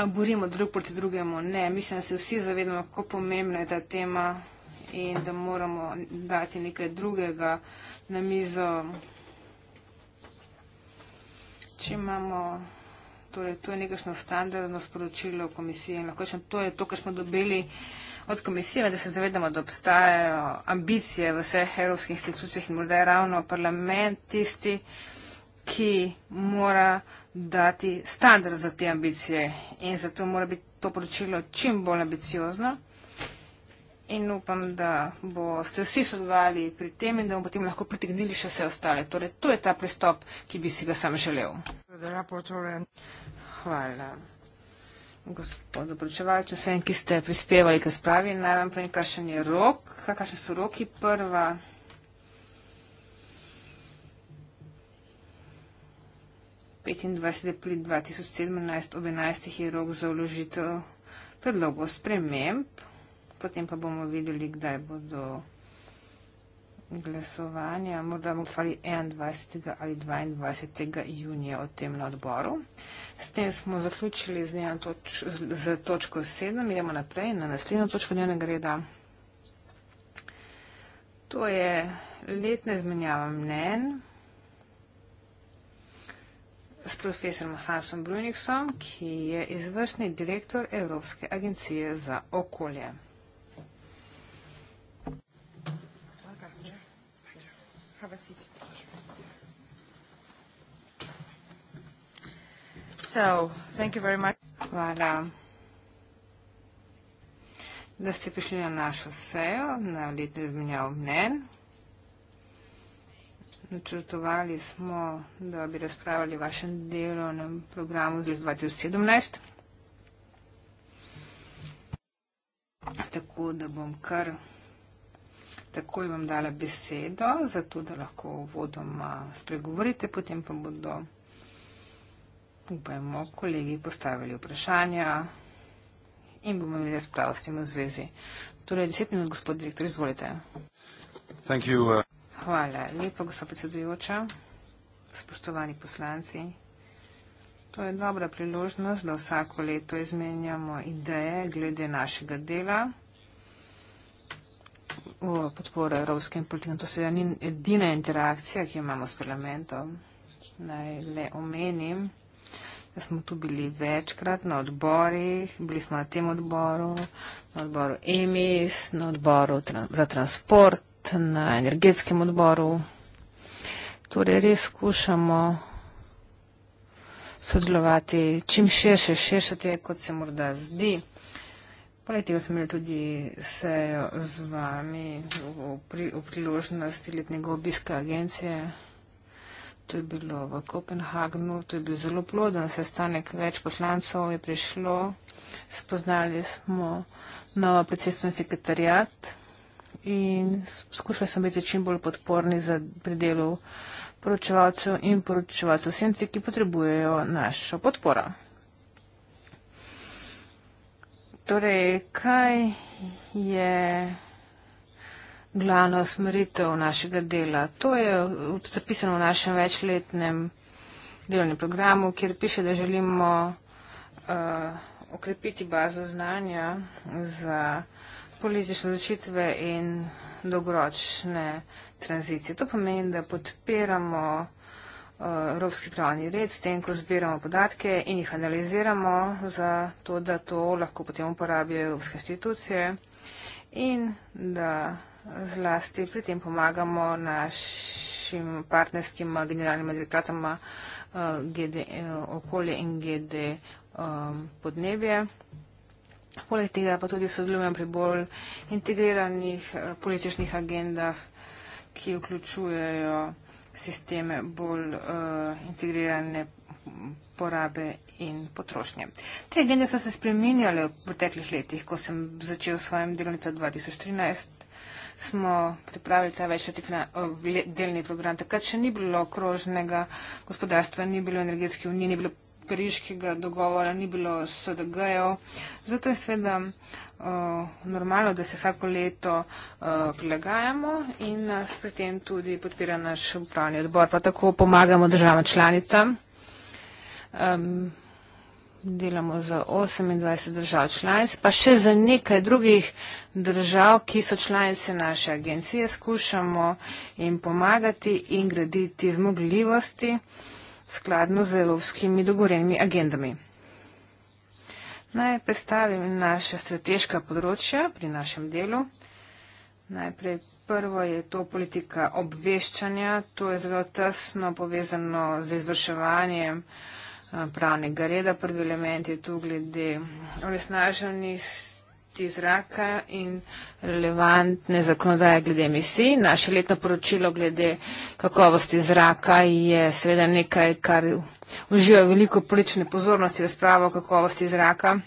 borimo drug proti drugemu. Ne, mislim, da se vsi zavedamo, kako pomembna je ta tema in da moramo dati nekaj drugega na mizo. Če imamo, torej to je nekakšno standardno sporočilo komisije in lahko rečem, to je to, kar smo dobili od komisije, da se zavedamo, da obstajajo ambicije v vseh evropskih institucijah in morda je ravno parlament tisti, ki mora dati standard za te ambicije in zato mora biti to poročilo čim bolj ambiciozno. In upam, da boste vsi sodelovali pri tem in da bomo potem lahko pritegnili še vse ostale. Torej, to je ta pristop, ki bi si ga sam želel. Hvala. Gospod Dobročevalč, vsem, ki ste prispevali k spravi, naj vam prejem, kakšen je rok, kakšne so roki prva. 25. april 2017 ob 11. je rok za uložitev predlogov sprememb, potem pa bomo videli, kdaj bodo glasovanja, morda bomo poslali 21. ali 22. junija o tem na odboru. S tem smo zaključili z, toč, z, z točko 7, idemo naprej na naslednjo točko dnevnega reda. To je letna izmenjava mnen s profesorom Hasom Brunixom, ki je izvrstni direktor Evropske agencije za okolje. Hvala, da ste prišli na našo sejo, na letno izmenjavo mnenj načrtovali smo, da bi razpravljali o vašem delovnem programu za 2017. Tako da bom kar takoj vam dala besedo, zato da lahko vodoma spregovorite, potem pa bodo, upajmo, kolegi postavili vprašanja in bomo imeli razpravo s tem v zvezi. Torej, deset minut, gospod direktor, izvolite. Thank you, uh... Hvala lepa, gospod predsedujoča. Spoštovani poslanci. To je dobra priložnost, da vsako leto izmenjamo ideje glede našega dela v podporo evropskim politikom. To se je edina interakcija, ki jo imamo s parlamentom. Naj le omenim, da smo tu bili večkrat na odborih, bili smo na tem odboru, na odboru EMIS, na odboru za transport, na energetskem odboru. Torej res skušamo sodelovati čim širše, širše te, kot se morda zdi. Poleg tega smo imeli tudi sejo z vami v, pri, v priložnosti letnega obiska agencije. To je bilo v Kopenhagnu, to je bil zelo ploden sestanek, več poslancov je prišlo, spoznali smo novo predsedstveno sekretarjat in skušali smo biti čim bolj podporni za predelu poročevalcev in poročevalcev senci, ki potrebujejo našo podporo. Torej, kaj je glavno smeritev našega dela? To je zapisano v našem večletnem delovnem programu, kjer piše, da želimo uh, okrepiti bazo znanja za politične odločitve in dolgoročne tranzicije. To pomeni, da podpiramo eh, evropski pravni red s tem, ko zbiramo podatke in jih analiziramo za to, da to lahko potem uporabijo evropske institucije in da zlasti pri tem pomagamo našim partnerskim generalnim direktatama eh, GD eh, okolje in GD podnebje. Poleg tega pa tudi sodelujem pri bolj integriranih eh, političnih agendah, ki vključujejo sisteme bolj uh, integrirane porabe in potrošnje. Te agende so se spreminjale v preteklih letih, ko sem začel s svojim delom leta 2013 smo pripravili ta večletni eh, delni program. Takrat še ni bilo krožnega gospodarstva, ni bilo energetske unije, ni bilo pariškega dogovora, ni bilo SDG-jev. Zato je sveda uh, eh, normalno, da se vsako leto uh, prilagajamo in nas pri tem tudi podpira naš upravni odbor. Prav tako pomagamo državam članicam. Um, delamo za 28 držav članic, pa še za nekaj drugih držav, ki so članice naše agencije, skušamo jim pomagati in graditi zmogljivosti. Uh, skladno z evropskimi dogorenimi agendami. Naj predstavim naše strateška področja pri našem delu. Najprej prvo je to politika obveščanja, to je zelo tesno povezano z izvrševanjem eh, pravnega reda. Prvi element je tu glede uresnaženih kakovosti zraka in relevantne zakonodaje glede emisij. Naše letno poročilo glede kakovosti zraka je seveda nekaj, kar uživa veliko politične pozornosti v spravo o kakovosti zraka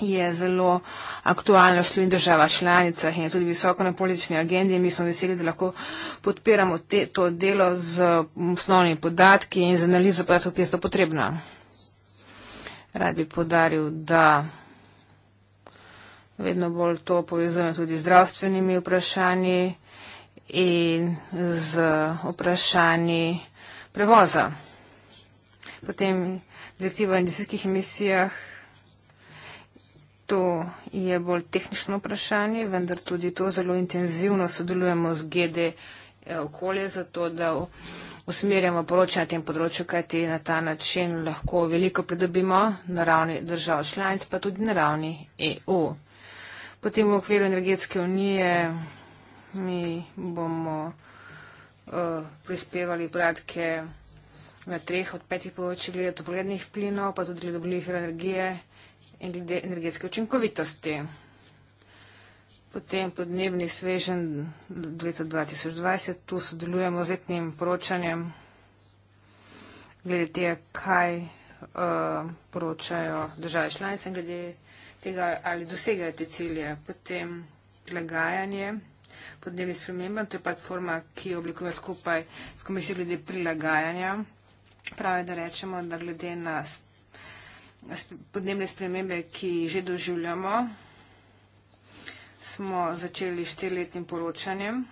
je zelo aktualno v številnih državah članicah in je tudi visoko na politični agendi. Mi smo veseli, da lahko podpiramo te, to delo z osnovnimi podatki in z analizo podatkov, ki je to potrebna. Rad bi podaril, da vedno bolj to povezujem tudi z zdravstvenimi vprašanji in z vprašanji prevoza. Potem direktiva o industrijskih emisijah. To je bolj tehnično vprašanje, vendar tudi to zelo intenzivno sodelujemo z GD okolje, zato da usmerjamo poročanje na tem področju, kajti na ta način lahko veliko pridobimo na ravni držav članic, pa tudi na ravni EU. Potem v okviru energetske unije mi bomo uh, prispevali podatke na treh od petih področjih glede toplogrednih plinov, pa tudi glede obnovljivih energije in glede energetske učinkovitosti. Potem podnebni svežen leta 2020, tu sodelujemo z letnim poročanjem glede tega, kaj uh, poročajo države članice glede tega ali dosegajo te cilje. Potem prilagajanje podnebnim spremembam, to je platforma, ki jo oblikujemo skupaj s komisijo glede prilagajanja. Pravi, da rečemo, da glede na podnebne spremembe, ki že doživljamo, smo začeli štiriletnim poročanjem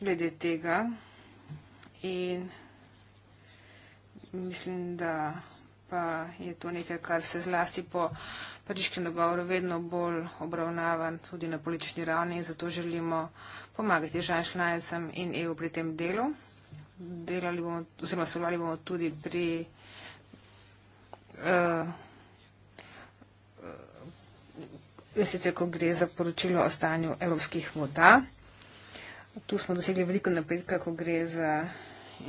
glede tega in mislim, da pa je to nekaj, kar se zlasti po Pariški dogovor vedno bolj obravnavan tudi na politični ravni in zato želimo pomagati žanšlajcem in EU pri tem delu. Delali bomo, oziroma sodelovali bomo tudi pri uh, eh, in eh, sicer, ko gre za poročilo o stanju evropskih voda. Tu smo dosegli veliko napredka, ko gre za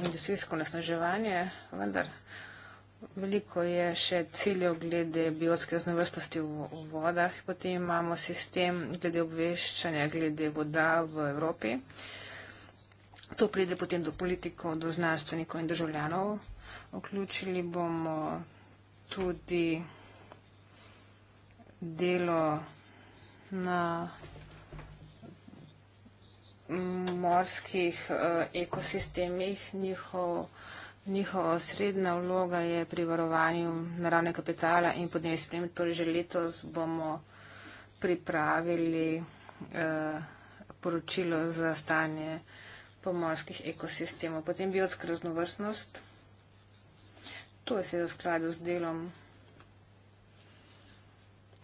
industrijsko nasnaževanje, vendar Veliko je še ciljev glede biotske raznovrstnosti v vodah. Potem imamo sistem glede obveščanja glede voda v Evropi. To pride potem do politikov, do znanstvenikov in državljanov. Vključili bomo tudi delo na morskih eh, ekosistemih njihov vodov. Njihova osrednja vloga je pri varovanju naravne kapitala in podnebnih sprememb. Torej že letos bomo pripravili eh, poročilo za stanje pomorskih ekosistemov. Potem biotska raznovrstnost. To je seveda v skladu z delom,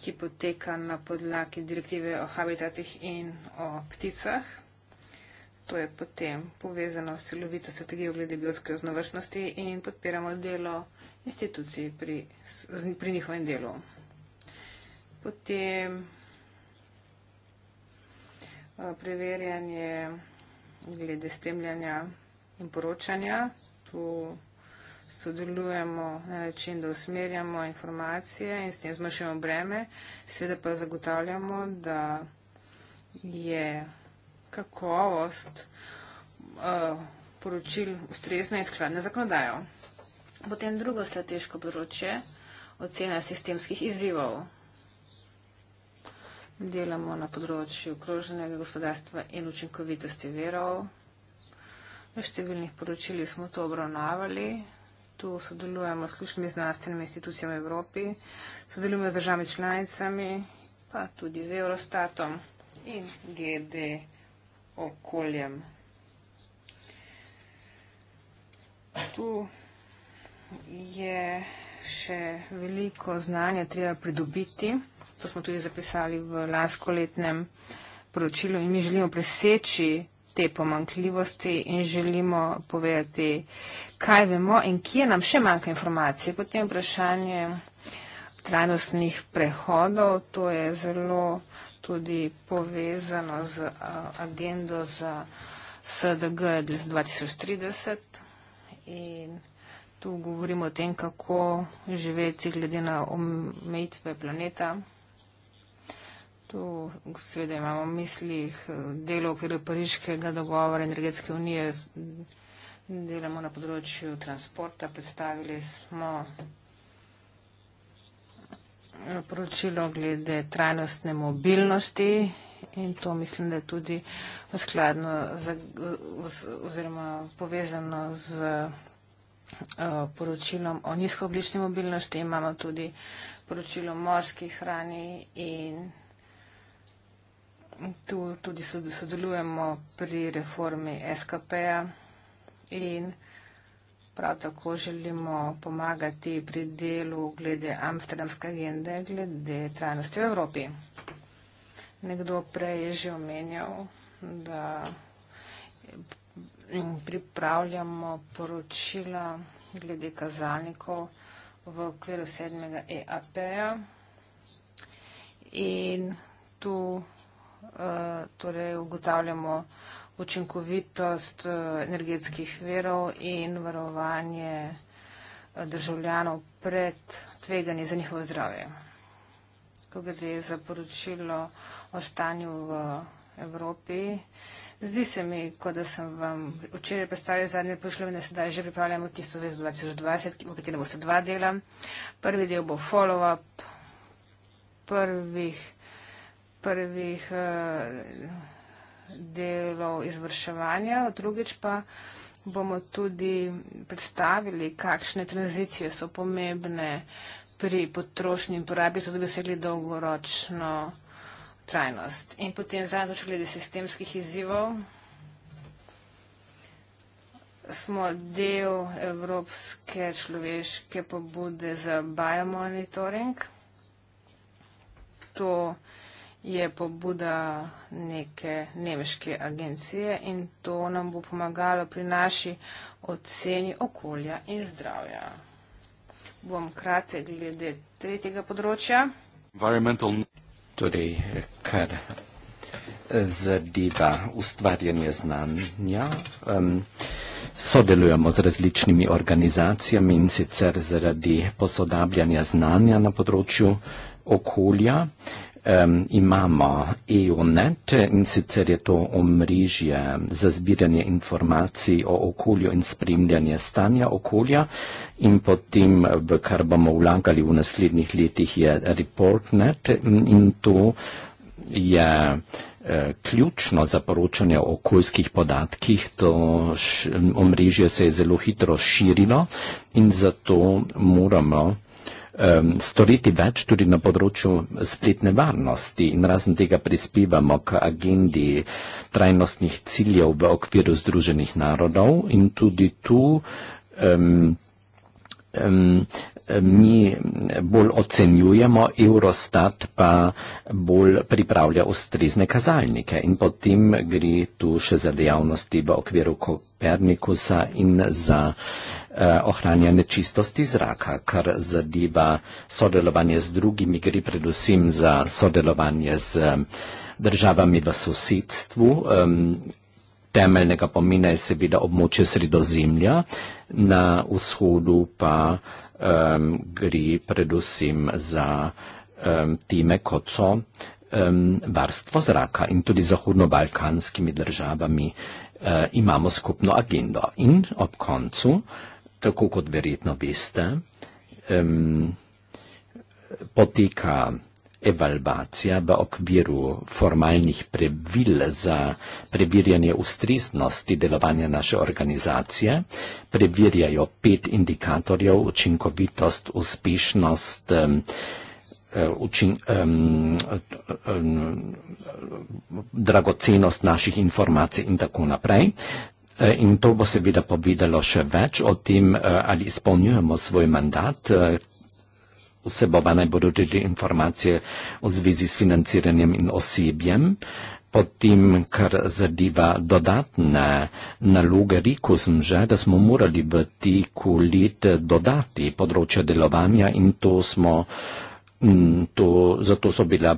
ki poteka na podlagi direktive o habitatih in o pticah. To je potem povezano s celovito strategijo glede biotske oznovršnosti in podpiramo delo institucij pri, pri njihovem delu. Potem eh, preverjanje glede spremljanja in poročanja. Tu sodelujemo na način, da usmerjamo informacije in s tem zmanjšujemo breme, sveda pa zagotavljamo, da je kakovost eh, poročil ustrezne in skladne zakonodajo. Potem drugo strateško področje, ocena sistemskih izzivov. Delamo na področju okroženega gospodarstva in učinkovitosti verov. V številnih poročili smo to obravnavali. Tu sodelujemo s ključnimi znanstvenimi institucijami v Evropi, sodelujemo z državami članicami, pa tudi z Eurostatom in GDP okoljem. Tu je še veliko znanja treba pridobiti. To smo tudi zapisali v lanskoletnem poročilu in mi želimo preseči te pomankljivosti in želimo povedati, kaj vemo in kje nam še manjka informacije. Potem vprašanje trajnostnih prehodov, to je zelo tudi povezano z agendo za SDG 2030 in tu govorimo o tem, kako živeti glede na omejitve planeta. Tu seveda imamo v mislih e, delo v okviru Pariškega dogovora Energetske unije, delamo na področju transporta, predstavili smo poročilo glede trajnostne mobilnosti in to mislim, da je tudi skladno z, oziroma povezano z eh, poročilom o nizkooglični mobilnosti. Imamo tudi poročilo o morski hrani in tu tudi sodelujemo pri reformi SKP-ja in Prav tako želimo pomagati pri delu glede Amsterdamske agende, glede trajnosti v Evropi. Nekdo prej je že omenjal, da pripravljamo poročila glede kazalnikov v okviru sedmega EAP-ja in tu eh, torej ugotavljamo, učinkovitost eh, energetskih verov in varovanje eh, državljanov pred tveganje za njihovo zdravje. Ko gre za poročilo o stanju v Evropi, zdi se mi, kot da sem vam včeraj predstavil zadnje pošlje, da sedaj že pripravljamo tisto za 2020, v katerem boste dva dela. Prvi del bo follow-up prvih, prvih uh, delo izvrševanja, drugič pa bomo tudi predstavili, kakšne tranzicije so pomembne pri potrošnji in porabi, so da bi segli dolgoročno trajnost. In potem zadnjo še glede sistemskih izzivov. Smo del evropske človeške pobude za biomonitoring. To je je pobuda neke nemške agencije in to nam bo pomagalo pri naši oceni okolja in zdravja. Bom krate glede tretjega področja. Torej, kar zadeva ustvarjanje znanja, um, sodelujemo z različnimi organizacijami in sicer zaradi posodabljanja znanja na področju okolja um, imamo EUNET in sicer je to omrežje za zbiranje informacij o okolju in spremljanje stanja okolja in potem, v kar bomo vlagali v naslednjih letih, je ReportNet in to je eh, ključno za poročanje o okoljskih podatkih, to š, omrežje se je zelo hitro širilo in zato moramo um, storiti več tudi na področju spletne varnosti in razen tega prispevamo k agendi trajnostnih ciljev v okviru Združenih narodov in tudi tu um, um, mi bolj ocenjujemo, Eurostat pa bolj pripravlja ustrezne kazalnike in potem gre tu še za dejavnosti v okviru Kopernikusa in za eh, ohranjanje čistosti zraka, kar zadeva sodelovanje z drugimi, gre predvsem za sodelovanje z eh, državami v sosedstvu. Um, temeljnega pomena je seveda območje sredozemlja, na vzhodu pa um, gre predvsem za um, teme, kot so um, varstvo zraka in tudi zahodno-balkanskimi državami uh, imamo skupno agendo. In ob koncu, tako kot verjetno veste, um, poteka evalvacija v okviru formalnih pravil za preverjanje ustreznosti delovanja naše organizacije, preverjajo pet indikatorjev učinkovitost, uspešnost, eh, Učin, um, um, dragocenost naših informacij in tako naprej. Eh, in to bo seveda povedalo še več o tem, eh, ali izpolnjujemo svoj mandat, vsebovane bodo tudi informacije v zvezi s financiranjem in osebjem. Potem, kar zadeva dodatne naloge, rekel sem že, da smo morali v teku let dodati področja delovanja in to smo, mm, to, zato so bila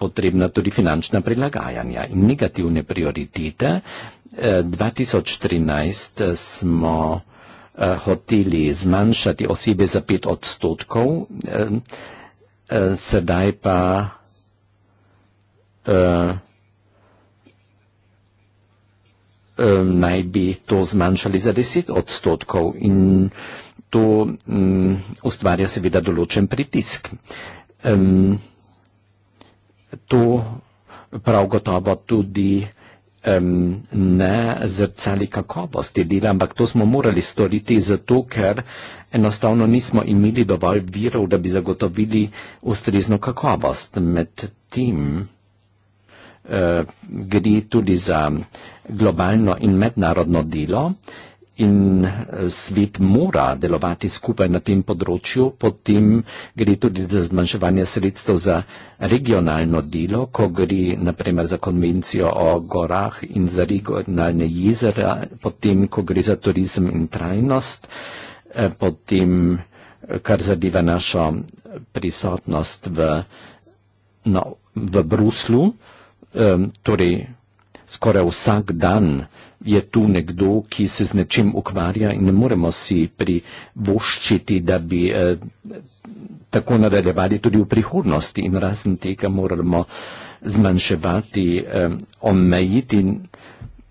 potrebna tudi finančna prilagajanja in negativne prioritete. 2013 eh, smo Eh, hoteli zmanjšati osebe za pet odstotkov, eh, eh, sedaj pa naj bi to zmanjšali za deset odstotkov in to mm, ustvarja seveda določen pritisk. To prav gotovo tudi vsega, um, ne zrcali kakovosti dela, ampak to smo morali storiti zato, ker enostavno nismo imeli dovolj virov, da bi zagotovili ustrezno kakovost. Med tem uh, gre tudi za globalno in mednarodno delo. Uh, in eh, svet mora delovati skupaj na tem področju, potem gre tudi za zmanjševanje sredstev za regionalno delo, ko gre naprimer za konvencijo o gorah in za regionalne jezera, potem, ko gre za turizem in trajnost, eh, potem, eh, kar zadeva našo prisotnost v, no, v Bruslu, torej skoraj vsak dan je tu nekdo, ki se z nečem ukvarja in ne moremo si privoščiti, da bi eh, tako nadaljevali tudi v prihodnosti in razen tega moramo zmanjševati, eh, omejiti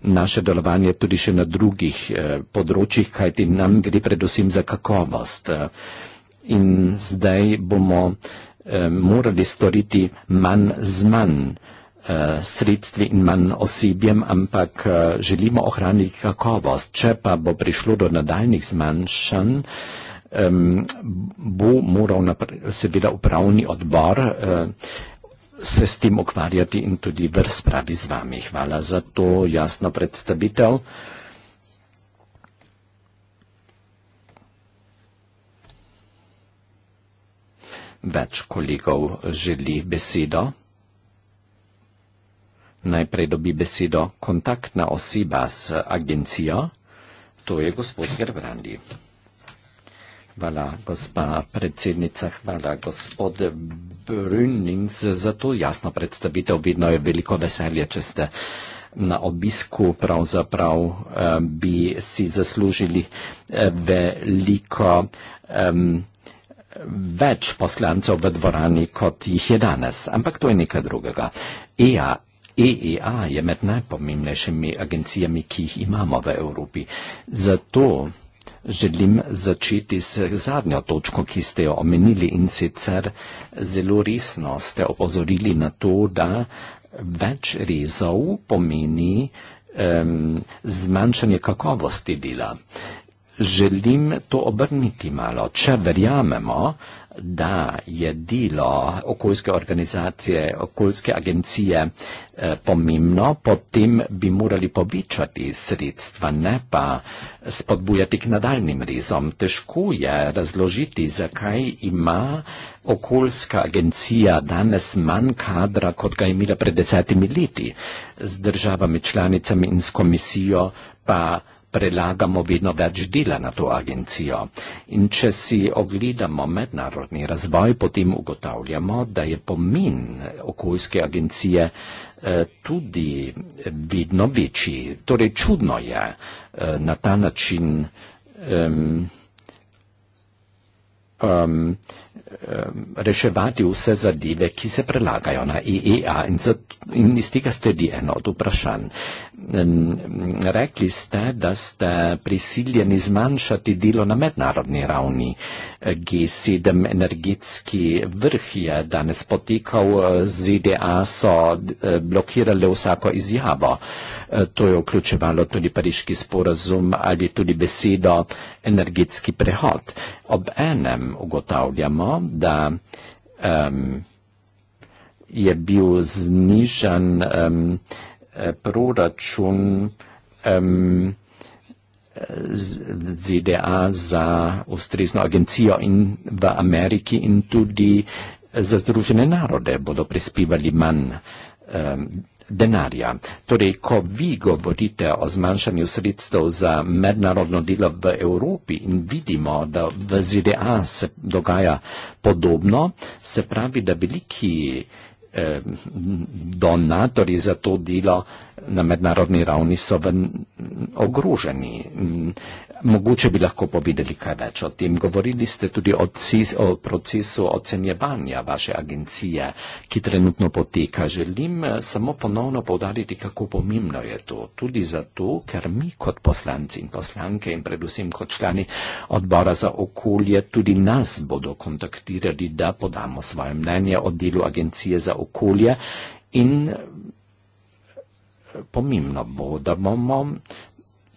naše delovanje tudi še na drugih eh, področjih, kajti nam gre predvsem za kakovost. Eh, in zdaj bomo eh, morali storiti manj z manj. Eh, sredstvi in manj osebjem, ampak eh, želimo ohraniti kakovost. Če pa bo prišlo do nadaljnih zmanjšanj, bo moral seveda upravni odbor eh, se s tem ukvarjati in tudi v razpravi z vami. Hvala za to jasno predstavitev. Več kolegov želi besedo najprej dobi besedo kontaktna oseba z agencijo, to je gospod Gerbrandi. Hvala, gospa predsednica, hvala, gospod Brünnings, za to jasno predstavitev. Vedno je veliko veselje, če ste na obisku, pravzaprav eh, bi si zaslužili eh, veliko um, več poslancev v dvorani, kot jih je danes. Ampak to je nekaj drugega. EA EEA je med najpomembnejšimi agencijami, ki jih imamo v Evropi. Zato želim začeti s zadnjo točko, ki ste jo omenili in sicer zelo resno ste opozorili na to, da več rezov pomeni um, zmanjšanje kakovosti dela. Želim to obrniti malo. Če verjamemo, da je delo okoljske organizacije, okoljske agencije eh, pomembno, potem bi morali povečati sredstva, ne pa spodbujati k nadaljnim rezom. Težko je razložiti, zakaj ima okoljska agencija danes manj kadra, kot ga je imela pred desetimi leti z državami članicami in s komisijo pa prelagamo vedno več dela na to agencijo. In če si ogledamo mednarodni razvoj, potem ugotavljamo, da je pomen okoljske agencije eh, tudi vedno večji. Torej čudno je eh, na ta način. Um, Um, um, reševati vse zadeve, ki se prelagajo na IEA e in, zato, in iz tega stedi eno od vprašanj rekli ste, da ste prisiljeni zmanjšati delo na mednarodni ravni. G7 energetski vrh je danes potekal, ZDA so eh, blokirale vsako izjavo. Eh, to je vključevalo tudi pariški sporazum ali tudi besedo energetski prehod. Ob enem ugotavljamo, da. Um, je bil znižen um, Eh, proračun um, ZDA za ustrezno agencijo in v Ameriki in tudi za Združene narode bodo prispevali manj um, denarja. Torej, ko vi govorite o zmanjšanju sredstev za mednarodno delo v Evropi in vidimo, da v ZDA se dogaja podobno, se pravi, da veliki Eh, donatorji za to delo na mednarodni ravni so ven ogroženi. Mm, mogoče bi lahko povedali kaj več o tem. Govorili ste tudi o, cis, o procesu ocenjevanja vaše agencije, ki trenutno poteka. Želim eh, samo ponovno povdariti, kako pomembno je to. Tudi zato, ker mi kot poslanci in poslanke in predvsem kot člani odbora za okolje tudi nas bodo kontaktirali, da podamo svoje mnenje o delu agencije za okolje. In eh, pomembno bo, da bomo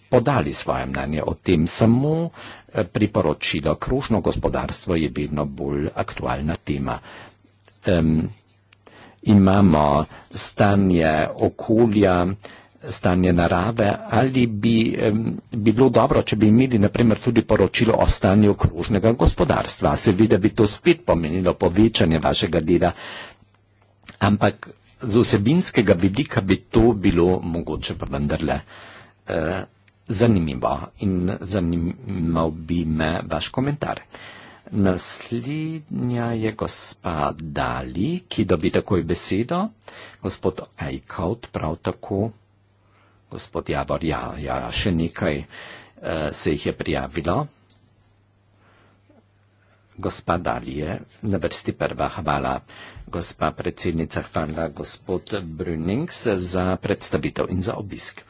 podali svoje mnenje o tem, samo eh, priporočilo kružno gospodarstvo je vedno bolj aktualna tema. Um, imamo stanje okolja, stanje narave, ali bi um, bilo dobro, če bi imeli naprimer tudi poročilo o stanju kružnega gospodarstva. Seveda bi to spet pomenilo povečanje vašega dela, ampak z osebinskega vidika bi to bilo mogoče pa vendarle. Uh, zanimivo in zanimal bi me vaš komentar. Naslednja je gospa Dali, ki dobi takoj besedo. Gospod Eichhout prav tako. Gospod Javor, ja, ja še nekaj uh, se jih je prijavilo. Gospa Dali je na vrsti prva. Hvala, gospa predsednica. Hvala, gospod Brünings, za predstavitev in za obisk.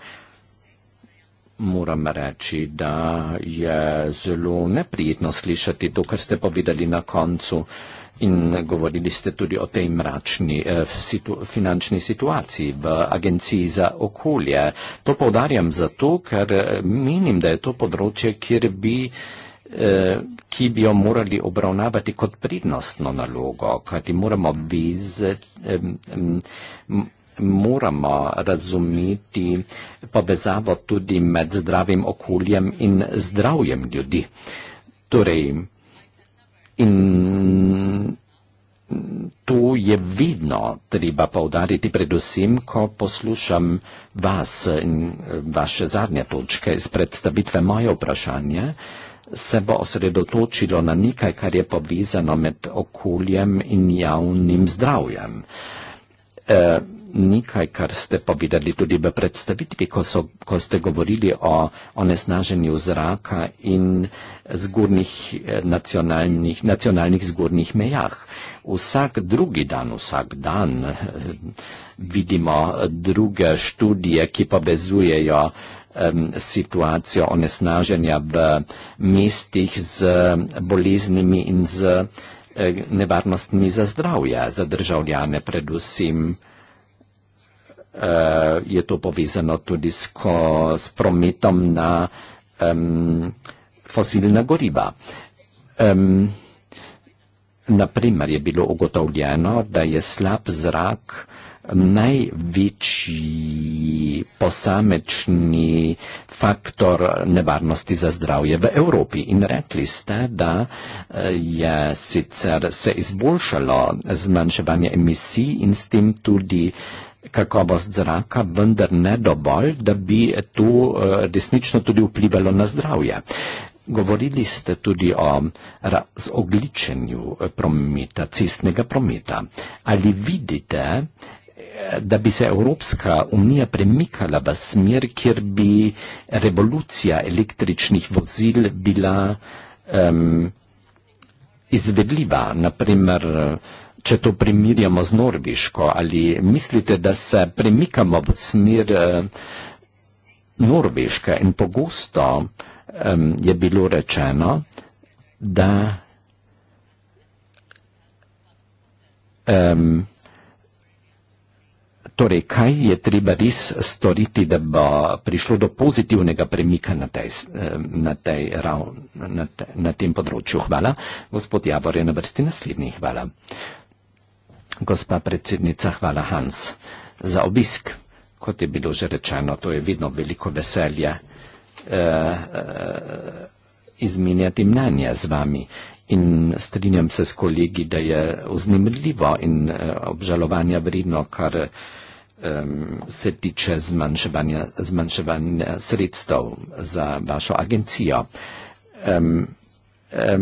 Moram reči, da je zelo neprijetno slišati to, kar ste povedali na koncu in govorili ste tudi o tej mračni eh, situ, finančni situaciji v Agenciji za okolje. To povdarjam zato, ker eh, menim, da je to področje, kjer bi eh, ki bi jo morali obravnavati kot pridnostno nalogo, kajti moramo, moramo razumeti povezavo tudi med zdravim okoljem in zdravjem ljudi. Torej, in to je vidno, treba povdariti predvsem, ko poslušam vas in eh, vaše zadnje točke iz predstavitve moje vprašanje, se bo osredotočilo na nekaj, kar je povezano med okoljem in javnim zdravjem. E, nekaj, kar ste pa videli tudi v predstavitvi, ko, so, ko ste govorili o onesnaženju zraka in zgornjih eh, nacionalnih, nacionalnih zgornjih mejah. Vsak drugi dan, vsak dan eh, vidimo druge študije, ki povezujejo situacijo onesnaženja v mestih z eh, boleznimi in z nevarnostmi za zdravje, za državljane predvsem uh, je to povezano tudi s, ko, s prometom na um, fosilna goriva. Um, naprimer je bilo ugotovljeno, da je slab zrak največji posamečni faktor nevarnosti za zdravje v Evropi. In rekli ste, da eh, je sicer se izboljšalo zmanjševanje emisij in s tem tudi kakovost zraka, vendar ne dovolj, da bi to eh, resnično tudi vplivalo na zdravje. Govorili ste tudi o razogličenju eh, prometa, cestnega prometa. Ali vidite, eh, da bi se Evropska unija premikala v smer, kjer bi revolucija električnih vozil bila um, izvedljiva, naprimer če to primirjamo z Norveško, ali mislite, da se premikamo v smer eh, Norveške in pogosto um, je bilo rečeno, da um, torej, kaj je treba res storiti, da bo prišlo do pozitivnega premika na, tej, na, tej rav, na, na tem področju. Hvala. Gospod Javor je na vrsti naslednji. Hvala. Uh, Gospa predsednica, hvala Hans za obisk. Kot je bilo že rečeno, to je vedno veliko veselja eh, eh, izmenjati mnenja z vami. In strinjam se s kolegi, da je vznemirljivo in eh, obžalovanja vredno, kar eh, se tiče zmanjševanja, zmanjševanja sredstev za vašo agencijo. Eh, eh,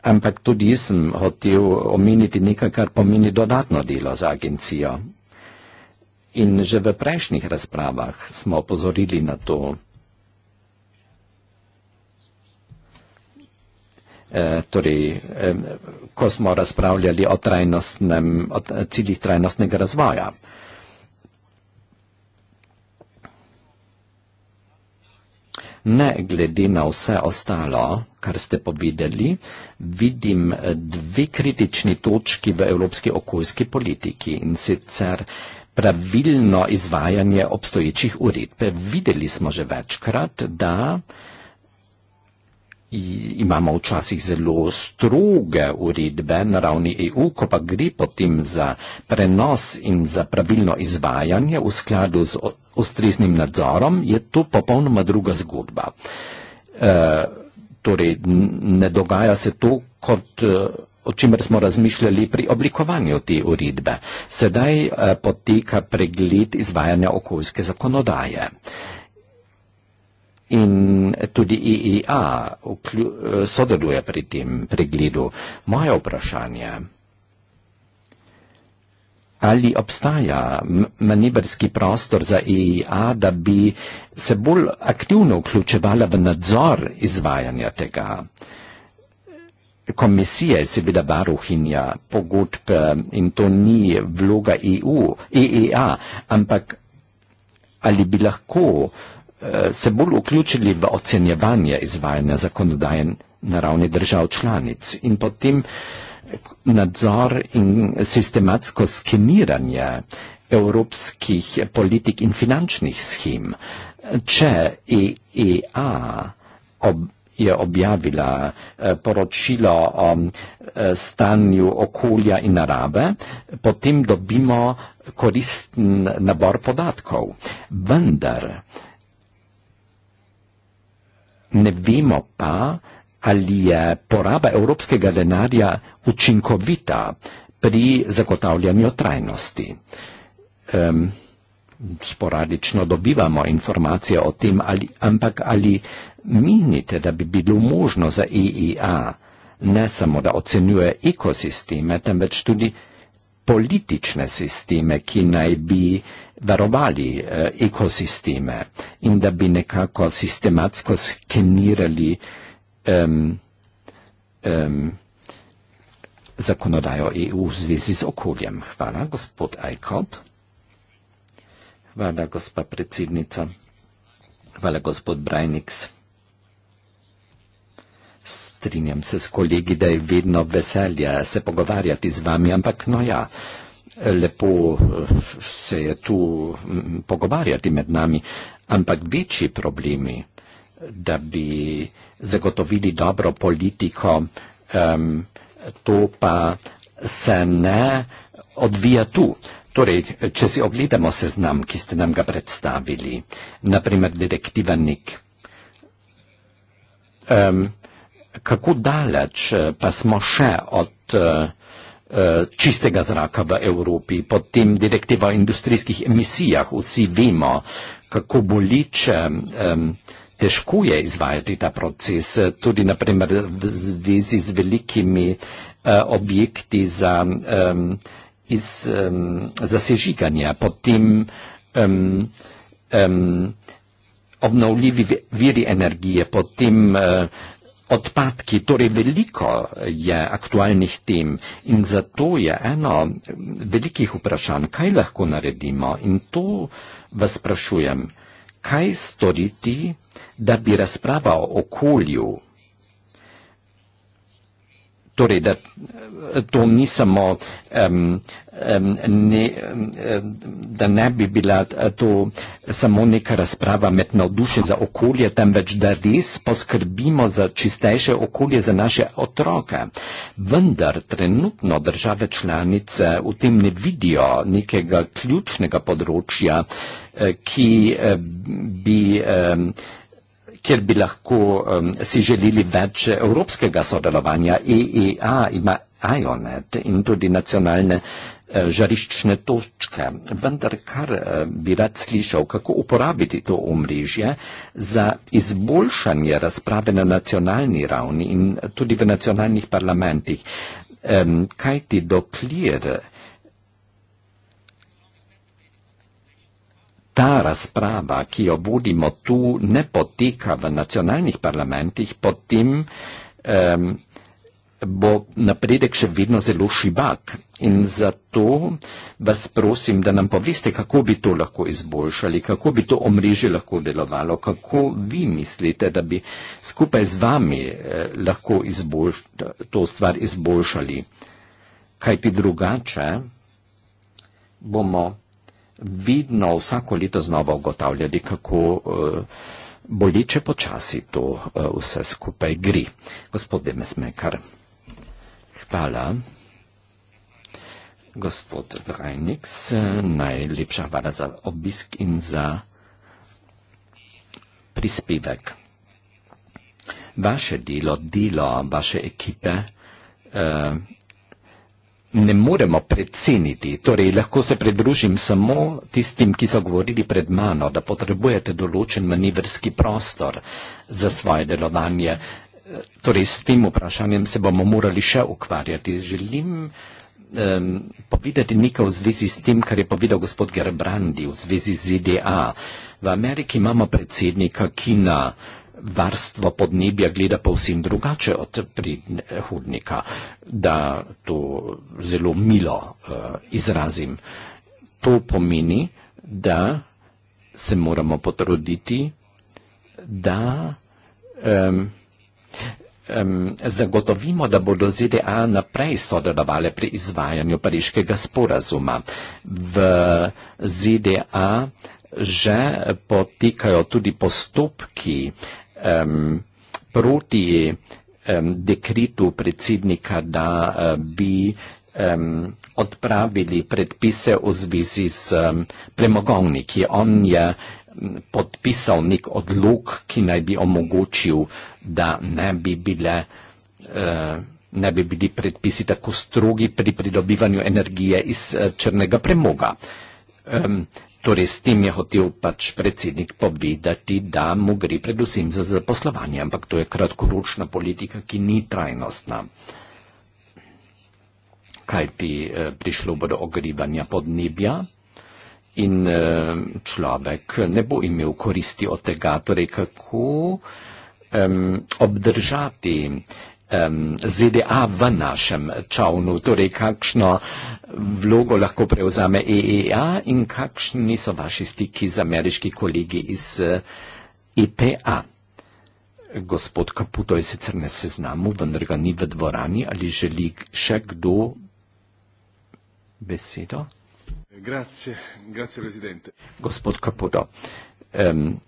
Ampak tudi jaz sem hotel omeniti nekaj, kar pomeni dodatno delo za agencijo. In že v prejšnjih razpravah smo opozorili na to. E, torej, e, ko smo razpravljali o, o ciljih trajnostnega razvoja. Ne glede na vse ostalo, kar ste povedali, vidim eh, dve kritični točki v evropski okoljski politiki in sicer pravilno izvajanje obstoječih uredbe. Videli smo že večkrat, da imamo včasih zelo stroge uredbe na ravni EU, ko pa gre potem za prenos in za pravilno izvajanje v skladu z ustreznim nadzorom, je to popolnoma druga zgodba. E, torej, ne dogaja se to, kot, e, o čemer smo razmišljali pri oblikovanju te uredbe. Sedaj e, poteka pregled izvajanja okoljske zakonodaje. In tudi IIA e sodeluje pri tem pregledu. Moje vprašanje. Ali obstaja manevrski prostor za IIA, e da bi se bolj aktivno vključevala v nadzor izvajanja tega? Komisija je seveda varuhinja pogodb in to ni vloga EU, IIA, e ampak ali bi lahko uh, se bolj vključili v ocenjevanje izvajanja zakonodajen na ravni držav članic in potem nadzor in sistematsko skeniranje evropskih politik in finančnih schem. Če EEA ob, je objavila eh, poročilo o eh, stanju okolja in narave, potem dobimo koristen nabor podatkov. Vendar, Ne vemo pa, ali je poraba evropskega denarja učinkovita pri zagotavljanju trajnosti. Um, sporadično dobivamo informacije o tem, ali, ampak ali menite, da bi bilo možno za EIA e ne samo, da ocenjuje ekosisteme, temveč tudi politične sisteme, ki naj bi varovali eh, ekosisteme in da bi nekako sistematsko skenirali um, um, zakonodajo EU v zvezi z okoljem. Hvala, gospod Ajkot. Hvala, gospa predsednica. Hvala, gospod Brajniks. Strinjam se s kolegi, da je vedno veselje se pogovarjati z vami, ampak no ja. Uh, lepo eh, se je tu mm, pogovarjati med nami, ampak večji problemi, da bi zagotovili dobro politiko, um, to pa se ne odvija tu. Torej, če si ogledamo seznam, ki ste nam ga predstavili, naprimer direktiva NIK, um, kako daleč eh, pa smo še od uh, Eh, čistega zraka v Evropi, potem direktiva o industrijskih emisijah. Vsi vemo, kako boliče, težko je izvajati ta proces, tudi naprimer v zvezi z velikimi eh, objekti za, iz, za sežiganje, potem um, um, obnovljivi viri energije, potem uh, eh, odpadki, torej veliko je aktualnih tem in zato je eno velikih vprašanj, kaj lahko naredimo in to vas sprašujem, kaj storiti, da bi razprava o okolju torej, da eh, to ni samo, um, um, ne, um, da ne bi bila eh, to samo neka razprava med navdušenjem za okolje, temveč da res poskrbimo za čistejše okolje za naše otroke. Vendar trenutno države članice v tem ne vidijo nekega ključnega področja, eh, ki bi. Um, kjer bi lahko um, si želeli več evropskega sodelovanja. EEA ima IONET in tudi nacionalne uh, žariščne točke. Vendar kar uh, bi rad slišal, kako uporabiti to omrežje za izboljšanje razprave na nacionalni ravni in tudi v nacionalnih parlamentih. Um, kaj ti dokler? Uh, Ta razprava, ki jo vodimo tu, ne poteka v nacionalnih parlamentih, potem um, bo napredek še vedno zelo šibak. In zato vas prosim, da nam poveste, kako bi to lahko izboljšali, kako bi to omrežje lahko delovalo, kako vi mislite, da bi skupaj z vami eh, lahko izboljš to stvar izboljšali. Kaj ti drugače bomo vidno vsako leto znova ugotavljali, kako eh, boliče počasi to eh, vse skupaj gre. Gospod Demesmekar, hvala. Gospod Vrajniks, eh, najlepša hvala za obisk in za prispevek. Vaše delo, delo vaše ekipe ne moremo preceniti, torej lahko se pridružim samo tistim, ki so govorili pred mano, da potrebujete določen manevrski prostor za svoje delovanje. Torej s tem vprašanjem se bomo morali še ukvarjati. Želim um, povedati nekaj v zvezi s tem, kar je povedal gospod Gerbrandi v zvezi z ZDA. V Ameriki imamo predsednika, ki na uh, varstvo podnebja gleda povsem drugače od prihodnika, da to zelo milo uh, izrazim. To pomeni, da se moramo potruditi, da um, um, zagotovimo, da bodo ZDA naprej sodelovali pri izvajanju pariškega sporazuma. V ZDA že potekajo tudi postopki um, proti um, dekritu predsednika, da um, bi um, odpravili predpise v zvezi z um, premogovniki. On je podpisal nek odlog, ki naj bi omogočil, da ne bi bile. Uh, ne bi bili predpisi tako strogi pri pridobivanju energije iz eh, črnega premoga. Um, Torej, s tem je hotel pač predsednik povedati, da mu gre predvsem za zaposlovanje, ampak to je kratkoročna politika, ki ni trajnostna. Kaj ti eh, prišlo bo do ogrivanja podnebja in eh, človek ne bo imel koristi od tega, torej kako eh, obdržati eh, ZDA v našem čovnu, torej kakšno vlogo lahko prevzame EEA in kakšni so vaši stiki z ameriški kolegi iz EPA. Gospod Kaputo je sicer na seznamu, vendar ga ni v dvorani. Ali želi še kdo besedo? Grazie, grazie, gospod Kaputo. Um,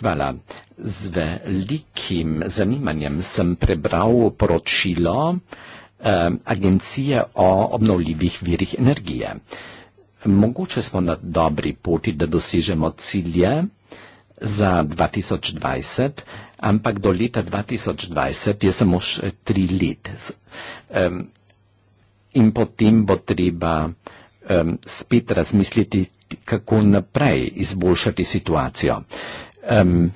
Hvala. Z velikim zanimanjem sem prebral poročilo eh, Agencije o obnovljivih virih energije. Mogoče smo na dobri poti, da dosežemo cilje za 2020, ampak do leta 2020 je samo še tri let. Um, in potem bo treba um, spet razmisliti, kako naprej izboljšati situacijo um,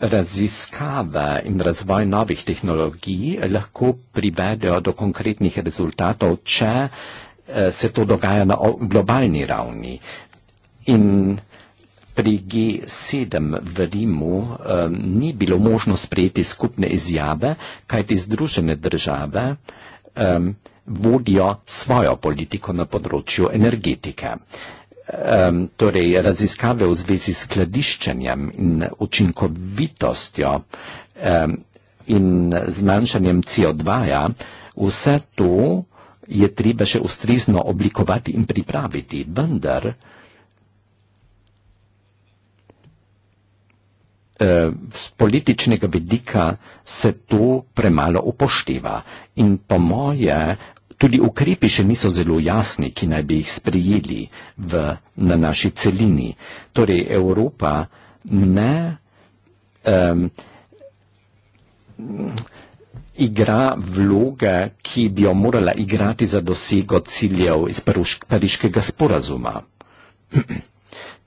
Raziskave in razvoj novih tehnologij lahko privedejo do konkretnih rezultatov, če eh, se to dogaja na globalni ravni. In pri G7 v Rimu um, ni bilo možno sprejeti skupne izjave, kajti združene države uh, um, vodijo svojo politiko na področju energetike. Um, torej, raziskave v zvezi s skladiščenjem in učinkovitostjo um, in zmanjšanjem CO2, -ja, vse to je treba še ustrezno oblikovati in pripraviti, vendar z eh, političnega vidika se to premalo upošteva. In po moje, tudi ukrepi še niso zelo jasni, ki naj bi jih sprijeli v, na naši celini. Torej, Evropa ne um, igra vloge, ki bi jo morala igrati za dosego ciljev iz Pariškega sporazuma. *clears throat*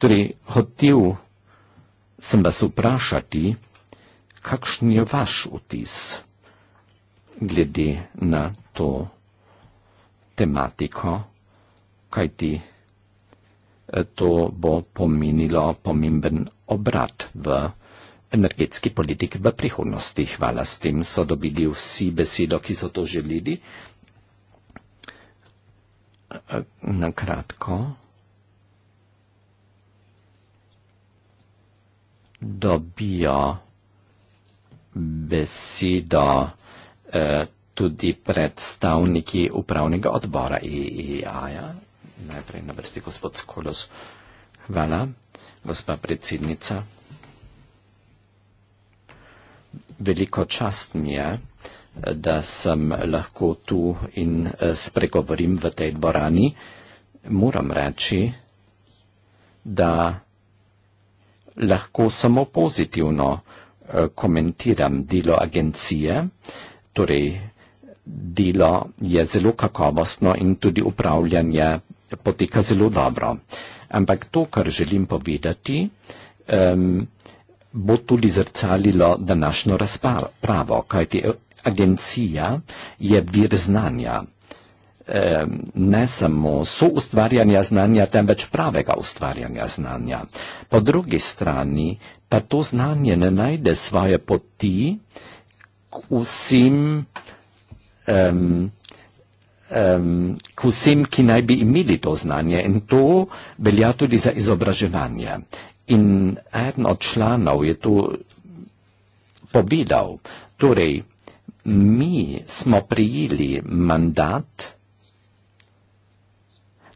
torej, hotel sem vas vprašati, kakšen je vaš vtis glede na to tematiko, kajti eh, to bo pomenilo pomemben obrat v energetski politiki v prihodnosti. Hvala s tem, so dobili vsi besedo, ki so to želeli. Eh, eh, na kratko. dobijo besedo eh, tudi predstavniki upravnega odbora IEA. E Najprej na vrsti gospod Skolos. Hvala, gospa predsednica. Veliko čast mi je, da sem lahko tu in eh, spregovorim v tej dvorani. Moram reči, da lahko samo pozitivno eh, komentiram delo agencije, torej delo je zelo kakovostno in tudi upravljanje poteka zelo dobro. Ampak to, kar želim povedati, um, bo tudi zrcalilo današnjo razpravo, kajti eh, agencija je vir znanja ne samo soustvarjanja znanja, temveč pravega ustvarjanja znanja. Po drugi strani pa to znanje ne najde svoje poti k vsem, um, um, k vsem, ki naj bi imeli to znanje in to velja tudi za izobraževanje. In eden od članov je to povedal. Torej, mi smo prijeli mandat,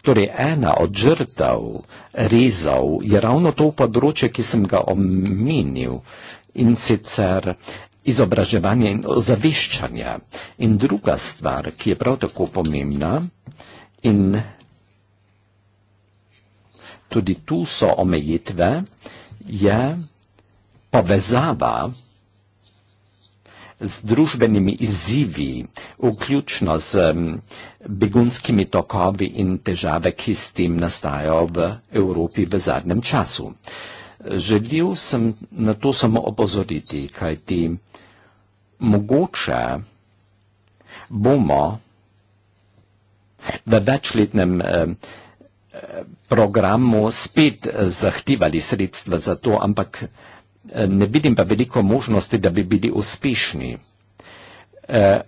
Torej, ena od žrtev rezov je ravno to področje, ki sem ga omenil in sicer izobraževanje in ozaveščanje. In druga stvar, ki je prav tako pomembna in tudi tu so omejitve, je povezava z družbenimi izzivi, vključno z begunskimi tokovi in težave, ki s tem nastajajo v Evropi v zadnjem času. Želil sem na to samo opozoriti, kajti mogoče bomo v večletnem programu spet zahtevali sredstva za to, ampak ne vidim pa veliko možnosti, da bi bili uspešni. Eh,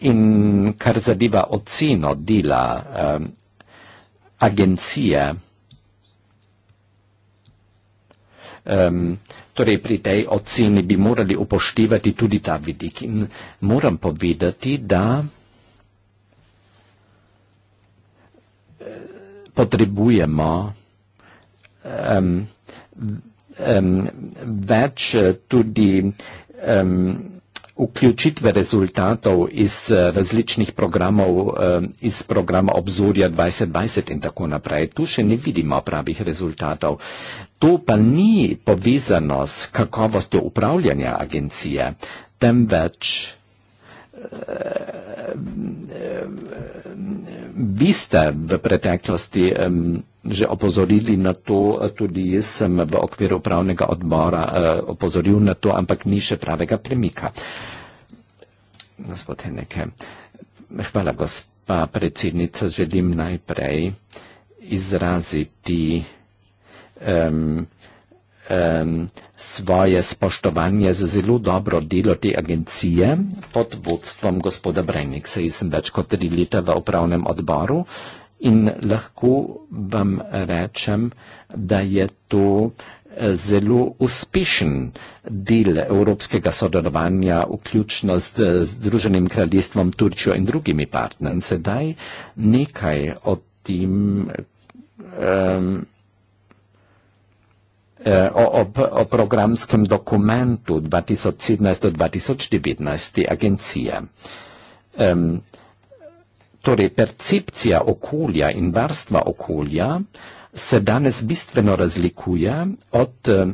in kar zadeva oceno dela eh, agencije, Um, torej pri tej oceni bi morali upoštevati tudi ta vidik. In moram povedati, da eh, potrebujemo um, um, več eh, tudi um, vključitve rezultatov iz eh, različnih programov, iz programa obzorja 2020 in tako naprej. Tu še ne vidimo pravih rezultatov. To pa ni povezano s kakovostjo upravljanja agencije, temveč eh, vi ste v preteklosti um, že opozorili na to, tudi jaz sem v okviru upravnega odbora eh, opozoril na to, ampak ni še pravega premika. Gospod Heneke, hvala gospa predsednica, želim najprej izraziti um, um, svoje spoštovanje za zelo dobro delo te agencije pod vodstvom gospoda Brenik. Sej sem več kot tri leta v upravnem odboru. In lahko vam rečem, da je to eh, zelo uspešen del evropskega sodelovanja, vključno z Združenim kraljestvom, Turčjo in drugimi partnerji. Sedaj nekaj o tem. Um, O, o, o programskem dokumentu 2017-2019 agencije. Um, torej percepcija okolja in varstva okolja se danes bistveno razlikuje od eh,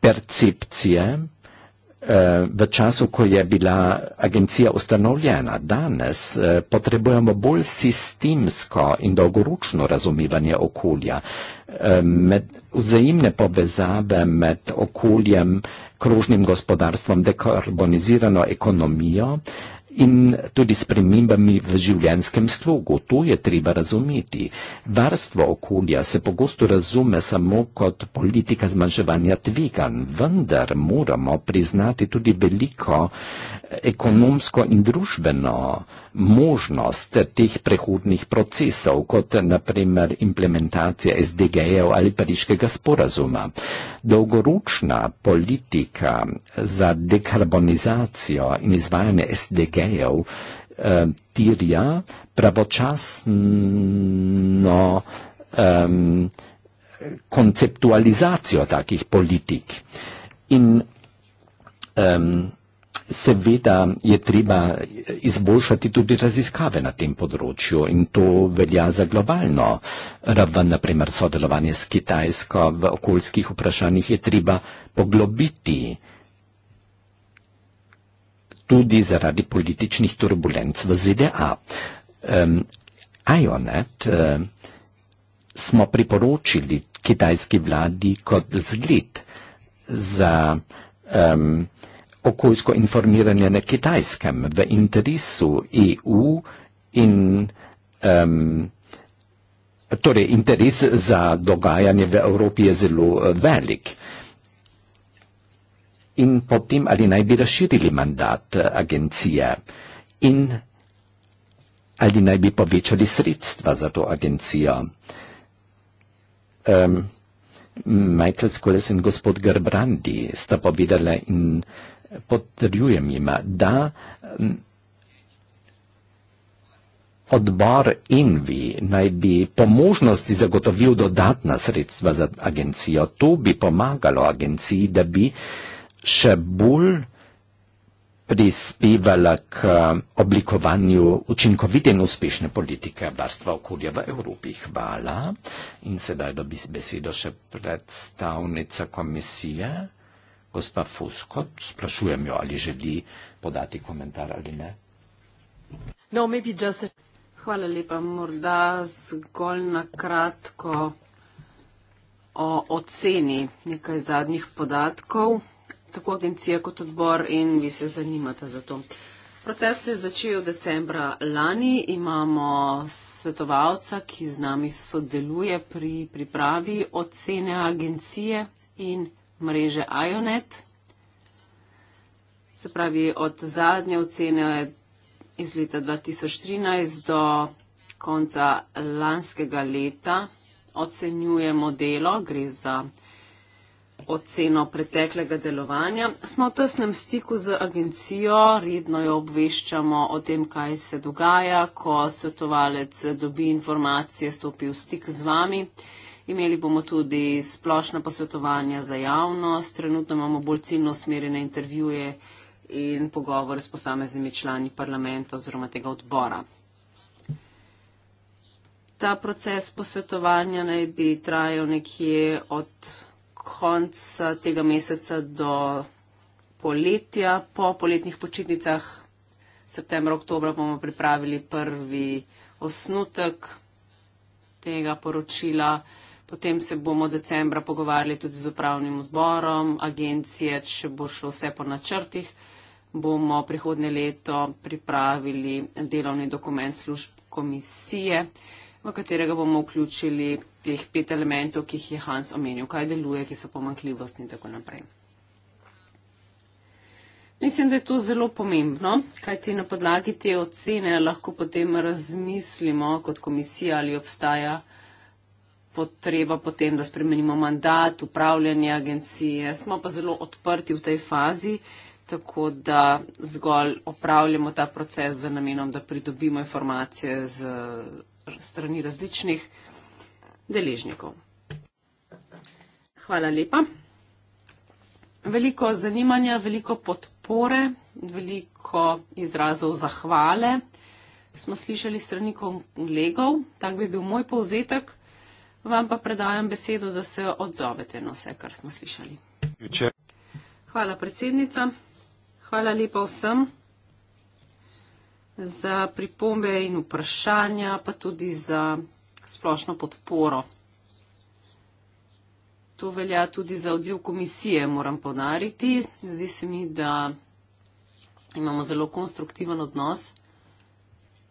percepcije eh, v času, ko je bila agencija ustanovljena. Danes eh, potrebujemo bolj sistemsko in dolgoročno razumevanje okolja, med vzajemne povezave med okoljem, krožnim gospodarstvom, dekarbonizirano ekonomijo, in tudi spremembami v življenskem slogu. To je treba razumeti. Varstvo okolja se pogosto razume samo kot politika zmanjševanja tvegan, vendar moramo priznati tudi veliko ekonomsko in družbeno uh, možnost teh prehodnih procesov, kot naprimer implementacija SDG-jev ali pariškega sporazuma. Dolgoročna politika za dekarbonizacijo in izvajanje SDG-jev eh, tirja pravočasno eh, konceptualizacijo takih politik. In eh, Seveda je treba izboljšati tudi raziskave na tem področju in to velja za globalno raven, naprimer sodelovanje s Kitajsko v okoljskih vprašanjih je treba poglobiti tudi zaradi političnih turbulenc v ZDA. Um, IONET um, eh, smo priporočili kitajski vladi kot zgled za um, okoljsko informiranje na kitajskem v interesu EU in um, torej interes za dogajanje v Evropi je zelo eh, velik. In potem ali naj bi razširili mandat eh, agencije in ali naj bi povečali sredstva za to agencijo. Um, Michael Scholes in gospod Gerbrandi sta povedala in potrjujem jima, da mm, odbor Envi naj bi po možnosti zagotovil dodatna sredstva za agencijo. To bi pomagalo agenciji, da bi še bolj prispevala k mm, oblikovanju učinkovite in uspešne politike varstva okolja v Evropi. Hvala. In sedaj dobi besedo še predstavnica komisije gospa Fusko, sprašujem jo, ali želi podati komentar ali ne. No, just... Hvala lepa, morda zgolj na kratko o oceni nekaj zadnjih podatkov, tako agencija kot odbor in vi se zanimate za to. Proces se je začel decembra lani, imamo svetovalca, ki z nami sodeluje pri pripravi ocene agencije in mreže IONET. Se pravi, od zadnje ocene iz leta 2013 do konca lanskega leta ocenjujemo delo, gre za oceno preteklega delovanja. Smo v tesnem stiku z agencijo, redno jo obveščamo o tem, kaj se dogaja, ko svetovalec dobi informacije, stopi v stik z vami. Imeli bomo tudi splošna posvetovanja za javnost, trenutno imamo bolj ciljno usmerjene intervjuje in pogovore s posameznimi člani parlamenta oziroma tega odbora. Ta proces posvetovanja naj bi trajal nekje od konca tega meseca do poletja. Po poletnih počitnicah septembra, oktobra bomo pripravili prvi osnutek tega poročila. Potem se bomo decembra pogovarjali tudi z upravnim odborom agencije, če bo šlo vse po načrtih. Bomo prihodne leto pripravili delovni dokument služb komisije, v katerega bomo vključili teh pet elementov, ki jih je Hans omenil, kaj deluje, ki so pomankljivosti in tako naprej. Mislim, da je to zelo pomembno, kajti na podlagi te ocene lahko potem razmislimo kot komisija, ali obstaja potreba potem, da spremenimo mandat, upravljanje agencije. Smo pa zelo odprti v tej fazi, tako da zgolj opravljamo ta proces z namenom, da pridobimo informacije z strani različnih deležnikov. Hvala lepa. Veliko zanimanja, veliko podpore, veliko izrazov zahvale smo slišali strani kolegov. Tak bi bil moj povzetek. Vam pa predajam besedo, da se odzovete na vse, kar smo slišali. Hvala, predsednica. Hvala lepa vsem za pripombe in vprašanja, pa tudi za splošno podporo. To velja tudi za odziv komisije, moram ponariti. Zdi se mi, da imamo zelo konstruktiven odnos,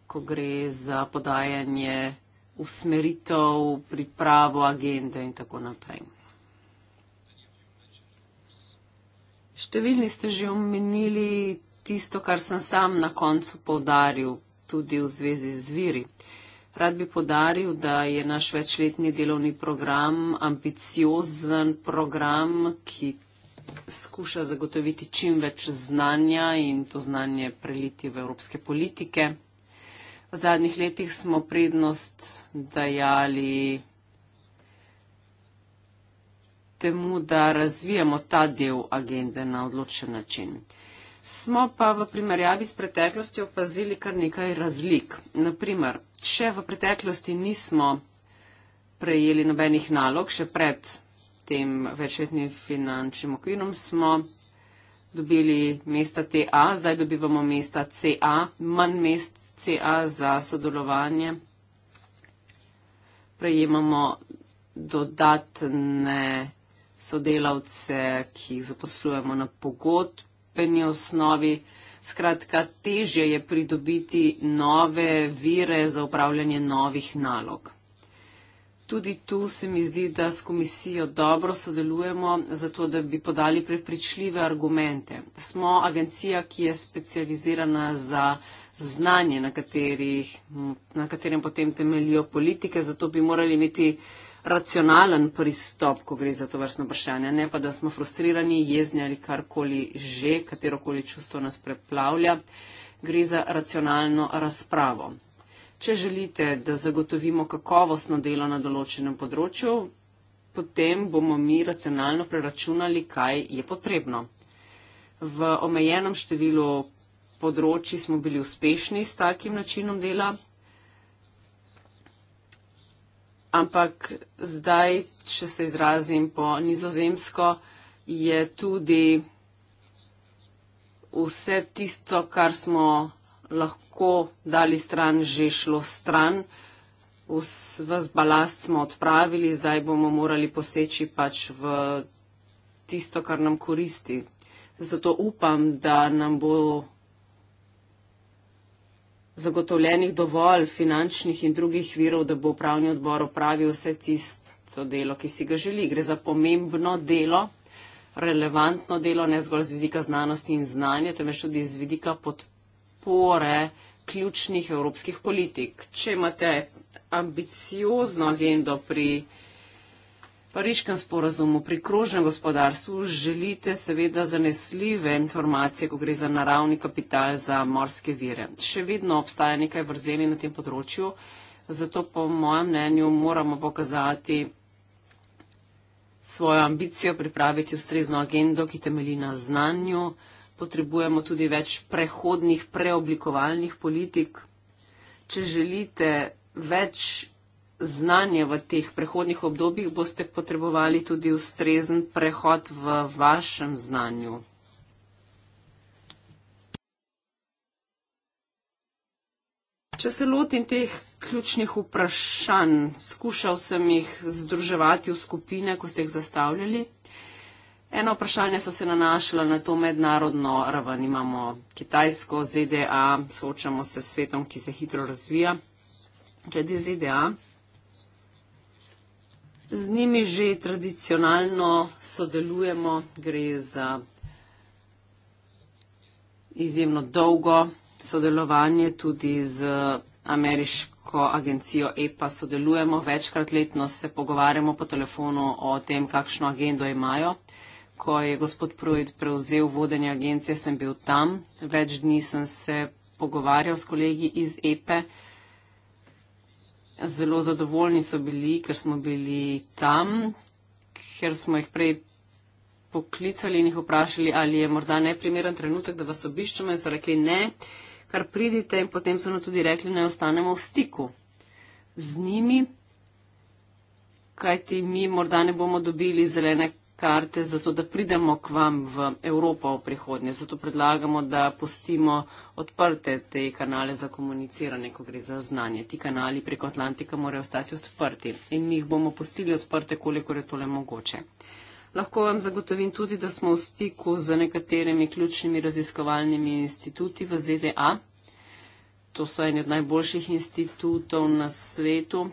ko gre za podajanje usmeritev, pripravo agende in tako naprej. Številni ste že omenili tisto, kar sem sam na koncu povdaril, tudi v zvezi z viri. Rad bi podaril, da je naš večletni delovni program ambiciozen program, ki skuša zagotoviti čim več znanja in to znanje preliti v evropske politike. V zadnjih letih smo prednost dajali temu, da razvijamo ta del agende na odločen način. Smo pa v primerjavi s preteklostjo opazili kar nekaj razlik. Naprimer, če v preteklosti nismo prejeli nobenih nalog, še pred tem večletnim finančnim okvirom smo dobili mesta TA, zdaj dobivamo mesta CA, manj mest CA za sodelovanje. Prejemamo dodatne sodelavce, ki jih zaposlujemo na pogodbeni osnovi. Skratka, težje je pridobiti nove vire za upravljanje novih nalog. Tudi tu se mi zdi, da s komisijo dobro sodelujemo, zato da bi podali prepričljive argumente. Smo agencija, ki je specializirana za znanje, na, katerih, na katerem potem temeljijo politike, zato bi morali imeti racionalen pristop, ko gre za to vrstno vprašanje, ne pa, da smo frustrirani, jezni ali karkoli že, katerokoli čustvo nas preplavlja, gre za racionalno razpravo. Če želite, da zagotovimo kakovostno delo na določenem področju, potem bomo mi racionalno preračunali, kaj je potrebno. V omejenem številu področji smo bili uspešni s takim načinom dela. Ampak zdaj, če se izrazim po nizozemsko, je tudi vse tisto, kar smo lahko dali stran, že šlo stran. Ves balast smo odpravili, zdaj bomo morali poseči pač v tisto, kar nam koristi. Zato upam, da nam bo zagotovljenih dovolj finančnih in drugih virov, da bo upravni odbor opravil vse tisto delo, ki si ga želi. Gre za pomembno delo, relevantno delo, ne zgolj z vidika znanosti in znanja, temveč tudi z vidika podpore ključnih evropskih politik. Če imate ambiciozno agendo pri pariškem sporazumu pri krožnem gospodarstvu želite seveda zanesljive informacije, ko gre za naravni kapital, za morske vire. Še vedno obstaja nekaj vrzeli na tem področju, zato po mojem mnenju moramo pokazati svojo ambicijo, pripraviti ustrezno agendo, ki temelji na znanju. Potrebujemo tudi več prehodnih, preoblikovalnih politik. Če želite več znanje v teh prehodnih obdobjih, boste potrebovali tudi ustrezen prehod v vašem znanju. Če se lotim teh ključnih vprašanj, skušal sem jih združevati v skupine, ko ste jih zastavljali. Eno vprašanje so se nanašala na to mednarodno raven. Imamo Kitajsko, ZDA, soočamo se s svetom, ki se hitro razvija. Glede ZDA, Z njimi že tradicionalno sodelujemo, gre za izjemno dolgo sodelovanje tudi z ameriško agencijo EPA sodelujemo, večkrat letno se pogovarjamo po telefonu o tem, kakšno agendo imajo. Ko je gospod Projed prevzel vodenje agencije, sem bil tam, več dni sem se pogovarjal s kolegi iz EPE zelo zadovoljni so bili, ker smo bili tam, ker smo jih prej poklicali in jih vprašali, ali je morda neprimeren trenutek, da vas obiščemo in so rekli ne, kar pridite in potem so nam tudi rekli, ne ostanemo v stiku z njimi, kajti mi morda ne bomo dobili zelene karte, zato da pridemo k vam v Evropo v prihodnje. Zato predlagamo, da pustimo odprte te kanale za komuniciranje, ko gre za znanje. Ti kanali preko Atlantika morajo ostati odprti in mi jih bomo pustili odprte, koliko je tole mogoče. Lahko vam zagotovim tudi, da smo v stiku z nekaterimi ključnimi raziskovalnimi instituti v ZDA. To so eni od najboljših institutov na svetu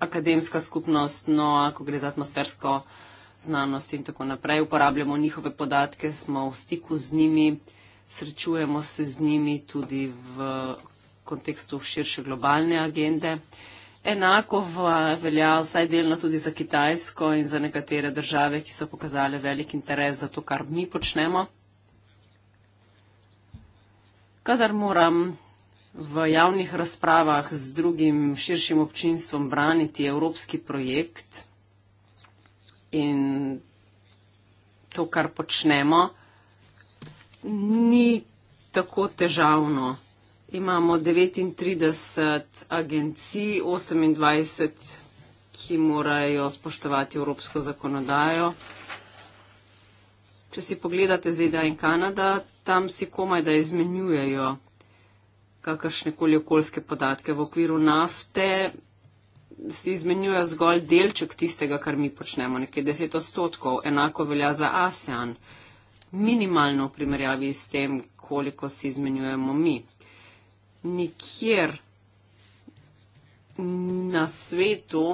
akademska skupnost, no, ko gre za atmosfersko znanost in tako naprej, uporabljamo njihove podatke, smo v stiku z njimi, srečujemo se z njimi tudi v kontekstu širše globalne agende. Enako velja vsaj delno tudi za Kitajsko in za nekatere države, ki so pokazale velik interes za to, kar mi počnemo. Kadar moram v javnih razpravah z drugim širšim občinstvom braniti evropski projekt in to, kar počnemo, ni tako težavno. Imamo 39 agencij, 28, ki morajo spoštovati evropsko zakonodajo. Če si pogledate ZDA in Kanada, tam si komaj da izmenjujejo kakršne koli okoljske podatke. V okviru nafte se izmenjuje zgolj delček tistega, kar mi počnemo, nekje 10 odstotkov. Enako velja za ASEAN, minimalno v primerjavi s tem, koliko se izmenjujemo mi. Nikjer na svetu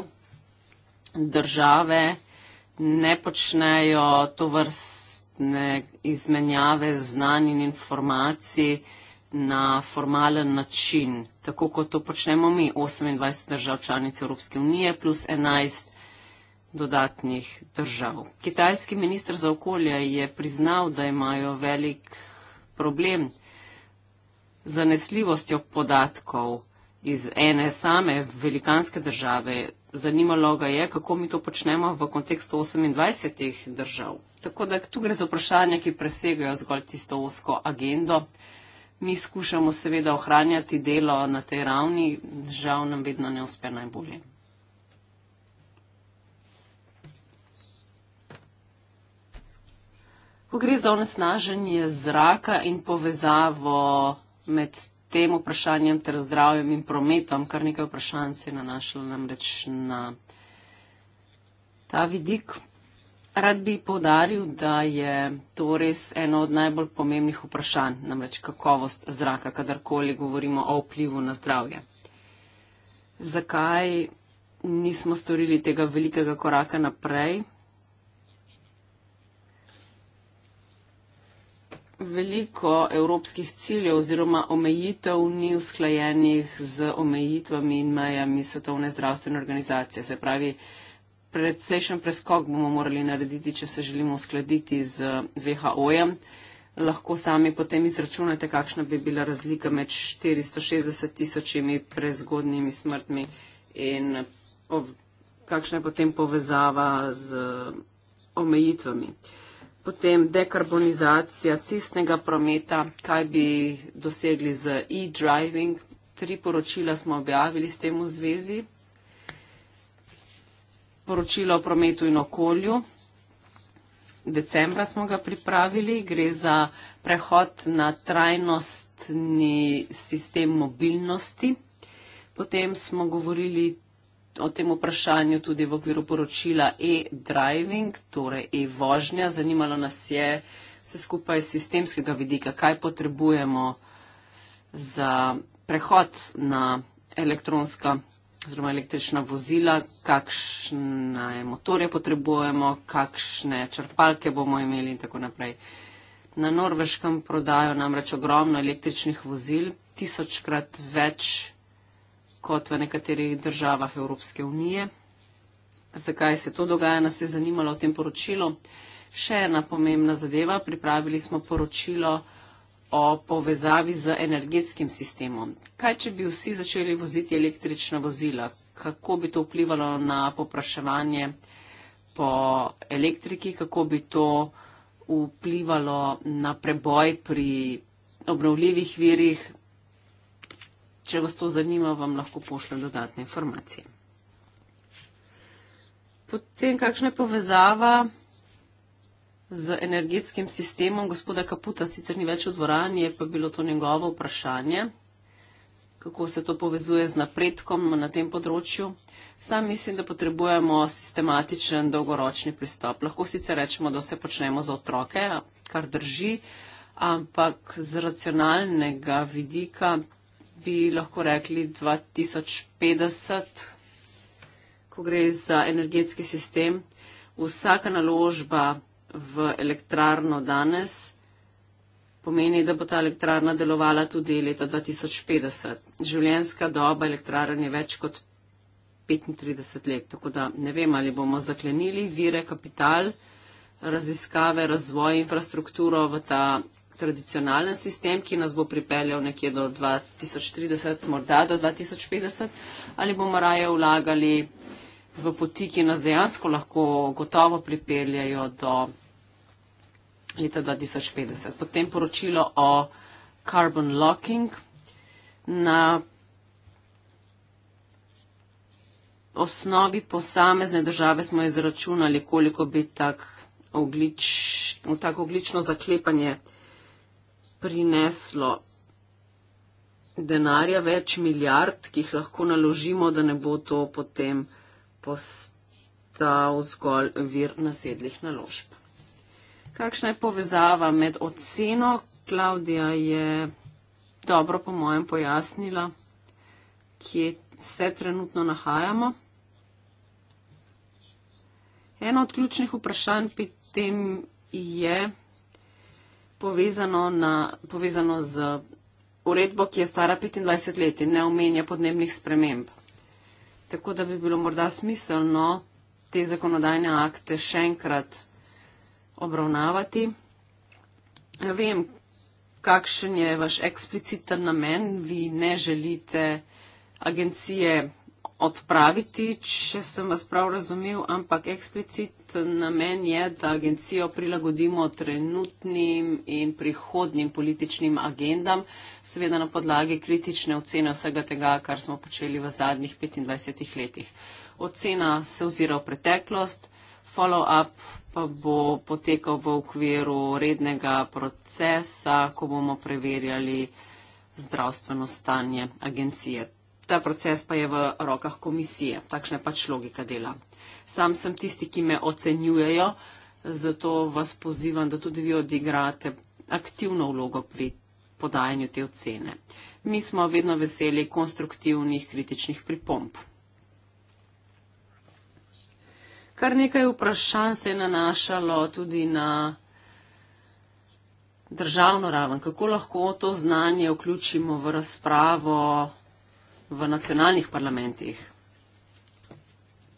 države ne počnejo to vrst izmenjave znanj in informacij, uh, na formalen način, tako kot to počnemo mi, 28 držav članic Evropske unije plus 11 dodatnih držav. Kitajski minister za okolje je priznal, da imajo velik problem z zanesljivostjo podatkov iz ene same velikanske države. Zanimalo ga je, kako mi to počnemo v kontekstu 28 držav. Tako da tu gre za vprašanja, ki presegajo zgolj tisto usko agendo mi skušamo seveda ohranjati delo na tej ravni, žal nam vedno ne uspe najbolje. Ko gre za onesnaženje zraka in povezavo med tem vprašanjem ter zdravjem in prometom, kar nekaj vprašanj se je nanašalo namreč na ta vidik, Rad bi podaril, da je to res eno od najbolj pomembnih vprašanj, namreč kakovost zraka, kadarkoli govorimo o vplivu na zdravje. Zakaj nismo storili tega velikega koraka naprej? Veliko evropskih ciljev oziroma omejitev ni usklajenih z omejitvami in mejami Svetovne zdravstvene organizacije. Se pravi, precejšen preskok bomo morali narediti, če se želimo uskladiti z VHO-jem. Lahko sami potem izračunate, kakšna bi bila razlika med 460 tisočimi prezgodnimi smrtmi in ov, kakšna je potem povezava z omejitvami. Potem dekarbonizacija cistnega prometa, kaj bi dosegli z e-driving. Tri poročila smo objavili s tem v zvezi poročilo o prometu in okolju. Decembra smo ga pripravili, gre za prehod na trajnostni sistem mobilnosti. Potem smo govorili o tem vprašanju tudi v okviru poročila e-driving, torej e-vožnja. Zanimalo nas je vse skupaj iz sistemskega vidika, kaj potrebujemo za prehod na elektronska oziroma električna vozila, kakšne motorje potrebujemo, kakšne črpalke bomo imeli in tako naprej. Na norveškem prodajo namreč ogromno električnih vozil, tisočkrat več kot v nekaterih državah Evropske unije. Zakaj se to dogaja, nas je zanimalo v tem poročilu. Še ena pomembna zadeva, pripravili smo poročilo, o povezavi z energetskim sistemom. Kaj, če bi vsi začeli voziti električna vozila? Kako bi to vplivalo na popraševanje po elektriki? Kako bi to vplivalo na preboj pri obnovljivih virih? Če vas to zanima, vam lahko pošljem dodatne informacije. Potem kakšna povezava z energetskim sistemom. Gospoda Kaputa sicer ni več v dvorani, je pa bilo to njegovo vprašanje, kako se to povezuje z napredkom na tem področju. Sam mislim, da potrebujemo sistematičen, dolgoročni pristop. Lahko sicer rečemo, da vse počnemo za otroke, kar drži, ampak z racionalnega vidika bi lahko rekli 2050, ko gre za energetski sistem. Vsaka naložba v elektrarno danes, pomeni, da bo ta elektrarna delovala tudi leta 2050. Življenjska doba elektrarne je več kot 35 let, tako da ne vem, ali bomo zaklenili vire, kapital, raziskave, razvoj, infrastrukturo v ta tradicionalen sistem, ki nas bo pripeljal nekje do 2030, morda do 2050, ali bomo raje vlagali v poti, ki nas dejansko lahko gotovo pripeljajo do leta 2050. Potem poročilo o carbon locking na osnovi posamezne države smo izračunali, koliko bi tak oglič, tako oglično zaklepanje prineslo denarja, več milijard, ki jih lahko naložimo, da ne bo to potem postal zgolj vir nasedlih naložb. Kakšna je povezava med oceno, Klaudija je dobro po mojem pojasnila, kje se trenutno nahajamo. Eno od ključnih vprašanj pri tem je povezano, na, povezano z uredbo, ki je stara 25 let in ne omenja podnebnih sprememb. Tako da bi bilo morda smiselno te zakonodajne akte še enkrat obravnavati. Vem, kakšen je vaš ekspliciten namen. Vi ne želite agencije odpraviti, če sem vas prav razumel, ampak ekspliciten namen je, da agencijo prilagodimo trenutnim in prihodnim političnim agendam, seveda na podlagi kritične ocene vsega tega, kar smo počeli v zadnjih 25 letih. Ocena se ozira v preteklost, follow-up pa bo potekal v okviru rednega procesa, ko bomo preverjali zdravstveno stanje agencije. Ta proces pa je v rokah komisije, takšna je pač logika dela. Sam sem tisti, ki me ocenjujejo, zato vas pozivam, da tudi vi odigrate aktivno vlogo pri podajanju te ocene. Mi smo vedno veseli konstruktivnih kritičnih pripomb. Kar nekaj vprašanj se je nanašalo tudi na državno raven, kako lahko to znanje vključimo v razpravo v nacionalnih parlamentih.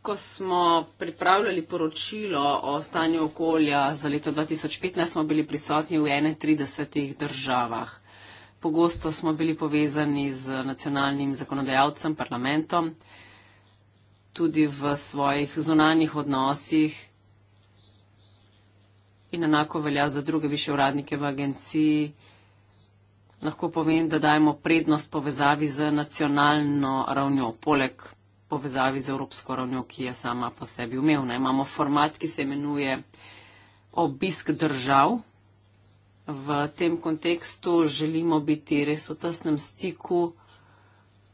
Ko smo pripravljali poročilo o stanju okolja za leto 2015, smo bili prisotni v 31 državah. Pogosto smo bili povezani z nacionalnim zakonodajalcem, parlamentom tudi v svojih zunanjih odnosih. In enako velja za druge više uradnike v agenciji. Lahko povem, da dajemo prednost povezavi z nacionalno ravnjo, poleg povezavi z evropsko ravnjo, ki je sama po sebi umevna. Imamo format, ki se imenuje obisk držav. V tem kontekstu želimo biti res v tesnem stiku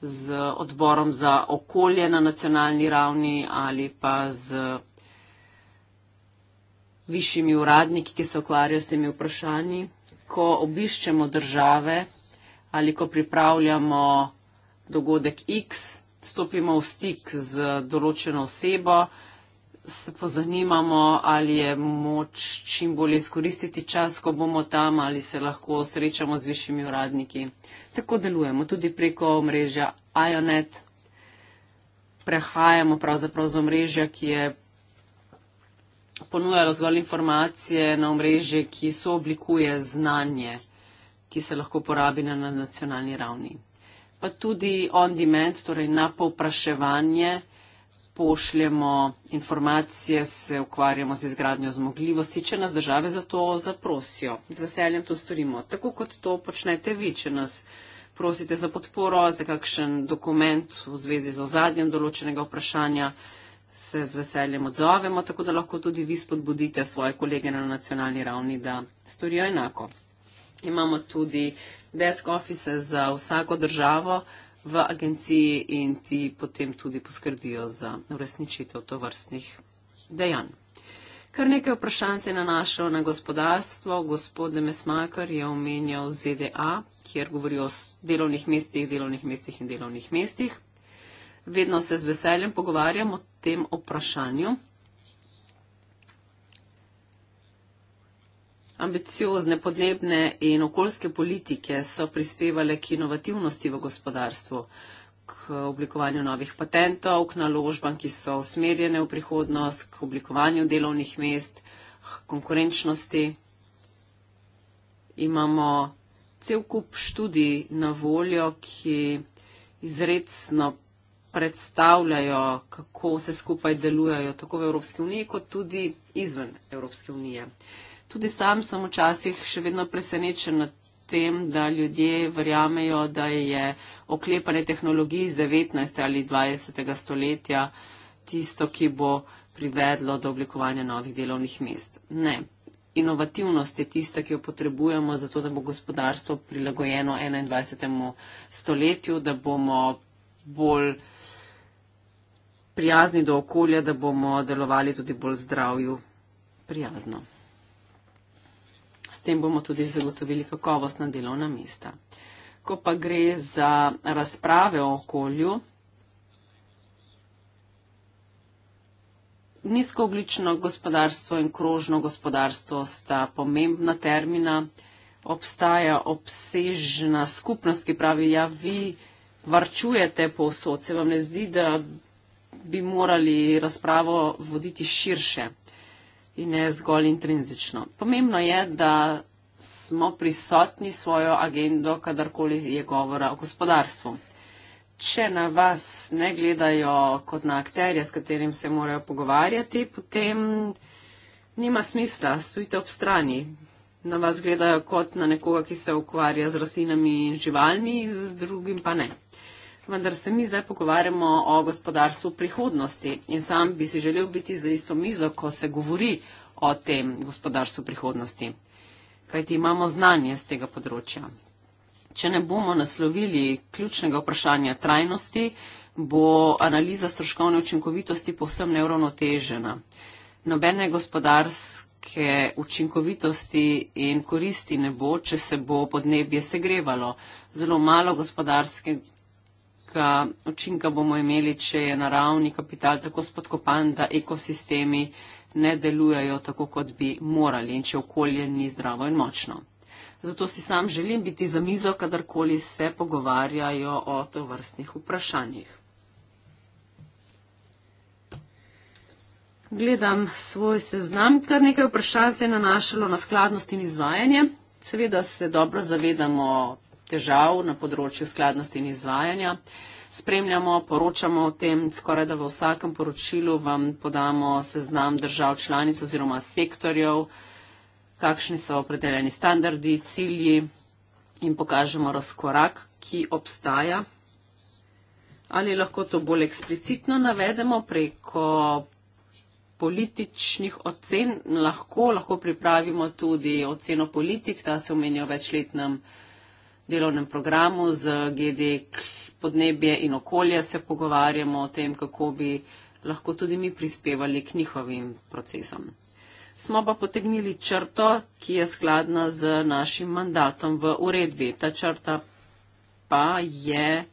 z odborom za okolje na nacionalni ravni ali pa z višjimi uradniki, ki se ukvarjajo s temi vprašanji. Ko obiščemo države ali ko pripravljamo dogodek X, stopimo v stik z določeno osebo, se pozanimamo, ali je moč čim bolje izkoristiti čas, ko bomo tam, ali se lahko srečamo z višjimi uradniki. Tako delujemo tudi preko omrežja IONET. Prehajamo pravzaprav z omrežja, ki je ponujalo zgolj informacije na omrežje, ki so oblikuje znanje, ki se lahko porabi na nacionalni ravni. Pa tudi on demand, torej na povpraševanje pošljemo informacije, se ukvarjamo z izgradnjo zmogljivosti, če nas države za to zaprosijo. Z veseljem to storimo, tako kot to počnete vi, če nas prosite za podporo, za kakšen dokument v zvezi z ozadjem določenega vprašanja. Se z veseljem odzovemo, tako da lahko tudi vi spodbudite svoje kolege na nacionalni ravni, da storijo enako. Imamo tudi desk office za vsako državo, v agenciji in ti potem tudi poskrbijo za uresničitev tovrstnih dejanj. Kar nekaj vprašanj se je nanašalo na gospodarstvo. Gospod Demesmaker je omenjal ZDA, kjer govori o delovnih mestih, delovnih mestih in delovnih mestih. Vedno se z veseljem pogovarjam o tem vprašanju. Ambiciozne podnebne in okoljske politike so prispevale k inovativnosti v gospodarstvu, k oblikovanju novih patentov, k naložbam, ki so usmerjene v prihodnost, k oblikovanju delovnih mest, k konkurenčnosti. Imamo cel kup študij na voljo, ki izredno predstavljajo, kako vse skupaj delujejo tako v Evropski uniji, kot tudi izven Evropske unije. Tudi sam sem včasih še vedno presenečen nad tem, da ljudje verjamejo, da je oklepanje tehnologij iz 19. ali 20. stoletja tisto, ki bo privedlo do oblikovanja novih delovnih mest. Ne. Inovativnost je tista, ki jo potrebujemo, zato da bo gospodarstvo prilagojeno 21. stoletju, da bomo bolj prijazni do okolja, da bomo delovali tudi bolj zdravju prijazno. S tem bomo tudi zagotovili kakovostna delovna mesta. Ko pa gre za razprave o okolju, nizkooglično gospodarstvo in krožno gospodarstvo sta pomembna termina. Obstaja obsežna skupnost, ki pravi, ja, vi varčujete povsod. Se vam ne zdi, da bi morali razpravo voditi širše? in ne zgolj intrinzično. Pomembno je, da smo prisotni svojo agendo, kadarkoli je govora o gospodarstvu. Če na vas ne gledajo kot na akterje, s katerim se morajo pogovarjati, potem nima smisla, stojite ob strani. Na vas gledajo kot na nekoga, ki se ukvarja z rastlinami in živalmi, z drugim pa ne vendar se mi zdaj pogovarjamo o gospodarstvu prihodnosti in sam bi si želel biti za isto mizo, ko se govori o tem gospodarstvu prihodnosti, kajti imamo znanje z tega področja. Če ne bomo naslovili ključnega vprašanja trajnosti, bo analiza stroškovne učinkovitosti povsem neuravnotežena. Nobene gospodarske učinkovitosti in koristi ne bo, če se bo podnebje segrevalo. Zelo malo gospodarske velikega učinka bomo imeli, če je naravni kapital tako spodkopan, da ekosistemi ne delujejo tako, kot bi morali in če okolje ni zdravo in močno. Zato si sam želim biti za mizo, kadarkoli se pogovarjajo o tovrstnih vprašanjih. Gledam svoj seznam, kar nekaj vprašanj se je nanašalo na skladnost in izvajanje. Seveda se dobro zavedamo težav na področju skladnosti in izvajanja. Spremljamo, poročamo o tem, skoraj da v vsakem poročilu vam podamo seznam držav članic oziroma sektorjev, kakšni so opredeljeni standardi, cilji in pokažemo razkorak, ki obstaja. Ali lahko to bolj eksplicitno navedemo preko političnih ocen, lahko, lahko pripravimo tudi oceno politik, ta se omenja v večletnem delovnem programu z GD podnebje in okolje se pogovarjamo o tem, kako bi lahko tudi mi prispevali k njihovim procesom. Smo pa potegnili črto, ki je skladna z našim mandatom v uredbi. Ta črta pa je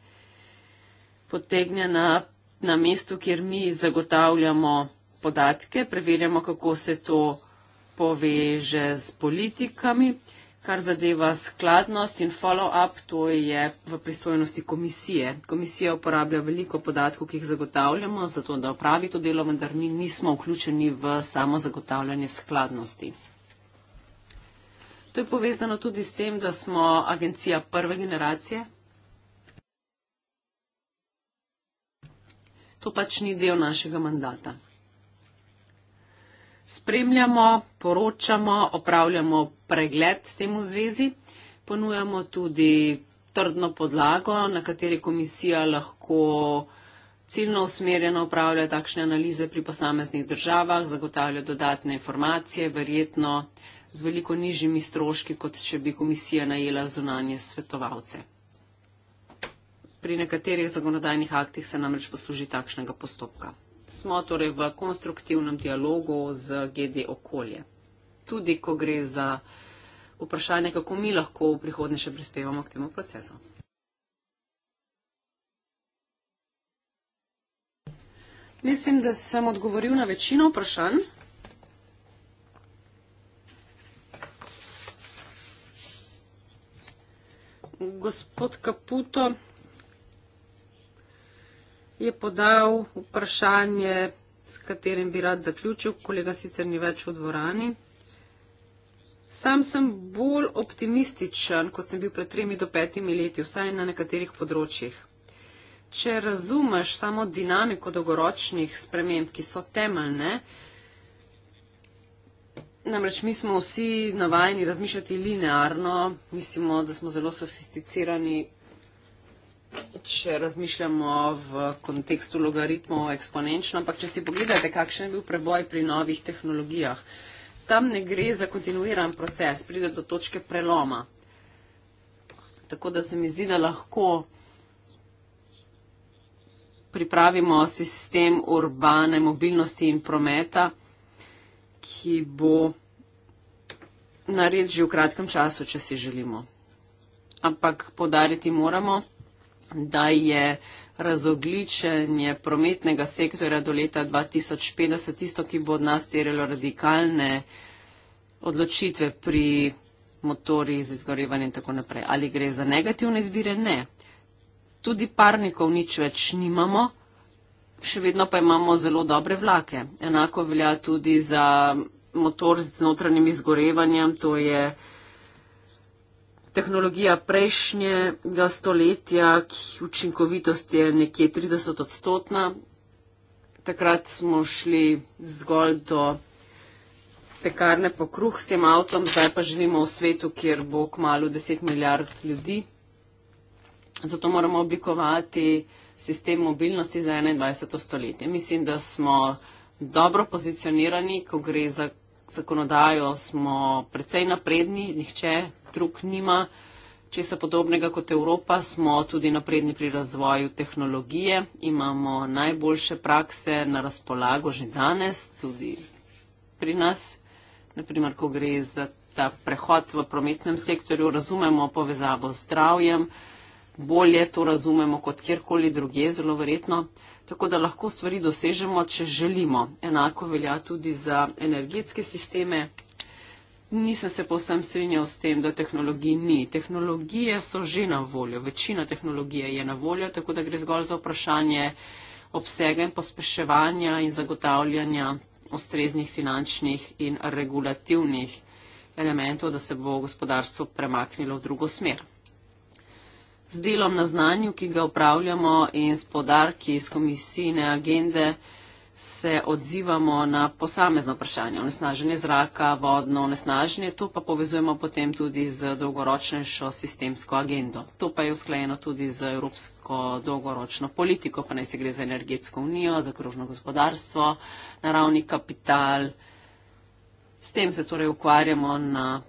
potegnjena na mestu, kjer mi zagotavljamo podatke, preverjamo, kako se to poveže z politikami. Kar zadeva skladnost in follow-up, to je v pristojnosti komisije. Komisija uporablja veliko podatkov, ki jih zagotavljamo, zato da opravi to delo, vendar mi nismo vključeni v samo zagotavljanje skladnosti. To je povezano tudi s tem, da smo agencija prve generacije. To pač ni del našega mandata spremljamo, poročamo, opravljamo pregled s tem v zvezi, ponujamo tudi trdno podlago, na kateri komisija lahko ciljno usmerjeno upravlja takšne analize pri posameznih državah, zagotavlja dodatne informacije, verjetno z veliko nižjimi stroški, kot če bi komisija najela zunanje svetovalce. Pri nekaterih zakonodajnih aktih se namreč posluži takšnega postopka smo torej v konstruktivnem dialogu z GD okolje. Tudi, ko gre za vprašanje, kako mi lahko v prihodnje še prispevamo k temu procesu. Mislim, da sem odgovoril na večino vprašanj. Gospod Kaputo je podal vprašanje, s katerim bi rad zaključil, kolega sicer ni več v dvorani. Sam sem bolj optimističen, kot sem bil pred tremi do petimi leti, vsaj na nekaterih področjih. Če razumeš samo dinamiko dolgoročnih sprememb, ki so temeljne, namreč mi smo vsi navajeni razmišljati linearno, mislimo, da smo zelo sofisticirani če razmišljamo v kontekstu logaritmov eksponenčno, ampak če si pogledate, kakšen je bil preboj pri novih tehnologijah, tam ne gre za kontinuiran proces, pride do točke preloma. Tako da se mi zdi, da lahko pripravimo sistem urbane mobilnosti in prometa, ki bo nared že v kratkem času, če si želimo. Ampak podariti moramo da je razogličenje prometnega sektorja do leta 2050 tisto, ki bo od nas terjalo radikalne odločitve pri motorjih z izgorevanjem in tako naprej. Ali gre za negativne izbire? Ne. Tudi parnikov nič več nimamo, še vedno pa imamo zelo dobre vlake. Enako velja tudi za motor z notranjim izgorevanjem, to je tehnologija prejšnjega stoletja, učinkovitost je nekje 30 odstotna. Takrat smo šli zgolj do pekarne po kruh s tem avtom, zdaj pa živimo v svetu, kjer bo k malu 10 milijard ljudi. Zato moramo oblikovati sistem mobilnosti za 21. stoletje. Mislim, da smo dobro pozicionirani, ko gre za zakonodajo smo precej napredni, nihče drug nima česa podobnega kot Evropa, smo tudi napredni pri razvoju tehnologije, imamo najboljše prakse na razpolago že danes, tudi pri nas, naprimer, ko gre za ta prehod v prometnem sektorju, razumemo povezavo z zdravjem, bolje to razumemo kot kjerkoli drugje, zelo verjetno tako da lahko stvari dosežemo, če želimo. Enako velja tudi za energetske sisteme. Nisem se povsem strinjal s tem, da tehnologij ni. Tehnologije so že na voljo, večina tehnologije je na voljo, tako da gre zgolj za vprašanje obsega in pospeševanja in zagotavljanja ustreznih finančnih in regulativnih elementov, da se bo gospodarstvo premaknilo v drugo smer z delom na znanju, ki ga upravljamo in s podarki iz komisijne agende se odzivamo na posamezno vprašanje, onesnaženje zraka, vodno onesnaženje, to pa povezujemo potem tudi z dolgoročnejšo sistemsko agendo. To pa je usklajeno tudi z evropsko dolgoročno politiko, pa naj se gre za energetsko unijo, za krožno gospodarstvo, naravni kapital. S tem se torej ukvarjamo na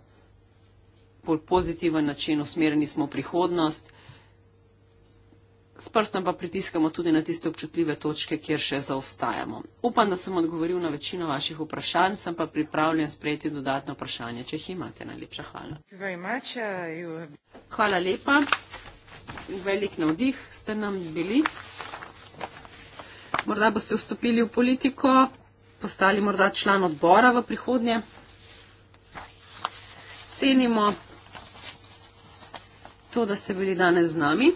pozitiven način, usmerjeni smo v prihodnost s prstom pa pritiskamo tudi na tiste občutljive točke, kjer še zaostajamo. Upam, da sem odgovoril na večino vaših vprašanj, sem pa pripravljen sprejeti dodatno vprašanje, če jih imate. Najlepša hvala. Uh, hvala lepa. Velik navdih ste nam bili. Morda boste vstopili v politiko, postali morda član odbora v prihodnje. Cenimo to, da ste bili danes z nami.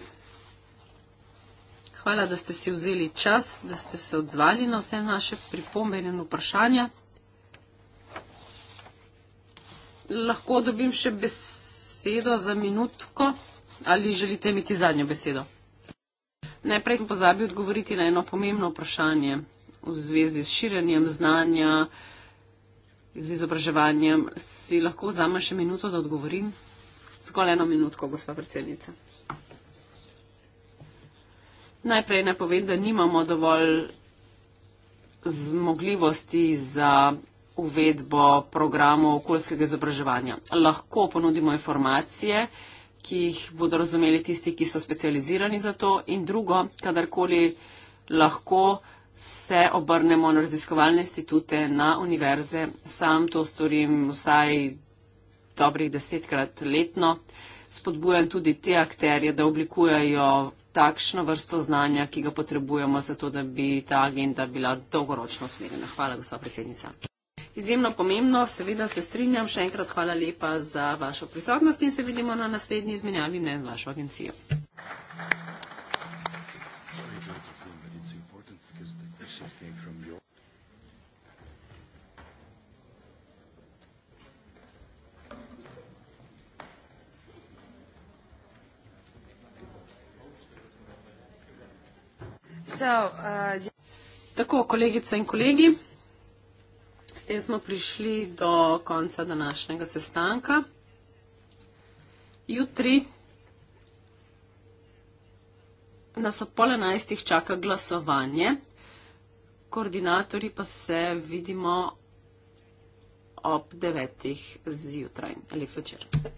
Hvala, da ste si vzeli čas, da ste se odzvali na vse naše pripombe in vprašanja. Lahko dobim še besedo za minutko ali želite imeti zadnjo besedo? Najprej sem pozabil odgovoriti na eno pomembno vprašanje v zvezi s širjenjem znanja, z izobraževanjem. Si lahko vzamem še minuto, da odgovorim? Zgolj eno minutko, gospa predsednica. Najprej naj povem, da nimamo dovolj zmogljivosti za uvedbo programov okoljskega izobraževanja. Lahko ponudimo informacije, ki jih bodo razumeli tisti, ki so specializirani za to. In drugo, kadarkoli lahko se obrnemo na raziskovalne institute, na univerze. Sam to storim vsaj dobrih desetkrat letno. Spodbujam tudi te akterje, da oblikujajo takšno vrsto znanja, ki ga potrebujemo za to, da bi ta agenda bila dolgoročno usmerjena. Hvala, gospa predsednica. Izjemno pomembno, seveda se strinjam. Še enkrat hvala lepa za vašo prisotnost in se vidimo na naslednji izmenjavi mnen z vašo agencijo. Uh, Tako, kolegice in kolegi, s tem smo prišli do konca današnjega sestanka. Jutri nas ob pol enajstih čaka glasovanje, koordinatori pa se vidimo ob devetih zjutraj ali večer.